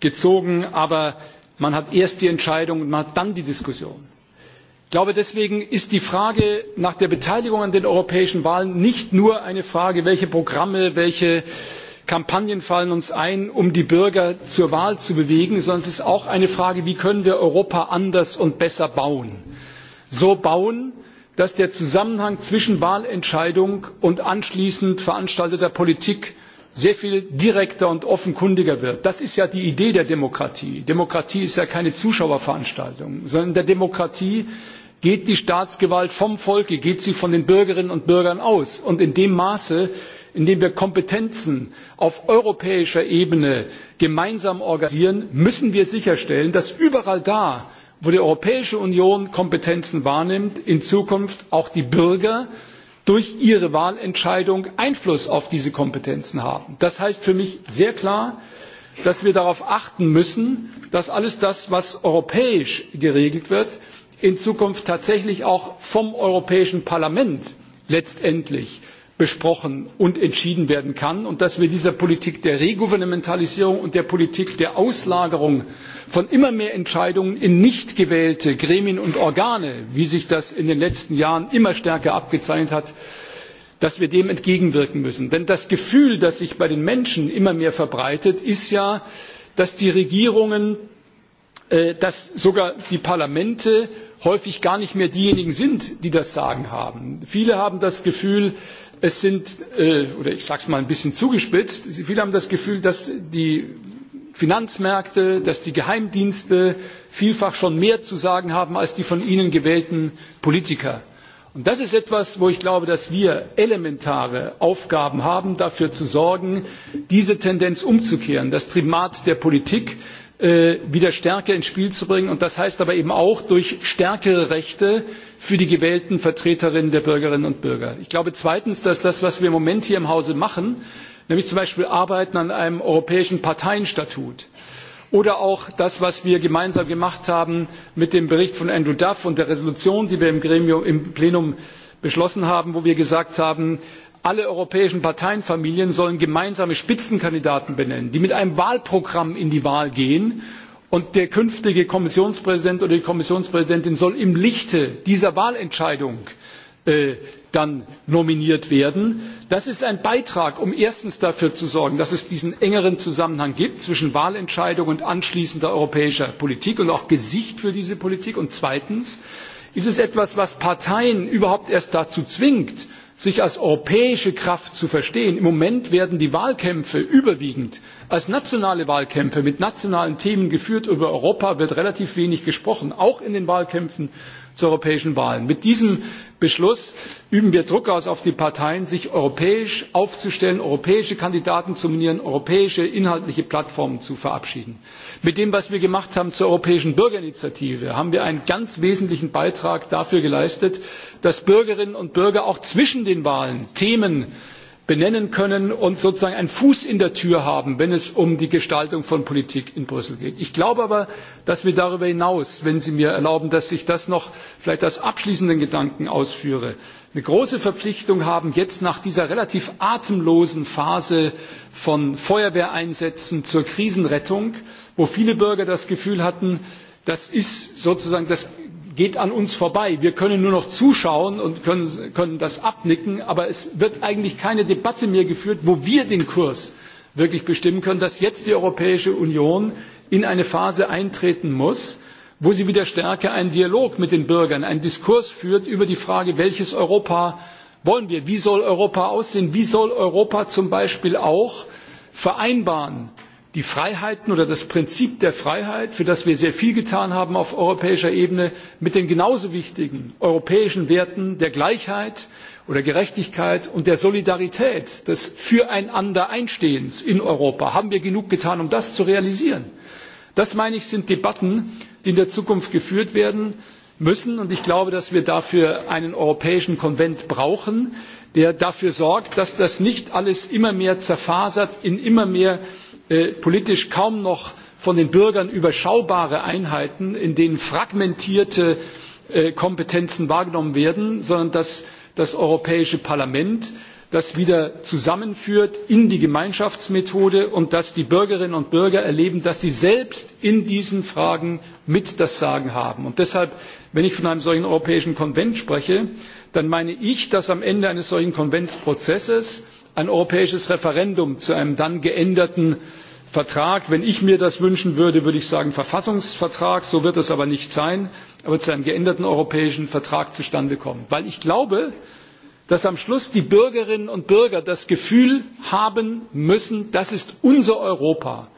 gezogen aber man hat erst die entscheidung und hat dann die diskussion. ich glaube deswegen ist die frage nach der beteiligung an den europäischen wahlen nicht nur eine frage welche programme welche kampagnen fallen uns ein um die bürger zur wahl zu bewegen sondern es ist auch eine frage wie können wir europa anders und besser bauen? so bauen dass der zusammenhang zwischen wahlentscheidung und anschließend veranstalteter politik sehr viel direkter und offenkundiger wird. das ist ja die idee der demokratie. demokratie ist ja keine zuschauerveranstaltung sondern in der demokratie geht die staatsgewalt vom volke geht sie von den bürgerinnen und bürgern aus und in dem maße indem wir kompetenzen auf europäischer ebene gemeinsam organisieren müssen wir sicherstellen dass überall da wo die europäische union kompetenzen wahrnimmt in zukunft auch die bürger durch ihre wahlentscheidung einfluss auf diese kompetenzen haben. das heißt für mich sehr klar dass wir darauf achten müssen dass alles das was europäisch geregelt wird in zukunft tatsächlich auch vom europäischen parlament letztendlich besprochen und entschieden werden kann und dass wir dieser politik der regouvernementalisierung und der politik der auslagerung von immer mehr entscheidungen in nicht gewählte gremien und organe wie sich das in den letzten jahren immer stärker abgezeichnet hat dass wir dem entgegenwirken müssen. denn das gefühl das sich bei den menschen immer mehr verbreitet ist ja dass die regierungen dass sogar die parlamente häufig gar nicht mehr diejenigen sind die das sagen haben. viele haben das gefühl es sind oder ich sage es mal ein bisschen zugespitzt viele haben das gefühl dass die finanzmärkte dass die geheimdienste vielfach schon mehr zu sagen haben als die von ihnen gewählten politiker. und das ist etwas wo ich glaube dass wir elementare aufgaben haben dafür zu sorgen diese tendenz umzukehren das primat der politik wieder stärker ins spiel zu bringen und das heißt aber eben auch durch stärkere rechte für die gewählten vertreterinnen der bürgerinnen und bürger. ich glaube zweitens dass das was wir im moment hier im hause machen nämlich zum beispiel arbeiten an einem europäischen parteienstatut oder auch das was wir gemeinsam gemacht haben mit dem bericht von andrew duff und der entschließung die wir im plenum beschlossen haben wo wir gesagt haben alle europäischen parteienfamilien sollen gemeinsame spitzenkandidaten benennen die mit einem wahlprogramm in die wahl gehen und der künftige kommissionspräsident oder die kommissionspräsidentin soll im lichte dieser wahlentscheidung dann nominiert werden. das ist ein beitrag um erstens dafür zu sorgen dass es diesen engeren zusammenhang gibt zwischen wahlentscheidung und anschließender europäischer politik und auch gesicht für diese politik und zweitens ist es etwas was parteien überhaupt erst dazu zwingt sich als europäische Kraft zu verstehen. Im Moment werden die Wahlkämpfe überwiegend als nationale Wahlkämpfe mit nationalen Themen geführt. Über Europa wird relativ wenig gesprochen, auch in den Wahlkämpfen zur europäischen Wahlen. Mit diesem Beschluss üben wir Druck aus auf die Parteien, sich europäisch aufzustellen, europäische Kandidaten zu nominieren, europäische inhaltliche Plattformen zu verabschieden. Mit dem, was wir gemacht haben zur Europäischen Bürgerinitiative, haben wir einen ganz wesentlichen Beitrag dafür geleistet, dass Bürgerinnen und Bürger auch zwischen den Wahlen Themen benennen können und sozusagen einen fuß in der tür haben wenn es um die gestaltung von politik in brüssel geht. ich glaube aber dass wir darüber hinaus wenn sie mir erlauben dass ich das noch vielleicht als abschließenden gedanken ausführe eine große verpflichtung haben jetzt nach dieser relativ atemlosen phase von feuerwehreinsätzen zur krisenrettung wo viele bürger das gefühl hatten das ist sozusagen geht an uns vorbei. Wir können nur noch zuschauen und können das abnicken, aber es wird eigentlich keine Debatte mehr geführt, wo wir den Kurs wirklich bestimmen können, dass jetzt die Europäische Union in eine Phase eintreten muss, wo sie wieder stärker einen Dialog mit den Bürgern, einen Diskurs führt über die Frage, welches Europa wollen wir, wie soll Europa aussehen, wie soll Europa zum Beispiel auch vereinbaren die freiheiten oder das prinzip der freiheit für das wir sehr viel getan haben auf europäischer ebene mit den genauso wichtigen europäischen werten der gleichheit oder gerechtigkeit und der solidarität des füreinandereinstehens in europa haben wir genug getan um das zu realisieren? das meine ich sind debatten die in der zukunft geführt werden müssen und ich glaube dass wir dafür einen europäischen konvent brauchen der dafür sorgt dass das nicht alles immer mehr zerfasert in immer mehr politisch kaum noch von den bürgern überschaubare einheiten in denen fragmentierte kompetenzen wahrgenommen werden sondern dass das europäische parlament das wieder zusammenführt in die gemeinschaftsmethode und dass die bürgerinnen und bürger erleben dass sie selbst in diesen fragen mit das sagen haben. deshalb wenn ich von einem solchen europäischen konvent spreche dann meine ich dass am ende eines solchen konventsprozesses ein europäisches referendum zu einem dann geänderten vertrag wenn ich mir das wünschen würde würde ich sagen verfassungsvertrag so wird es aber nicht sein aber zu einem geänderten europäischen vertrag zustande kommen weil ich glaube dass am schluss die bürgerinnen und bürger das gefühl haben müssen das ist unser europa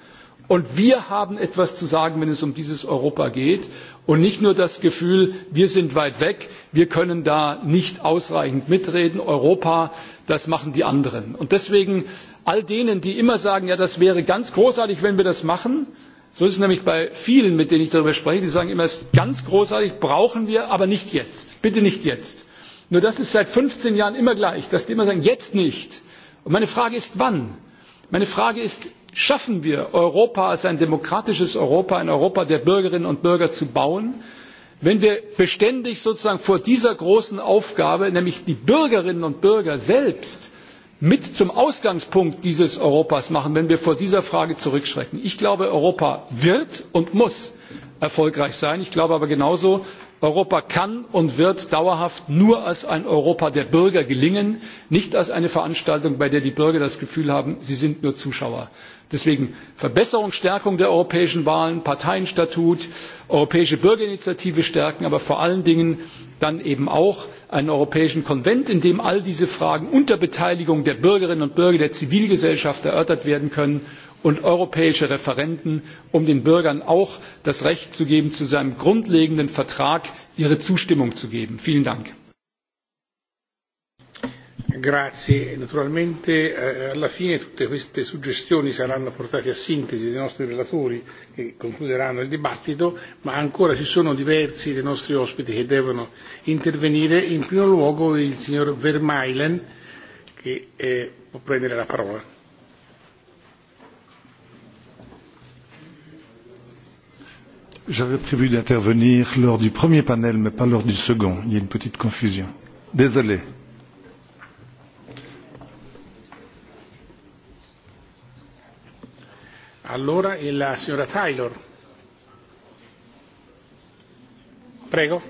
und wir haben etwas zu sagen wenn es um dieses europa geht und nicht nur das gefühl wir sind weit weg wir können da nicht ausreichend mitreden europa das machen die anderen. und deswegen all denen die immer sagen ja das wäre ganz großartig wenn wir das machen so ist es nämlich bei vielen mit denen ich darüber spreche die sagen immer es ist ganz großartig brauchen wir aber nicht jetzt bitte nicht jetzt. nur das ist seit 15 jahren immer gleich dass die immer sagen jetzt nicht. und meine frage ist wann? meine frage ist schaffen wir europa als ein demokratisches europa ein europa der bürgerinnen und bürger zu bauen wenn wir beständig sozusagen vor dieser großen aufgabe nämlich die bürgerinnen und bürger selbst mit zum ausgangspunkt dieses europas machen wenn wir vor dieser frage zurückschrecken? ich glaube europa wird und muss erfolgreich sein. ich glaube aber genauso europa kann und wird dauerhaft nur als ein europa der bürger gelingen nicht als eine veranstaltung bei der die bürger das gefühl haben sie sind nur zuschauer. Deswegen Verbesserung, Stärkung der europäischen Wahlen, Parteienstatut, europäische Bürgerinitiative stärken, aber vor allen Dingen dann eben auch einen europäischen Konvent, in dem all diese Fragen unter Beteiligung der Bürgerinnen und Bürger der Zivilgesellschaft erörtert werden können und europäische Referenden, um den Bürgern auch das Recht zu geben, zu seinem grundlegenden Vertrag ihre Zustimmung zu geben. Grazie. Naturalmente alla fine tutte queste suggestioni saranno portate a sintesi dai nostri relatori che concluderanno il dibattito, ma ancora ci sono diversi dei nostri ospiti che devono intervenire. In primo luogo il signor Vermeilen che può prendere la parola. J'avais prévu d'intervenir lors du premier panel, mais pas lors du second. Il y a une petite confusion. Désolé. Allora la signora Taylor. Prego.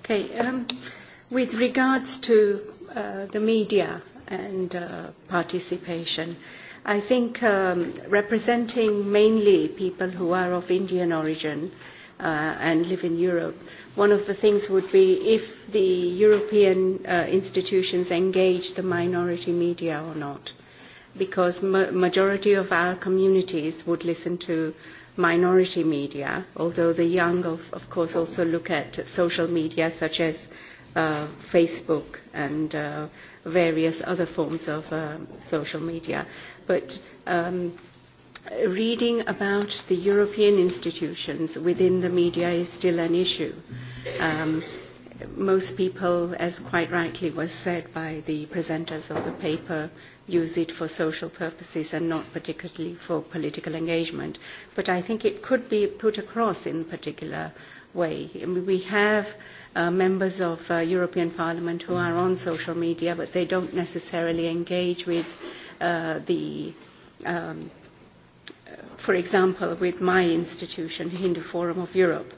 Okay, um, with regards to uh, the media and uh, participation, I think um, representing mainly people who are of Indian origin uh, and live in Europe, One of the things would be if the European institutions engage the minority media or not, because majority of our communities would listen to minority media, although the young, of course, also look at social media such as Facebook and various other forms of social media. But reading about the European institutions within the media is still an issue. Most people, as quite rightly was said by the presenters of the paper, use it for social purposes and not particularly for political engagement. But I think it could be put across in a particular way. We have members of European Parliament who are on social media, but they don't necessarily engage with the for example, with my institution, Hindu Forum of Europe.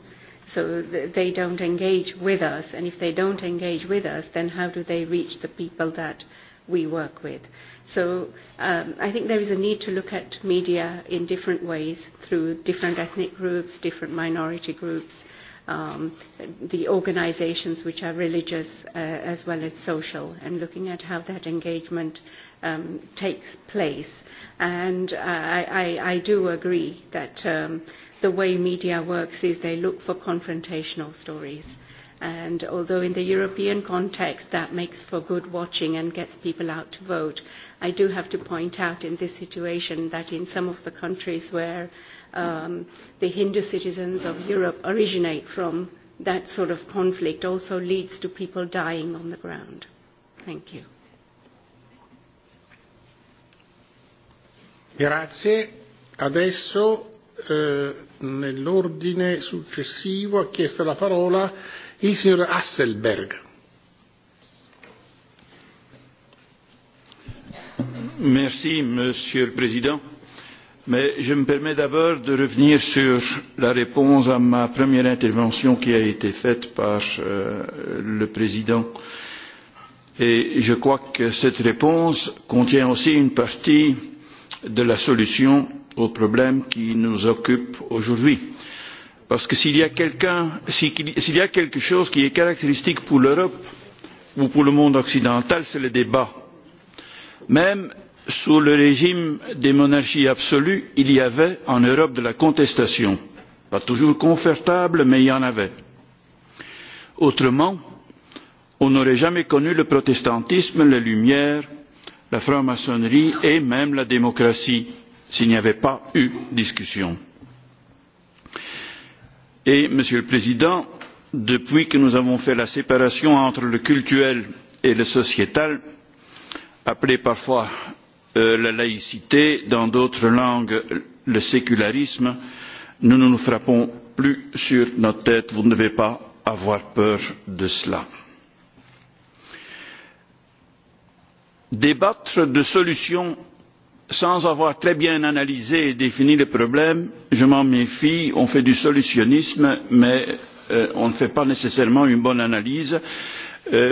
So they don't engage with us, and if they don't engage with us, then how do they reach the people that we work with? So I think there is a need to look at media in different ways, through different ethnic groups, different minority groups, the organisations which are religious as well as social, and looking at how that engagement takes place And I do agree that the way media works is they look for confrontational stories. And although in the European context that makes for good watching and gets people out to vote, I do have to point out in this situation that in some of the countries where the Hindu citizens of Europe originate from, that sort of conflict also leads to people dying on the ground. Thank you. Grazie. Adesso nell'ordine successivo ha chiesto la parola il signor Hasselberg. Merci, Monsieur le Président. Mais je me permets d'abord de revenir sur la réponse à ma première intervention qui a été faite par le Président. Et je crois que cette réponse contient aussi une partie de la solution aux problèmes qui nous occupe aujourd'hui. Parce que s'il y a quelque chose qui est caractéristique pour l'Europe ou pour le monde occidental, c'est le débat. Même sous le régime des monarchies absolues, il y avait en Europe de la contestation. Pas toujours confortable, mais il y en avait. Autrement, on n'aurait jamais connu le protestantisme, les Lumières, la franc maçonnerie et même la démocratie s'il n'y avait pas eu discussion. et monsieur le président depuis que nous avons fait la séparation entre le cultuel et le sociétal appelé parfois la laïcité dans d'autres langues le sécularisme nous ne nous frappons plus sur notre tête vous ne devez pas avoir peur de cela. débattre de solutions sans avoir très bien analysé et défini les problèmes je m'en méfie on fait du solutionnisme mais on ne fait pas nécessairement une bonne analyse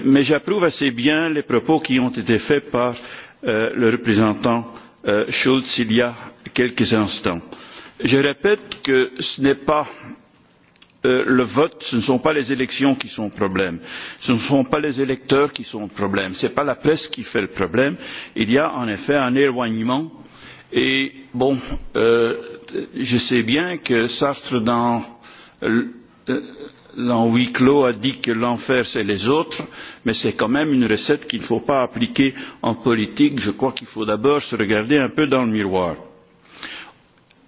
mais j'approuve assez bien les propos qui ont été faits par le représentant schulz il y a quelques instants. je répète que ce n'est pas le vote ce ne sont pas les élections qui sont le problème ce ne sont pas les électeurs qui sont le problème ce n'est pas la presse qui fait le problème il y a en effet un éloignement et bon je sais bien que sartre dans l'en huis clos a dit que l'enfer c'est les autres mais c'est quand même une recette qu'il ne faut pas appliquer en politique je crois qu'il faut d'abord se regarder un peu dans le miroir.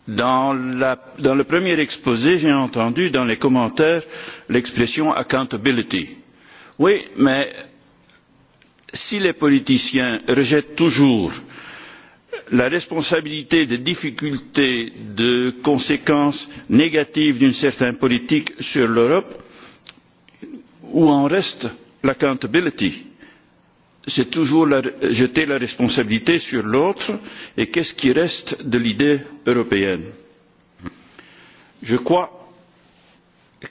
Dans le premier exposé, j'ai entendu dans les commentaires l'expression accountability. Oui, mais si les politiciens rejettent toujours la responsabilité des difficultés, des conséquences négatives d'une certaine politique sur l'Europe, où en reste l'accountability? c'est toujours jeter la responsabilité sur l'autre et qu'est ce qui reste de l'idée européenne? je crois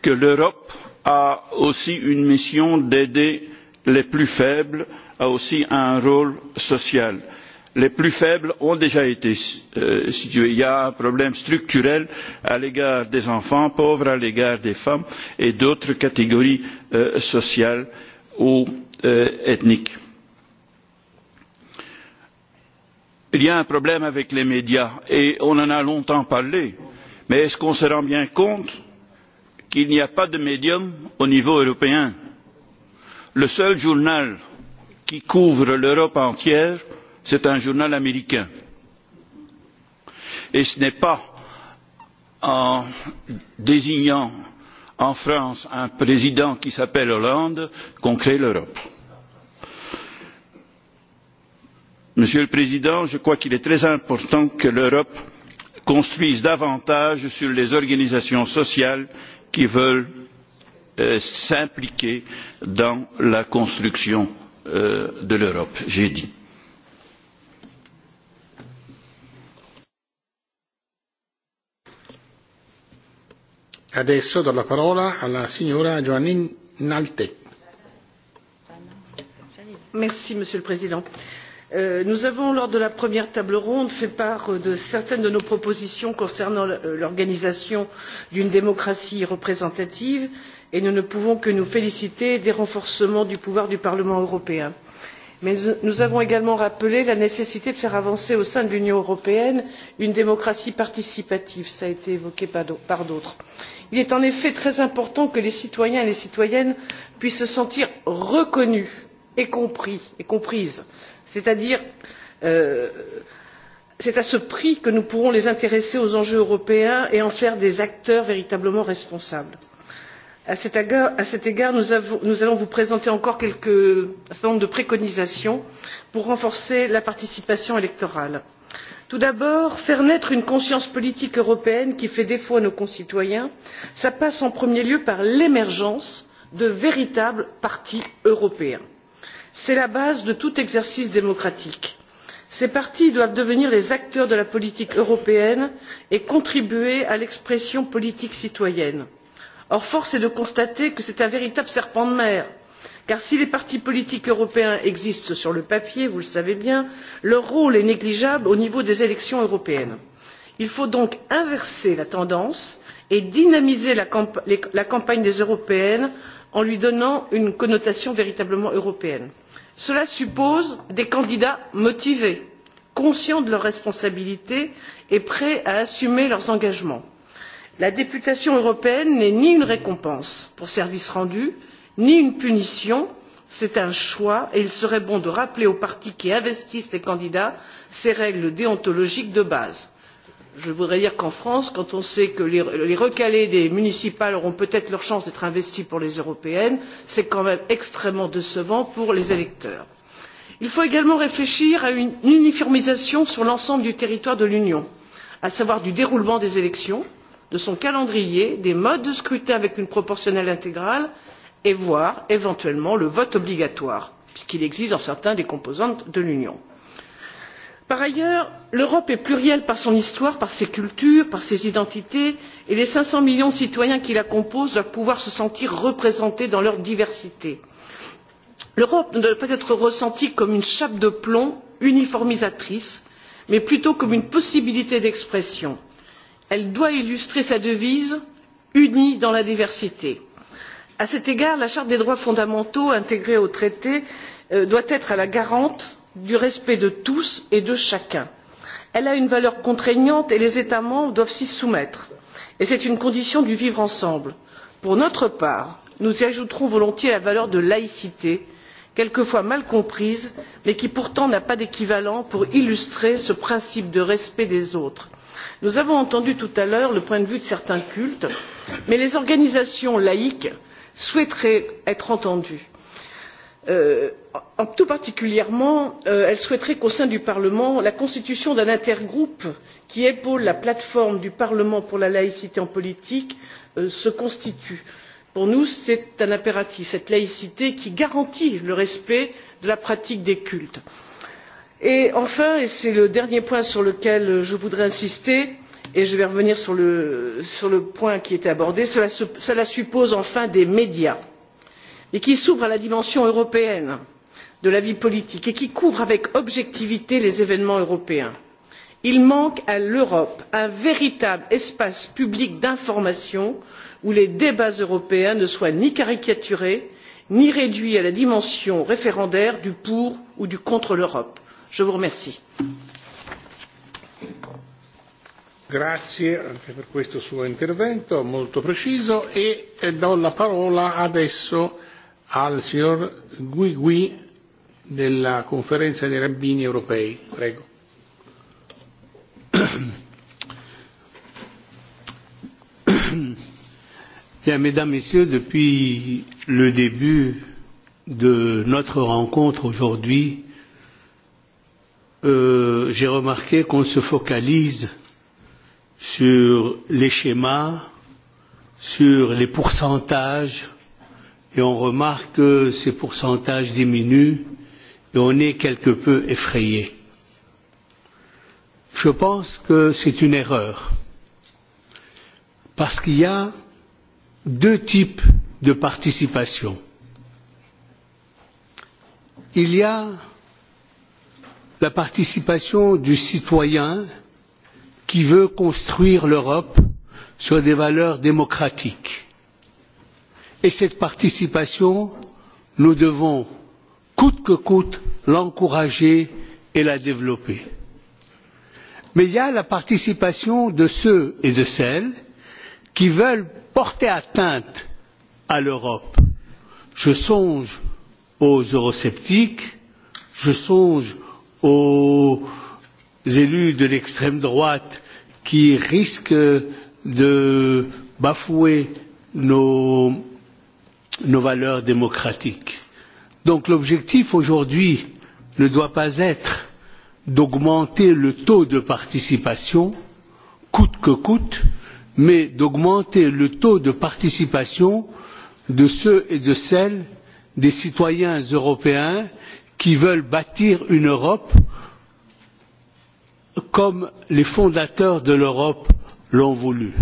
que l'europe a aussi une mission d'aider les plus faibles a aussi un rôle social. les plus faibles ont déjà été situés. il y a un problème structurel à l'égard des enfants pauvres à l'égard des femmes et d'autres catégories sociales ou ethniques il y a un problème avec les médias et on en a longtemps parlé mais est ce qu'on se rend bien compte qu'il n'y a pas de médium au niveau européen? le seul journal qui couvre l'europe entière c'est un journal américain et ce n'est pas en désignant en france un président qui s'appelle hollande qu'on crée l'europe. monsieur le président je crois qu'il est très important que l'europe construise davantage sur les organisations sociales qui veulent s'impliquer dans la construction de l'europe j'ai dit. la Monsieur le Président nous avons lors de la première table ronde fait part de certaines de nos propositions concernant l'organisation d'une démocratie représentative et nous ne pouvons que nous féliciter des renforcements du pouvoir du parlement européen mais nous avons également rappelé la nécessité de faire avancer au sein de l'union européenne une démocratie participative cela a été évoqué par d'autres. il est en effet très important que les citoyens et les citoyennes puissent se sentir reconnus et compris et comprises c'est à dire c'est à ce prix que nous pourrons les intéresser aux enjeux européens et en faire des acteurs véritablement responsables. à cet égard nous allons vous présenter encore un certain nombre de préconisations pour renforcer la participation électorale. tout d'abord faire naître une conscience politique européenne qui fait défaut à nos concitoyens cela passe en premier lieu par l'émergence de véritables partis européens c'est la base de tout exercice démocratique. ces partis doivent devenir les acteurs de la politique européenne et contribuer à l'expression politique citoyenne. or force est de constater que c'est un véritable serpent de mer car si les partis politiques européens existent sur le papier vous le savez bien leur rôle est négligeable au niveau des élections européennes. il faut donc inverser la tendance et dynamiser la campagne des européennes en lui donnant une connotation véritablement européenne cela suppose des candidats motivés conscients de leurs responsabilités et prêts à assumer leurs engagements. la députation européenne n'est ni une récompense pour service rendu ni une punition c'est un choix et il serait bon de rappeler aux partis qui investissent les candidats ces règles déontologiques de base je voudrais dire qu'en france quand on sait que les recalés des municipales auront peut être leur chance d'être investis pour les européennes c'est quand même extrêmement décevant pour les électeurs. il faut également réfléchir à une uniformisation sur l'ensemble du territoire de l'union à savoir du déroulement des élections de son calendrier des modes de scrutin avec une proportionnelle intégrale et voire éventuellement le vote obligatoire puisqu'il existe dans certains des composantes de l'union par ailleurs l'europe est plurielle par son histoire par ses cultures par ses identités et les cinq cents millions de citoyens qui la composent doivent pouvoir se sentir représentés dans leur diversité. l'europe ne doit pas être ressentie comme une chape de plomb uniformisatrice mais plutôt comme une possibilité d'expression. elle doit illustrer sa devise unie dans la diversité. à cet égard la charte des droits fondamentaux intégrée au traité doit être à la garante du respect de tous et de chacun. elle a une valeur contraignante et les états membres doivent s'y soumettre et c'est une condition du vivre ensemble. pour notre part nous y ajouterons volontiers la valeur de laïcité quelquefois mal comprise mais qui pourtant n'a pas d'équivalent pour illustrer ce principe de respect des autres. nous avons entendu tout à l'heure le point de vue de certains cultes mais les organisations laïques souhaiteraient être entendues tout particulièrement elle souhaiterait qu'au sein du parlement la constitution d'un intergroupe qui épaule la plateforme du parlement pour la laïcité en politique se constitue. pour nous c'est un impératif cette laïcité qui garantit le respect de la pratique des cultes. enfin et c'est le dernier point sur lequel je voudrais insister et je vais revenir sur le point qui a été abordé cela suppose enfin des médias. Et qui s'ouvre à la dimension européenne de la vie politique et qui couvre avec objectivité les événements européens. il manque à l'europe un véritable espace public d'information où les débats européens ne soient ni caricaturés ni réduits à la dimension référendaire du pour ou du contre l'europe. je vous remercie. la adesso al Gui della conferenza dei rabbini europei. Prego. mesdames, messieurs, depuis le début de notre rencontre aujourd'hui, j'ai remarqué qu'on se focalise sur les schémas, sur les pourcentages, et on remarque que ces pourcentages diminuent et on est quelque peu effrayé. Je pense que c'est une erreur parce qu'il y a deux types de participation. Il y a la participation du citoyen qui veut construire l'Europe sur des valeurs démocratiques et cette participation nous devons coûte que coûte l'encourager et la développer. mais il y a la participation de ceux et de celles qui veulent porter atteinte à l'europe. je songe aux eurosceptiques je songe aux élus de l'extrême droite qui risquent de bafouer nos nos valeurs démocratiques. Donc l'objectif aujourd'hui ne doit pas être d'augmenter le taux de participation coûte que coûte, mais d'augmenter le taux de participation de ceux et de celles des citoyens européens qui veulent bâtir une Europe comme les fondateurs de l'Europe l'ont voulu.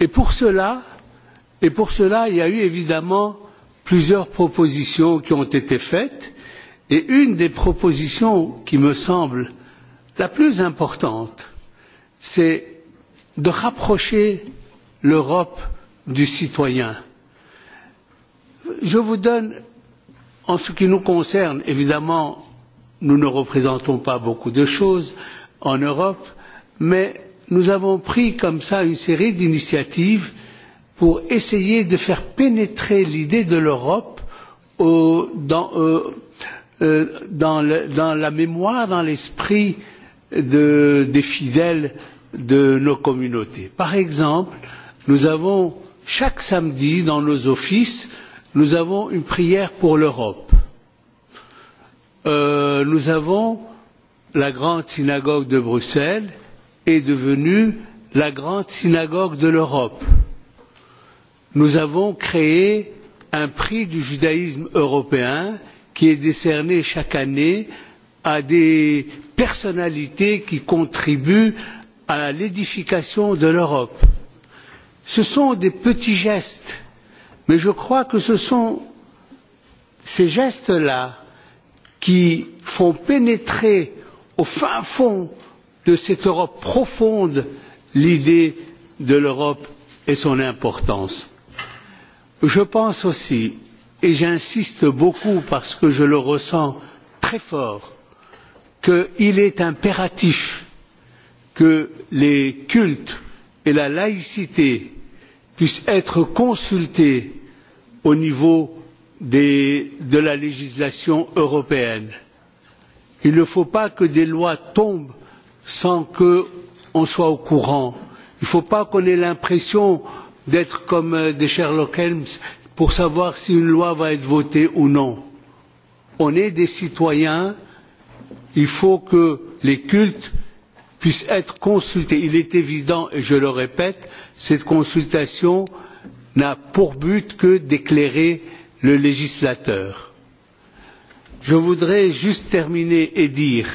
Et pour cela, et pour cela il y a eu évidemment plusieurs propositions qui ont été faites et une des propositions qui me semble la plus importante c'est de rapprocher l'europe du citoyen. je vous donne en ce qui nous concerne évidemment nous ne représentons pas beaucoup de choses en europe mais nous avons pris comme cela une série d'initiatives pour essayer de faire pénétrer l'idée de l'Europe dans la mémoire, dans l'esprit des fidèles de nos communautés. Par exemple, nous avons chaque samedi dans nos offices, nous avons une prière pour l'Europe. Nous avons la grande synagogue de Bruxelles est devenue la grande synagogue de l'Europe nous avons créé un prix du judaïsme européen qui est décerné chaque année à des personnalités qui contribuent à l'édification de l'europe. ce sont des petits gestes mais je crois que ce sont ces gestes là qui font pénétrer au fin fond de cette europe profonde l'idée de l'europe et son importance je pense aussi et j'insiste beaucoup parce que je le ressens très fort qu'il est impératif que les cultes et la laïcité puissent être consultés au niveau de la législation européenne. il ne faut pas que des lois tombent sans qu'on soit au courant. il ne faut pas qu'on ait l'impression d'être comme des Sherlock Holmes pour savoir si une loi va être votée ou non. On est des citoyens, il faut que les cultes puissent être consultés. Il est évident, et je le répète, cette consultation n'a pour but que d'éclairer le législateur. Je voudrais juste terminer et dire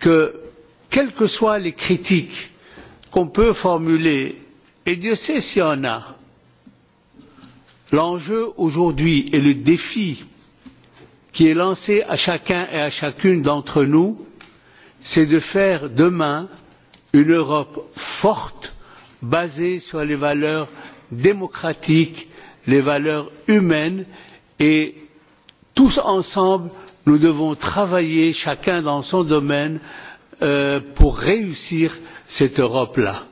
que, quelles que soient les critiques qu'on peut formuler Et Dieu sait s'il y en a. L'enjeu aujourd'hui et le défi qui est lancé à chacun et à chacune d'entre nous, c'est de faire demain une Europe forte, basée sur les valeurs démocratiques, les valeurs humaines, et tous ensemble, nous devons travailler, chacun dans son domaine, pour réussir cette Europe là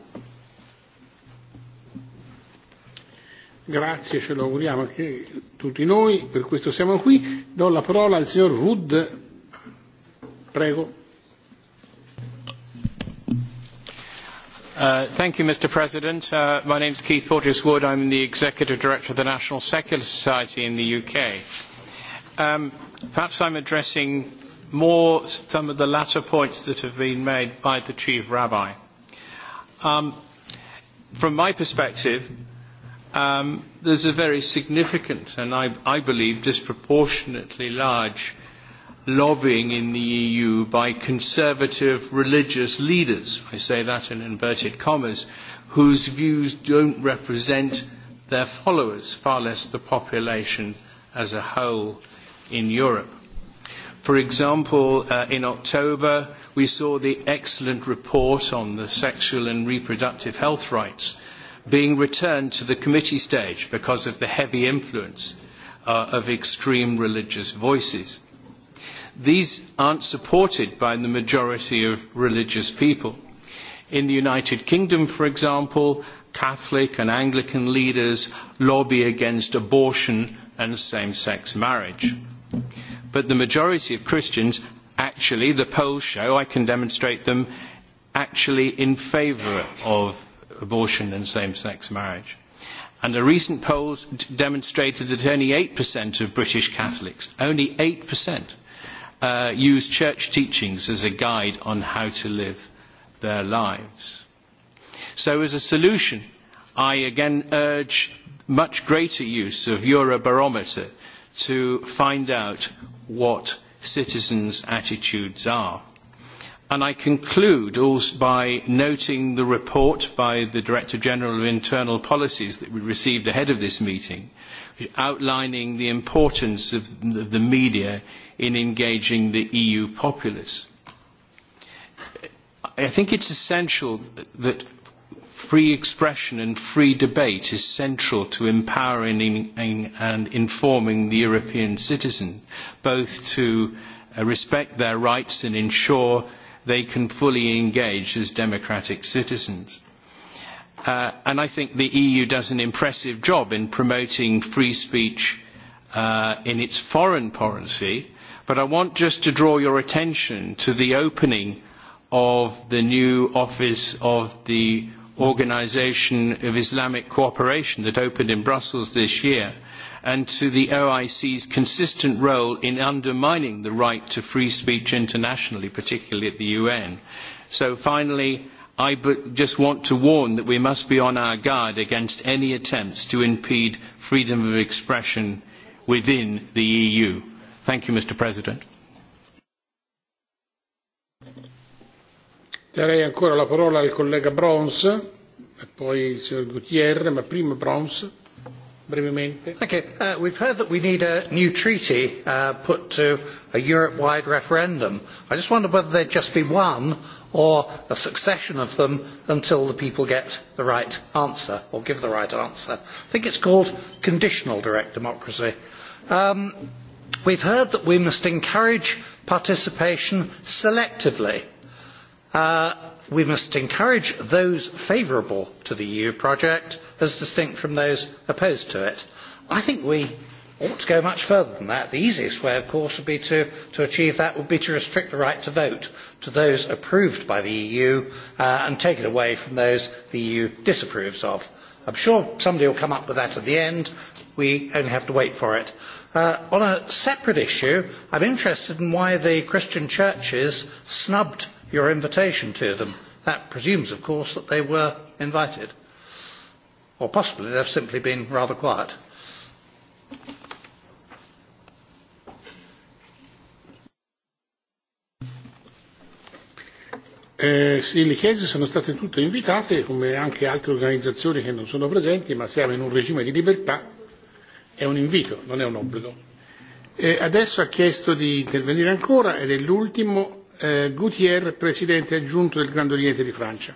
Grazie, ce lo auguriamo anche tutti noi, per questo siamo qui. Do la parola al signor Wood. Prego. Thank you, Mr. President. My name is Keith Porteous Wood. I'm the Executive Director of the National Secular Society in the UK. Perhaps I'm addressing more some of the latter points that have been made by the Chief Rabbi. From my perspective, there's a very significant and I believe disproportionately large lobbying in the EU by conservative religious leaders, I say that in inverted commas, whose views don't represent their followers, far less the population as a whole in Europe. For example, in October we saw the excellent report on the sexual and reproductive health rights being returned to the committee stage because of the heavy influence of extreme religious voices. These aren't supported by the majority of religious people. In the United Kingdom, for example, Catholic and Anglican leaders lobby against abortion and same-sex marriage. But the majority of Christians, actually, the polls show, I can demonstrate them, actually in favour of abortion and same-sex marriage. And a recent poll demonstrated that only 8% of British Catholics, only 8%, use church teachings as a guide on how to live their lives. So as a solution, I again urge much greater use of Eurobarometer to find out what citizens' attitudes are and i conclude by noting the report by the director general of internal policies that we received ahead of this meeting outlining the importance of the media in engaging the eu populace. i think it is essential that free expression and free debate is central to empowering and informing the european citizen both to respect their rights and ensure they can fully engage as democratic citizens. And I think the EU does an impressive job in promoting free speech in its foreign policy, but I want just to draw your attention to the opening of the new office of the Organisation of Islamic Cooperation that opened in Brussels this year and to the OIC's consistent role in undermining the right to free speech internationally, particularly at the UN. So finally, I just want to warn that we must be on our guard against any attempts to impede freedom of expression within the EU. Thank you, Mr. President. Brons, Gutierrez, ma prima Brons brevemente. Okay. We've heard that we need a new treaty put to a Europe-wide referendum. I just wonder whether there'd just be one or a succession of them until the people get the right answer or give the right answer. I think it's called conditional direct democracy. We've heard that we must encourage participation selectively. We must encourage those favourable to the EU project as distinct from those opposed to it. I think we ought to go much further than that. The easiest way, of course, would be to achieve that would be to restrict the right to vote to those approved by the EU and take it away from those the EU disapproves of. I'm sure somebody will come up with that at the end. We only have to wait for it. On a separate issue, I'm interested in why the Christian churches snubbed your invitation to them. That presumes, of course, that they were invited or possibly they've simply been rather quiet. Sì, le chiese sono state tutte invitate, come anche altre organizzazioni che non sono presenti, ma siamo in un regime di libertà, è un invito, non è un obbligo. Adesso ha chiesto di intervenire ancora ed è l'ultimo Gutiérrez, Presidente aggiunto del Grande Oriente di Francia.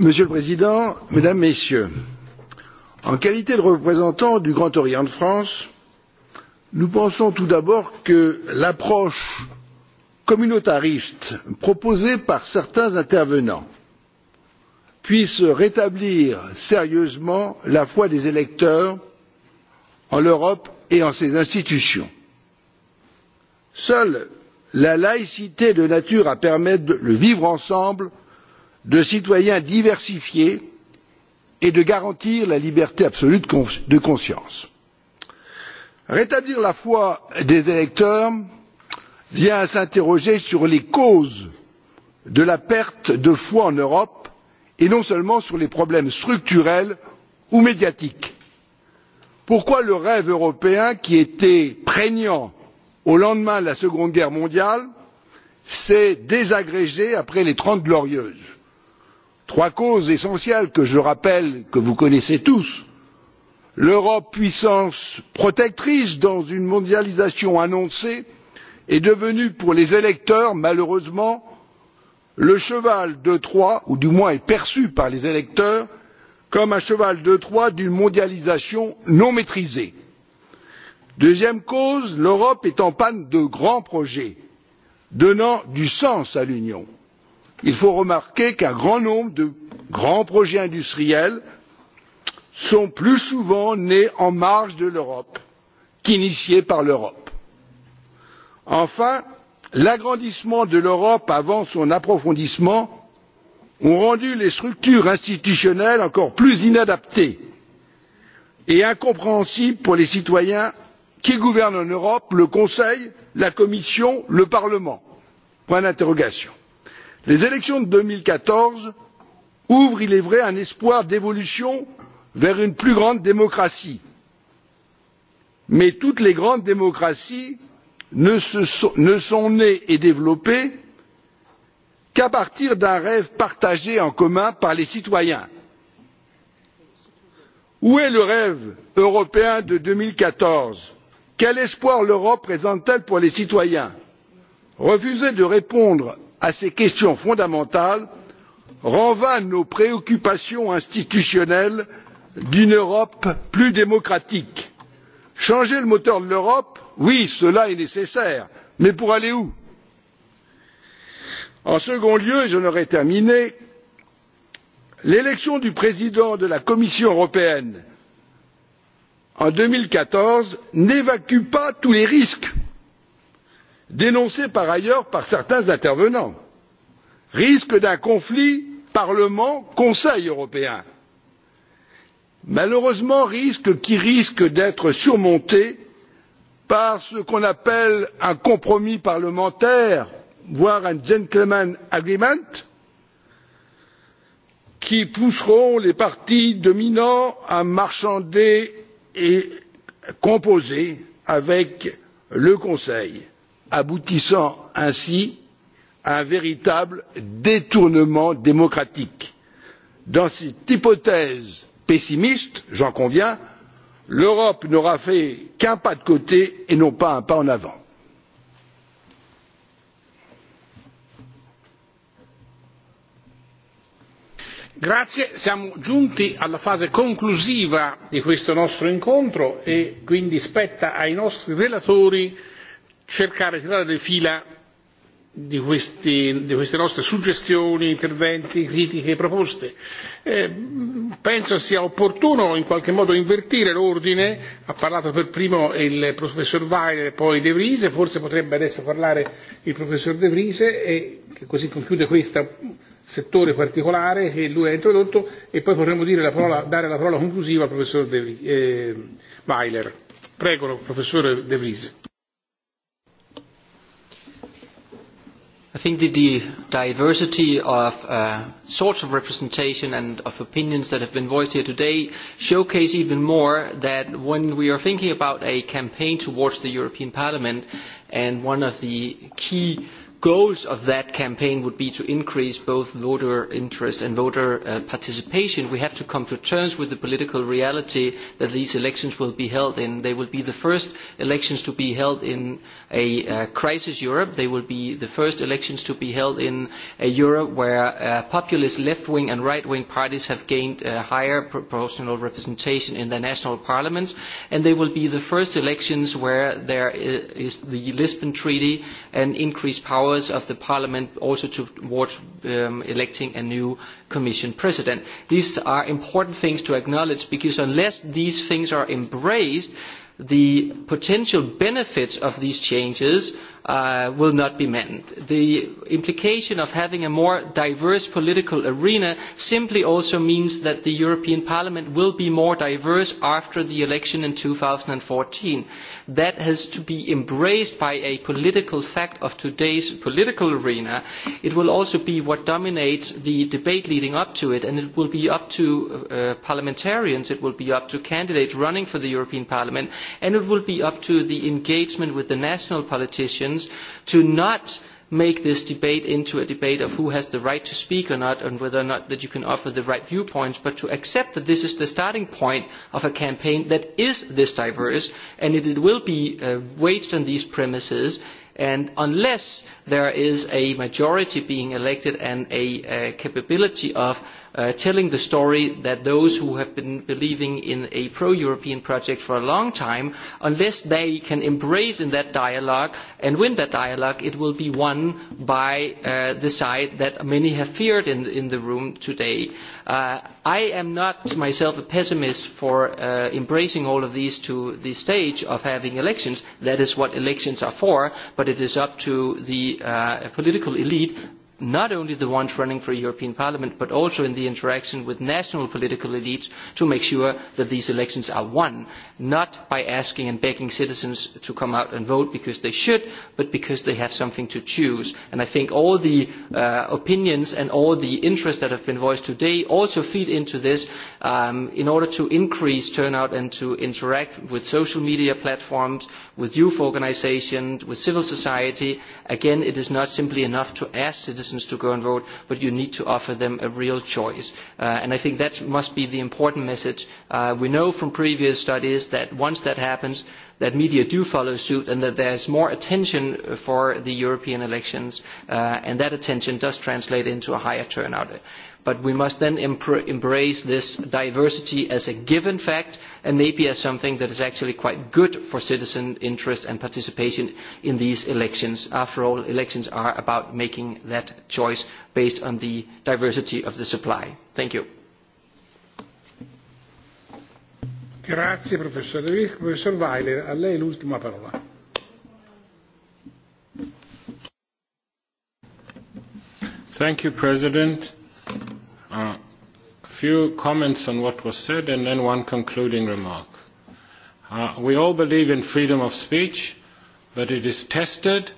Monsieur le Président, Mesdames, Messieurs, en qualité de représentant du Grand Orient de France, nous pensons tout d'abord que l'approche communautariste proposée par certains intervenants puisse rétablir sérieusement la foi des électeurs en l'Europe et en ses institutions. Seule la laïcité de nature à permettre le vivre ensemble de citoyens diversifiés et de garantir la liberté absolue de conscience. rétablir la foi des électeurs vient à s'interroger sur les causes de la perte de foi en europe et non seulement sur les problèmes structurels ou médiatiques. pourquoi le rêve européen qui était prégnant au lendemain de la seconde guerre mondiale s'est désagrégé après les trente glorieuses? trois causes essentielles que je rappelle que vous connaissez tous l'europe puissance protectrice dans une mondialisation annoncée est devenue pour les électeurs malheureusement le cheval de troie ou du moins est perçue par les électeurs comme un cheval de troie d'une mondialisation non maîtrisée. deuxième cause l'europe est en panne de grands projets donnant du sens à l'union il faut remarquer qu'un grand nombre de grands projets industriels sont plus souvent nés en marge de l'europe qu'initiés par l'europe. enfin l'agrandissement de l'europe avant son approfondissement a rendu les structures institutionnelles encore plus inadaptées et incompréhensibles pour les citoyens qui gouvernent en europe le conseil la commission le parlement? point d'interrogation les élections de deux mille quatorze ouvrent il est vrai un espoir d'évolution vers une plus grande démocratie mais toutes les grandes démocraties ne sont nées et développées qu'à partir d'un rêve partagé en commun par les citoyens. où est le rêve européen de? deux mille quatorze quel espoir l'europe présente t elle pour les citoyens? refuser de répondre à ces questions fondamentales renvoie nos préoccupations institutionnelles d'une europe plus démocratique. changer le moteur de l'europe oui cela est nécessaire mais pour aller où? en second lieu et j'en aurai terminé l'élection du président de la commission européenne en deux mille quatorze n'évacue pas tous les risques dénoncé par ailleurs par certains intervenants risque d'un conflit parlement conseil européen malheureusement risque qui risque d'être surmonté par ce qu'on appelle un compromis parlementaire voire un gentleman agreement qui pousseront les partis dominants à marchander et composer avec le conseil aboutissant ainsi à un véritable détournement démocratique. dans cette hypothèse pessimiste j'en conviens l'europe n'aura fait qu'un pas de côté et non pas un pas en avant. Grazie, siamo giunti alla fase conclusiva di questo nostro incontro e quindi spetta ai nostri relatori cercare di tirare le fila di queste nostre suggestioni interventi critiche e proposte. penso sia opportuno in qualche modo invertire l'ordine ha parlato per primo il professor weiler poi de vries forse potrebbe adesso parlare il professor de vries e che così conclude questo settore particolare che lui ha introdotto e poi potremmo la parola, dare la parola conclusiva al professor weiler. prego professor de vries. I think the diversity of sorts of representation and of opinions that have been voiced here today showcase even more that when we are thinking about a campaign towards the European Parliament and one of the key goals of that campaign would be to increase both voter interest and voter participation, we have to come to terms with the political reality that these elections will be held in. They will be the first elections to be held in a crisis Europe. They will be the first elections to be held in a Europe where populist left-wing and right-wing parties have gained higher proportional representation in their national parliaments. And they will be the first elections where there is the Lisbon Treaty and increased power of the Parliament also towards electing a new Commission President. These are important things to acknowledge because unless these things are embraced, the potential benefits of these changes will not be met. The implication of having a more diverse political arena simply also means that the European Parliament will be more diverse after the election in 2014. That has to be embraced by a political fact of today's political arena. It will also be what dominates the debate leading up to it, and it will be up to parliamentarians, it will be up to candidates running for the European Parliament, and it will be up to the engagement with the national politicians to not make this debate into a debate of who has the right to speak or not and whether or not that you can offer the right viewpoints, but to accept that this is the starting point of a campaign that is this diverse and it will be waged on these premises. And unless there is a majority being elected and a capability of telling the story that those who have been believing in a pro-European project for a long time, unless they can embrace in that dialogue and win that dialogue, it will be won by the side that many have feared in the room today. I am not myself a pessimist for embracing all of these to the stage of having elections. That is what elections are for, but it is up to the political elite not only the ones running for European Parliament, but also in the interaction with national political elites to make sure that these elections are won, not by asking and begging citizens to come out and vote because they should, but because they have something to choose. And I think all the opinions and all the interests that have been voiced today also feed into this in order to increase turnout and to interact with social media platforms, with youth organisations, with civil society. Again, it is not simply enough to ask citizens citizens to go and vote, but you need to offer them a real choice. I think that must be the important message. We know from previous studies that once that happens, that media do follow suit and that there is more attention for the European elections, and that attention does translate into a higher turnout but we must then embrace this diversity as a given fact and maybe as something that is actually quite good for citizen interest and participation in these elections. After all, elections are about making that choice based on the diversity of the supply. Thank you. Grazie professor Professor Weiler, a lei l'ultima parola. Thank you, President. A few comments on what was said and then one concluding remark. We all believe in freedom of speech, but it is tested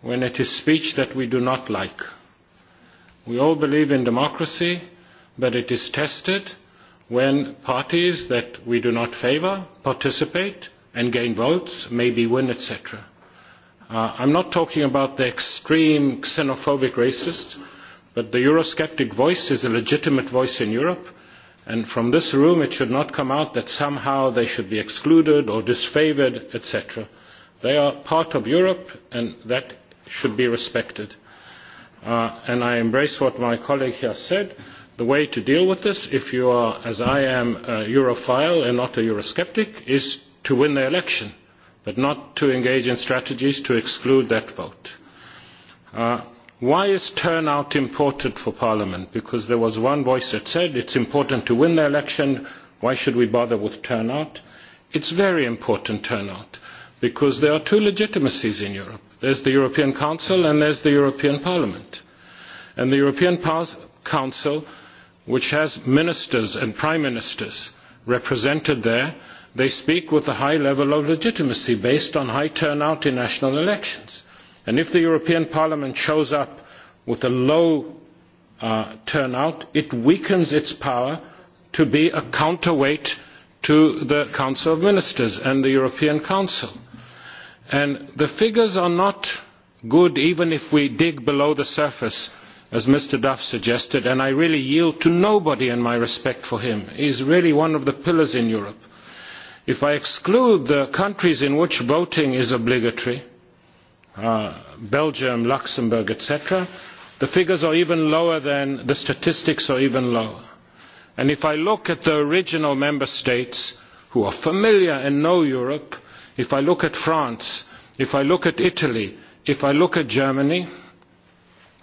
when it is speech that we do not like. We all believe in democracy, but it is tested when parties that we do not favor participate and gain votes, maybe win, etc. I'm not talking about the extreme xenophobic racist But the Eurosceptic voice is a legitimate voice in Europe, and from this room it should not come out that somehow they should be excluded or disfavoured, etc. They are part of Europe, and that should be respected. And I embrace what my colleague here said. The way to deal with this, if you are, as I am, a Europhile and not a Eurosceptic, is to win the election, but not to engage in strategies to exclude that vote. Why is turnout important for Parliament? Because there was one voice that said it's important to win the election, why should we bother with turnout? It's very important turnout, because there are two legitimacies in Europe. There's the European Council and there's the European Parliament. And the European Council, which has ministers and prime ministers represented there, they speak with a high level of legitimacy based on high turnout in national elections and if the european parliament shows up with a low turnout it weakens its power to be a counterweight to the council of ministers and the european council the figures are not good even if we dig below the surface as mr duff suggested and i really yield to nobody in my respect for him he is really one of the pillars in europe if i exclude the countries in which voting is obligatory Belgium, Luxembourg, etc. The figures are even lower than the statistics are even lower. And if I look at the original member states who are familiar and know Europe, if I look at France, if I look at Italy, if I look at Germany,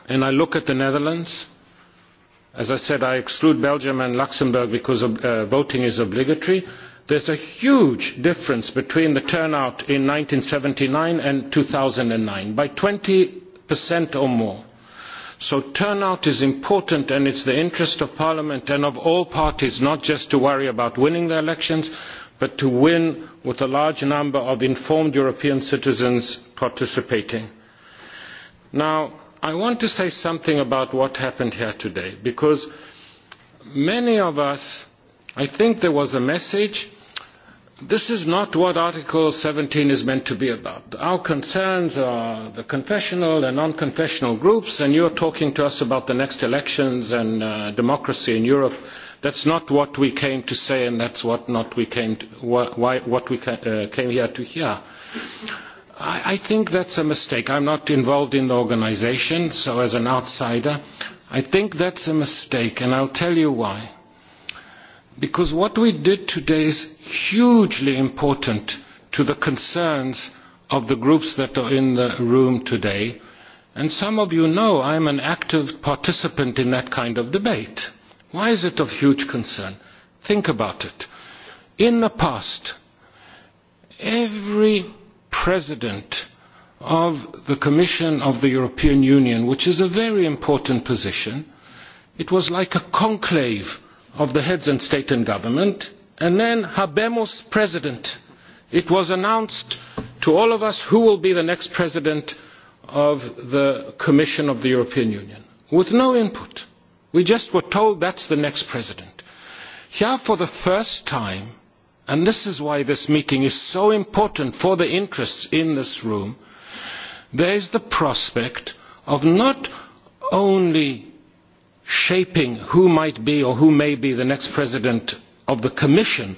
and I look at the Netherlands, as I said, I exclude Belgium and Luxembourg because voting is obligatory, there is a huge difference between the turnout in 1979 and seventy nine and two thousand nine by twenty or more so turnout is important and it's the interest of parliament and of all parties not just to worry about winning the elections but to win with a large number of informed european citizens participating. now i want to say something about what happened here today because many of us i think there was a message This is not what Article 17 is meant to be about. Our concerns are the confessional and non-confessional groups, and you are talking to us about the next elections and democracy in Europe. That's not what we came to say, and that's what we came here to hear. I think that's a mistake. I'm not involved in the organisation, so as an outsider, I think that's a mistake, and I'll tell you why because what we did today is hugely important to the concerns of the groups that are in the room today. And some of you know I'm an active participant in that kind of debate. Why is it of huge concern? Think about it. In the past, every president of the Commission of the European Union, which is a very important position, it was like a conclave of the heads of state and government and then habemos president it was announced to all of us who will be the next president of the commission of the european union with no input we just were told that's the next president here for the first time and this is why this meeting is so important for the interests in this room there is the prospect of not only shaping who might be or who may be the next president of the Commission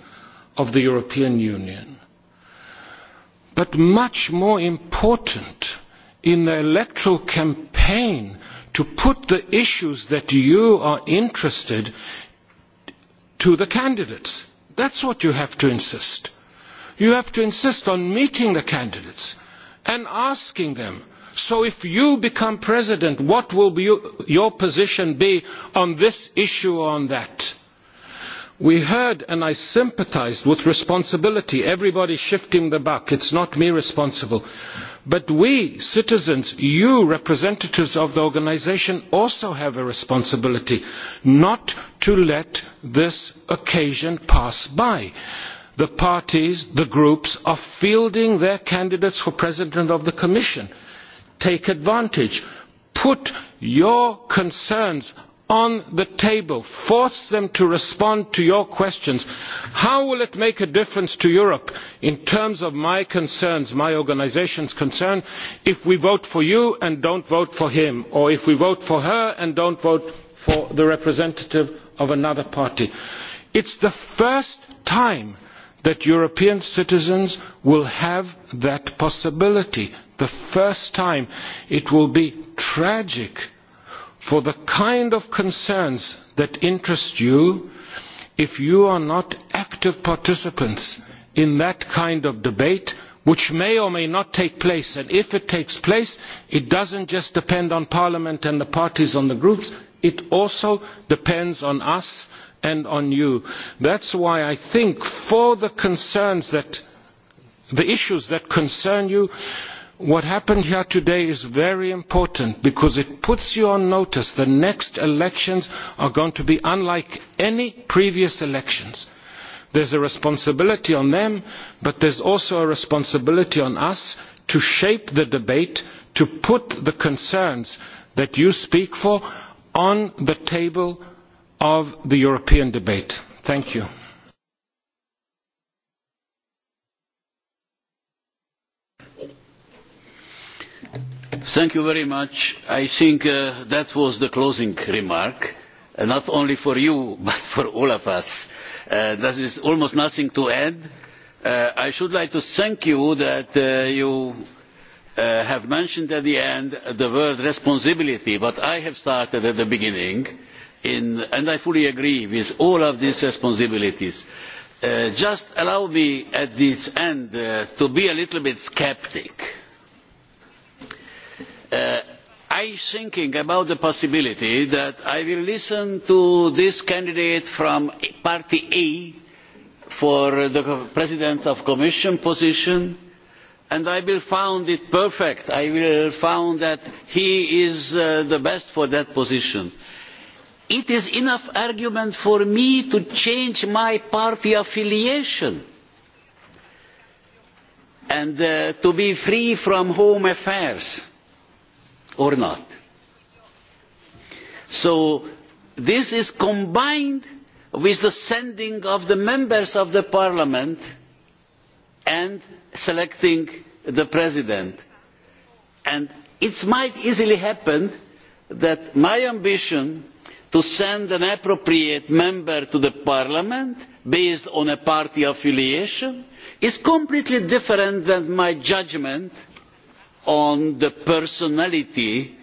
of the European Union. But much more important in the electoral campaign to put the issues that you are interested to the candidates. That's what you have to insist. You have to insist on meeting the candidates and asking them So if you become president, what will your position be on this issue or on that? We heard, and I sympathised with responsibility, everybody shifting the buck, it's not me responsible. But we, citizens, you, representatives of the organisation, also have a responsibility not to let this occasion pass by. The parties, the groups are fielding their candidates for president of the Commission take advantage. Put your concerns on the table. Force them to respond to your questions. How will it make a difference to Europe in terms of my concerns, my organisation's concern, if we vote for you and don't vote for him, or if we vote for her and don't vote for the representative of another party? It's the first time that European citizens will have that possibility the first time it will be tragic for the kind of concerns that interest you if you are not active participants in that kind of debate which may or may not take place and if it takes place it does just depend on parliament and the parties on the groups it also depends on us and on you. that why i think for the the issues that concern you What happened here today is very important because it puts you on notice the next elections are going to be unlike any previous elections. There's a responsibility on them, but there's also a responsibility on us to shape the debate, to put the concerns that you speak for on the table of the European debate. Thank you. Thank you very much. I think that was the closing remark, not only for you, but for all of us. There is almost nothing to add. I should like to thank you that you have mentioned at the end the word responsibility, but I have started at the beginning, and I fully agree with all of these responsibilities. Just allow me at this end to be a little bit sceptic i am thinking about the possibility that i will listen to this candidate from party a for the president of the commission position and i will find it perfect i will find that he is the best for that position. it is enough argument for me to change my party affiliation and to be free from home affairs or not. So this is combined with the sending of the members of the parliament and selecting the president. And it might easily happen that my ambition to send an appropriate member to the parliament based on a party affiliation is completely different than my judgment on the personality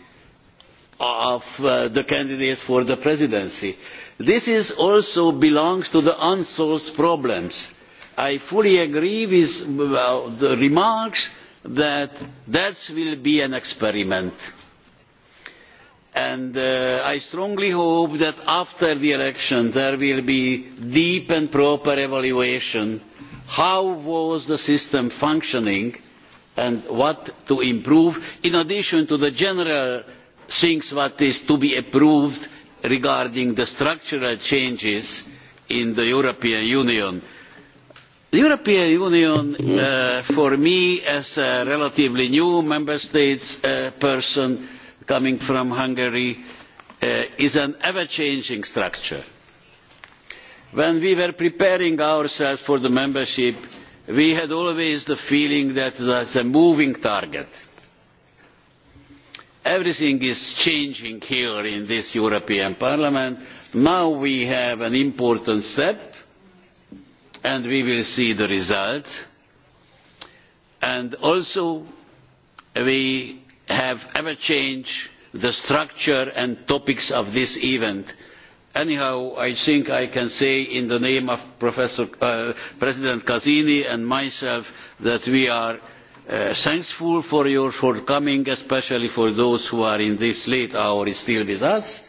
of the candidates for the presidency. This also belongs to the unsolved problems. I fully agree with the remarks that that will be an experiment. And I strongly hope that after the election there will be deep and proper evaluation how was the system functioning and what to improve in addition to the general things that is to be approved regarding the structural changes in the European Union. The European Union for me as a relatively new member states person coming from Hungary is an ever-changing structure. When we were preparing ourselves for the membership we had always the feeling that is a moving target. Everything is changing here in this European Parliament. Now we have an important step and we will see the results. And also we have ever changed the structure and topics of this event anyhow i think i can say in the name of president casini and myself that we are thankful for your forthcoming especially for those who are in this late hour still with us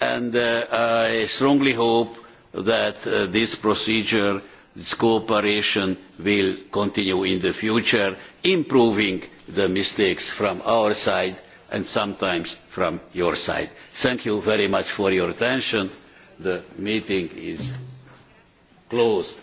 and i strongly hope that this procedure this cooperation will continue in the future improving the mistakes from our side and sometimes from your side. Thank you very much for your attention. The meeting is closed.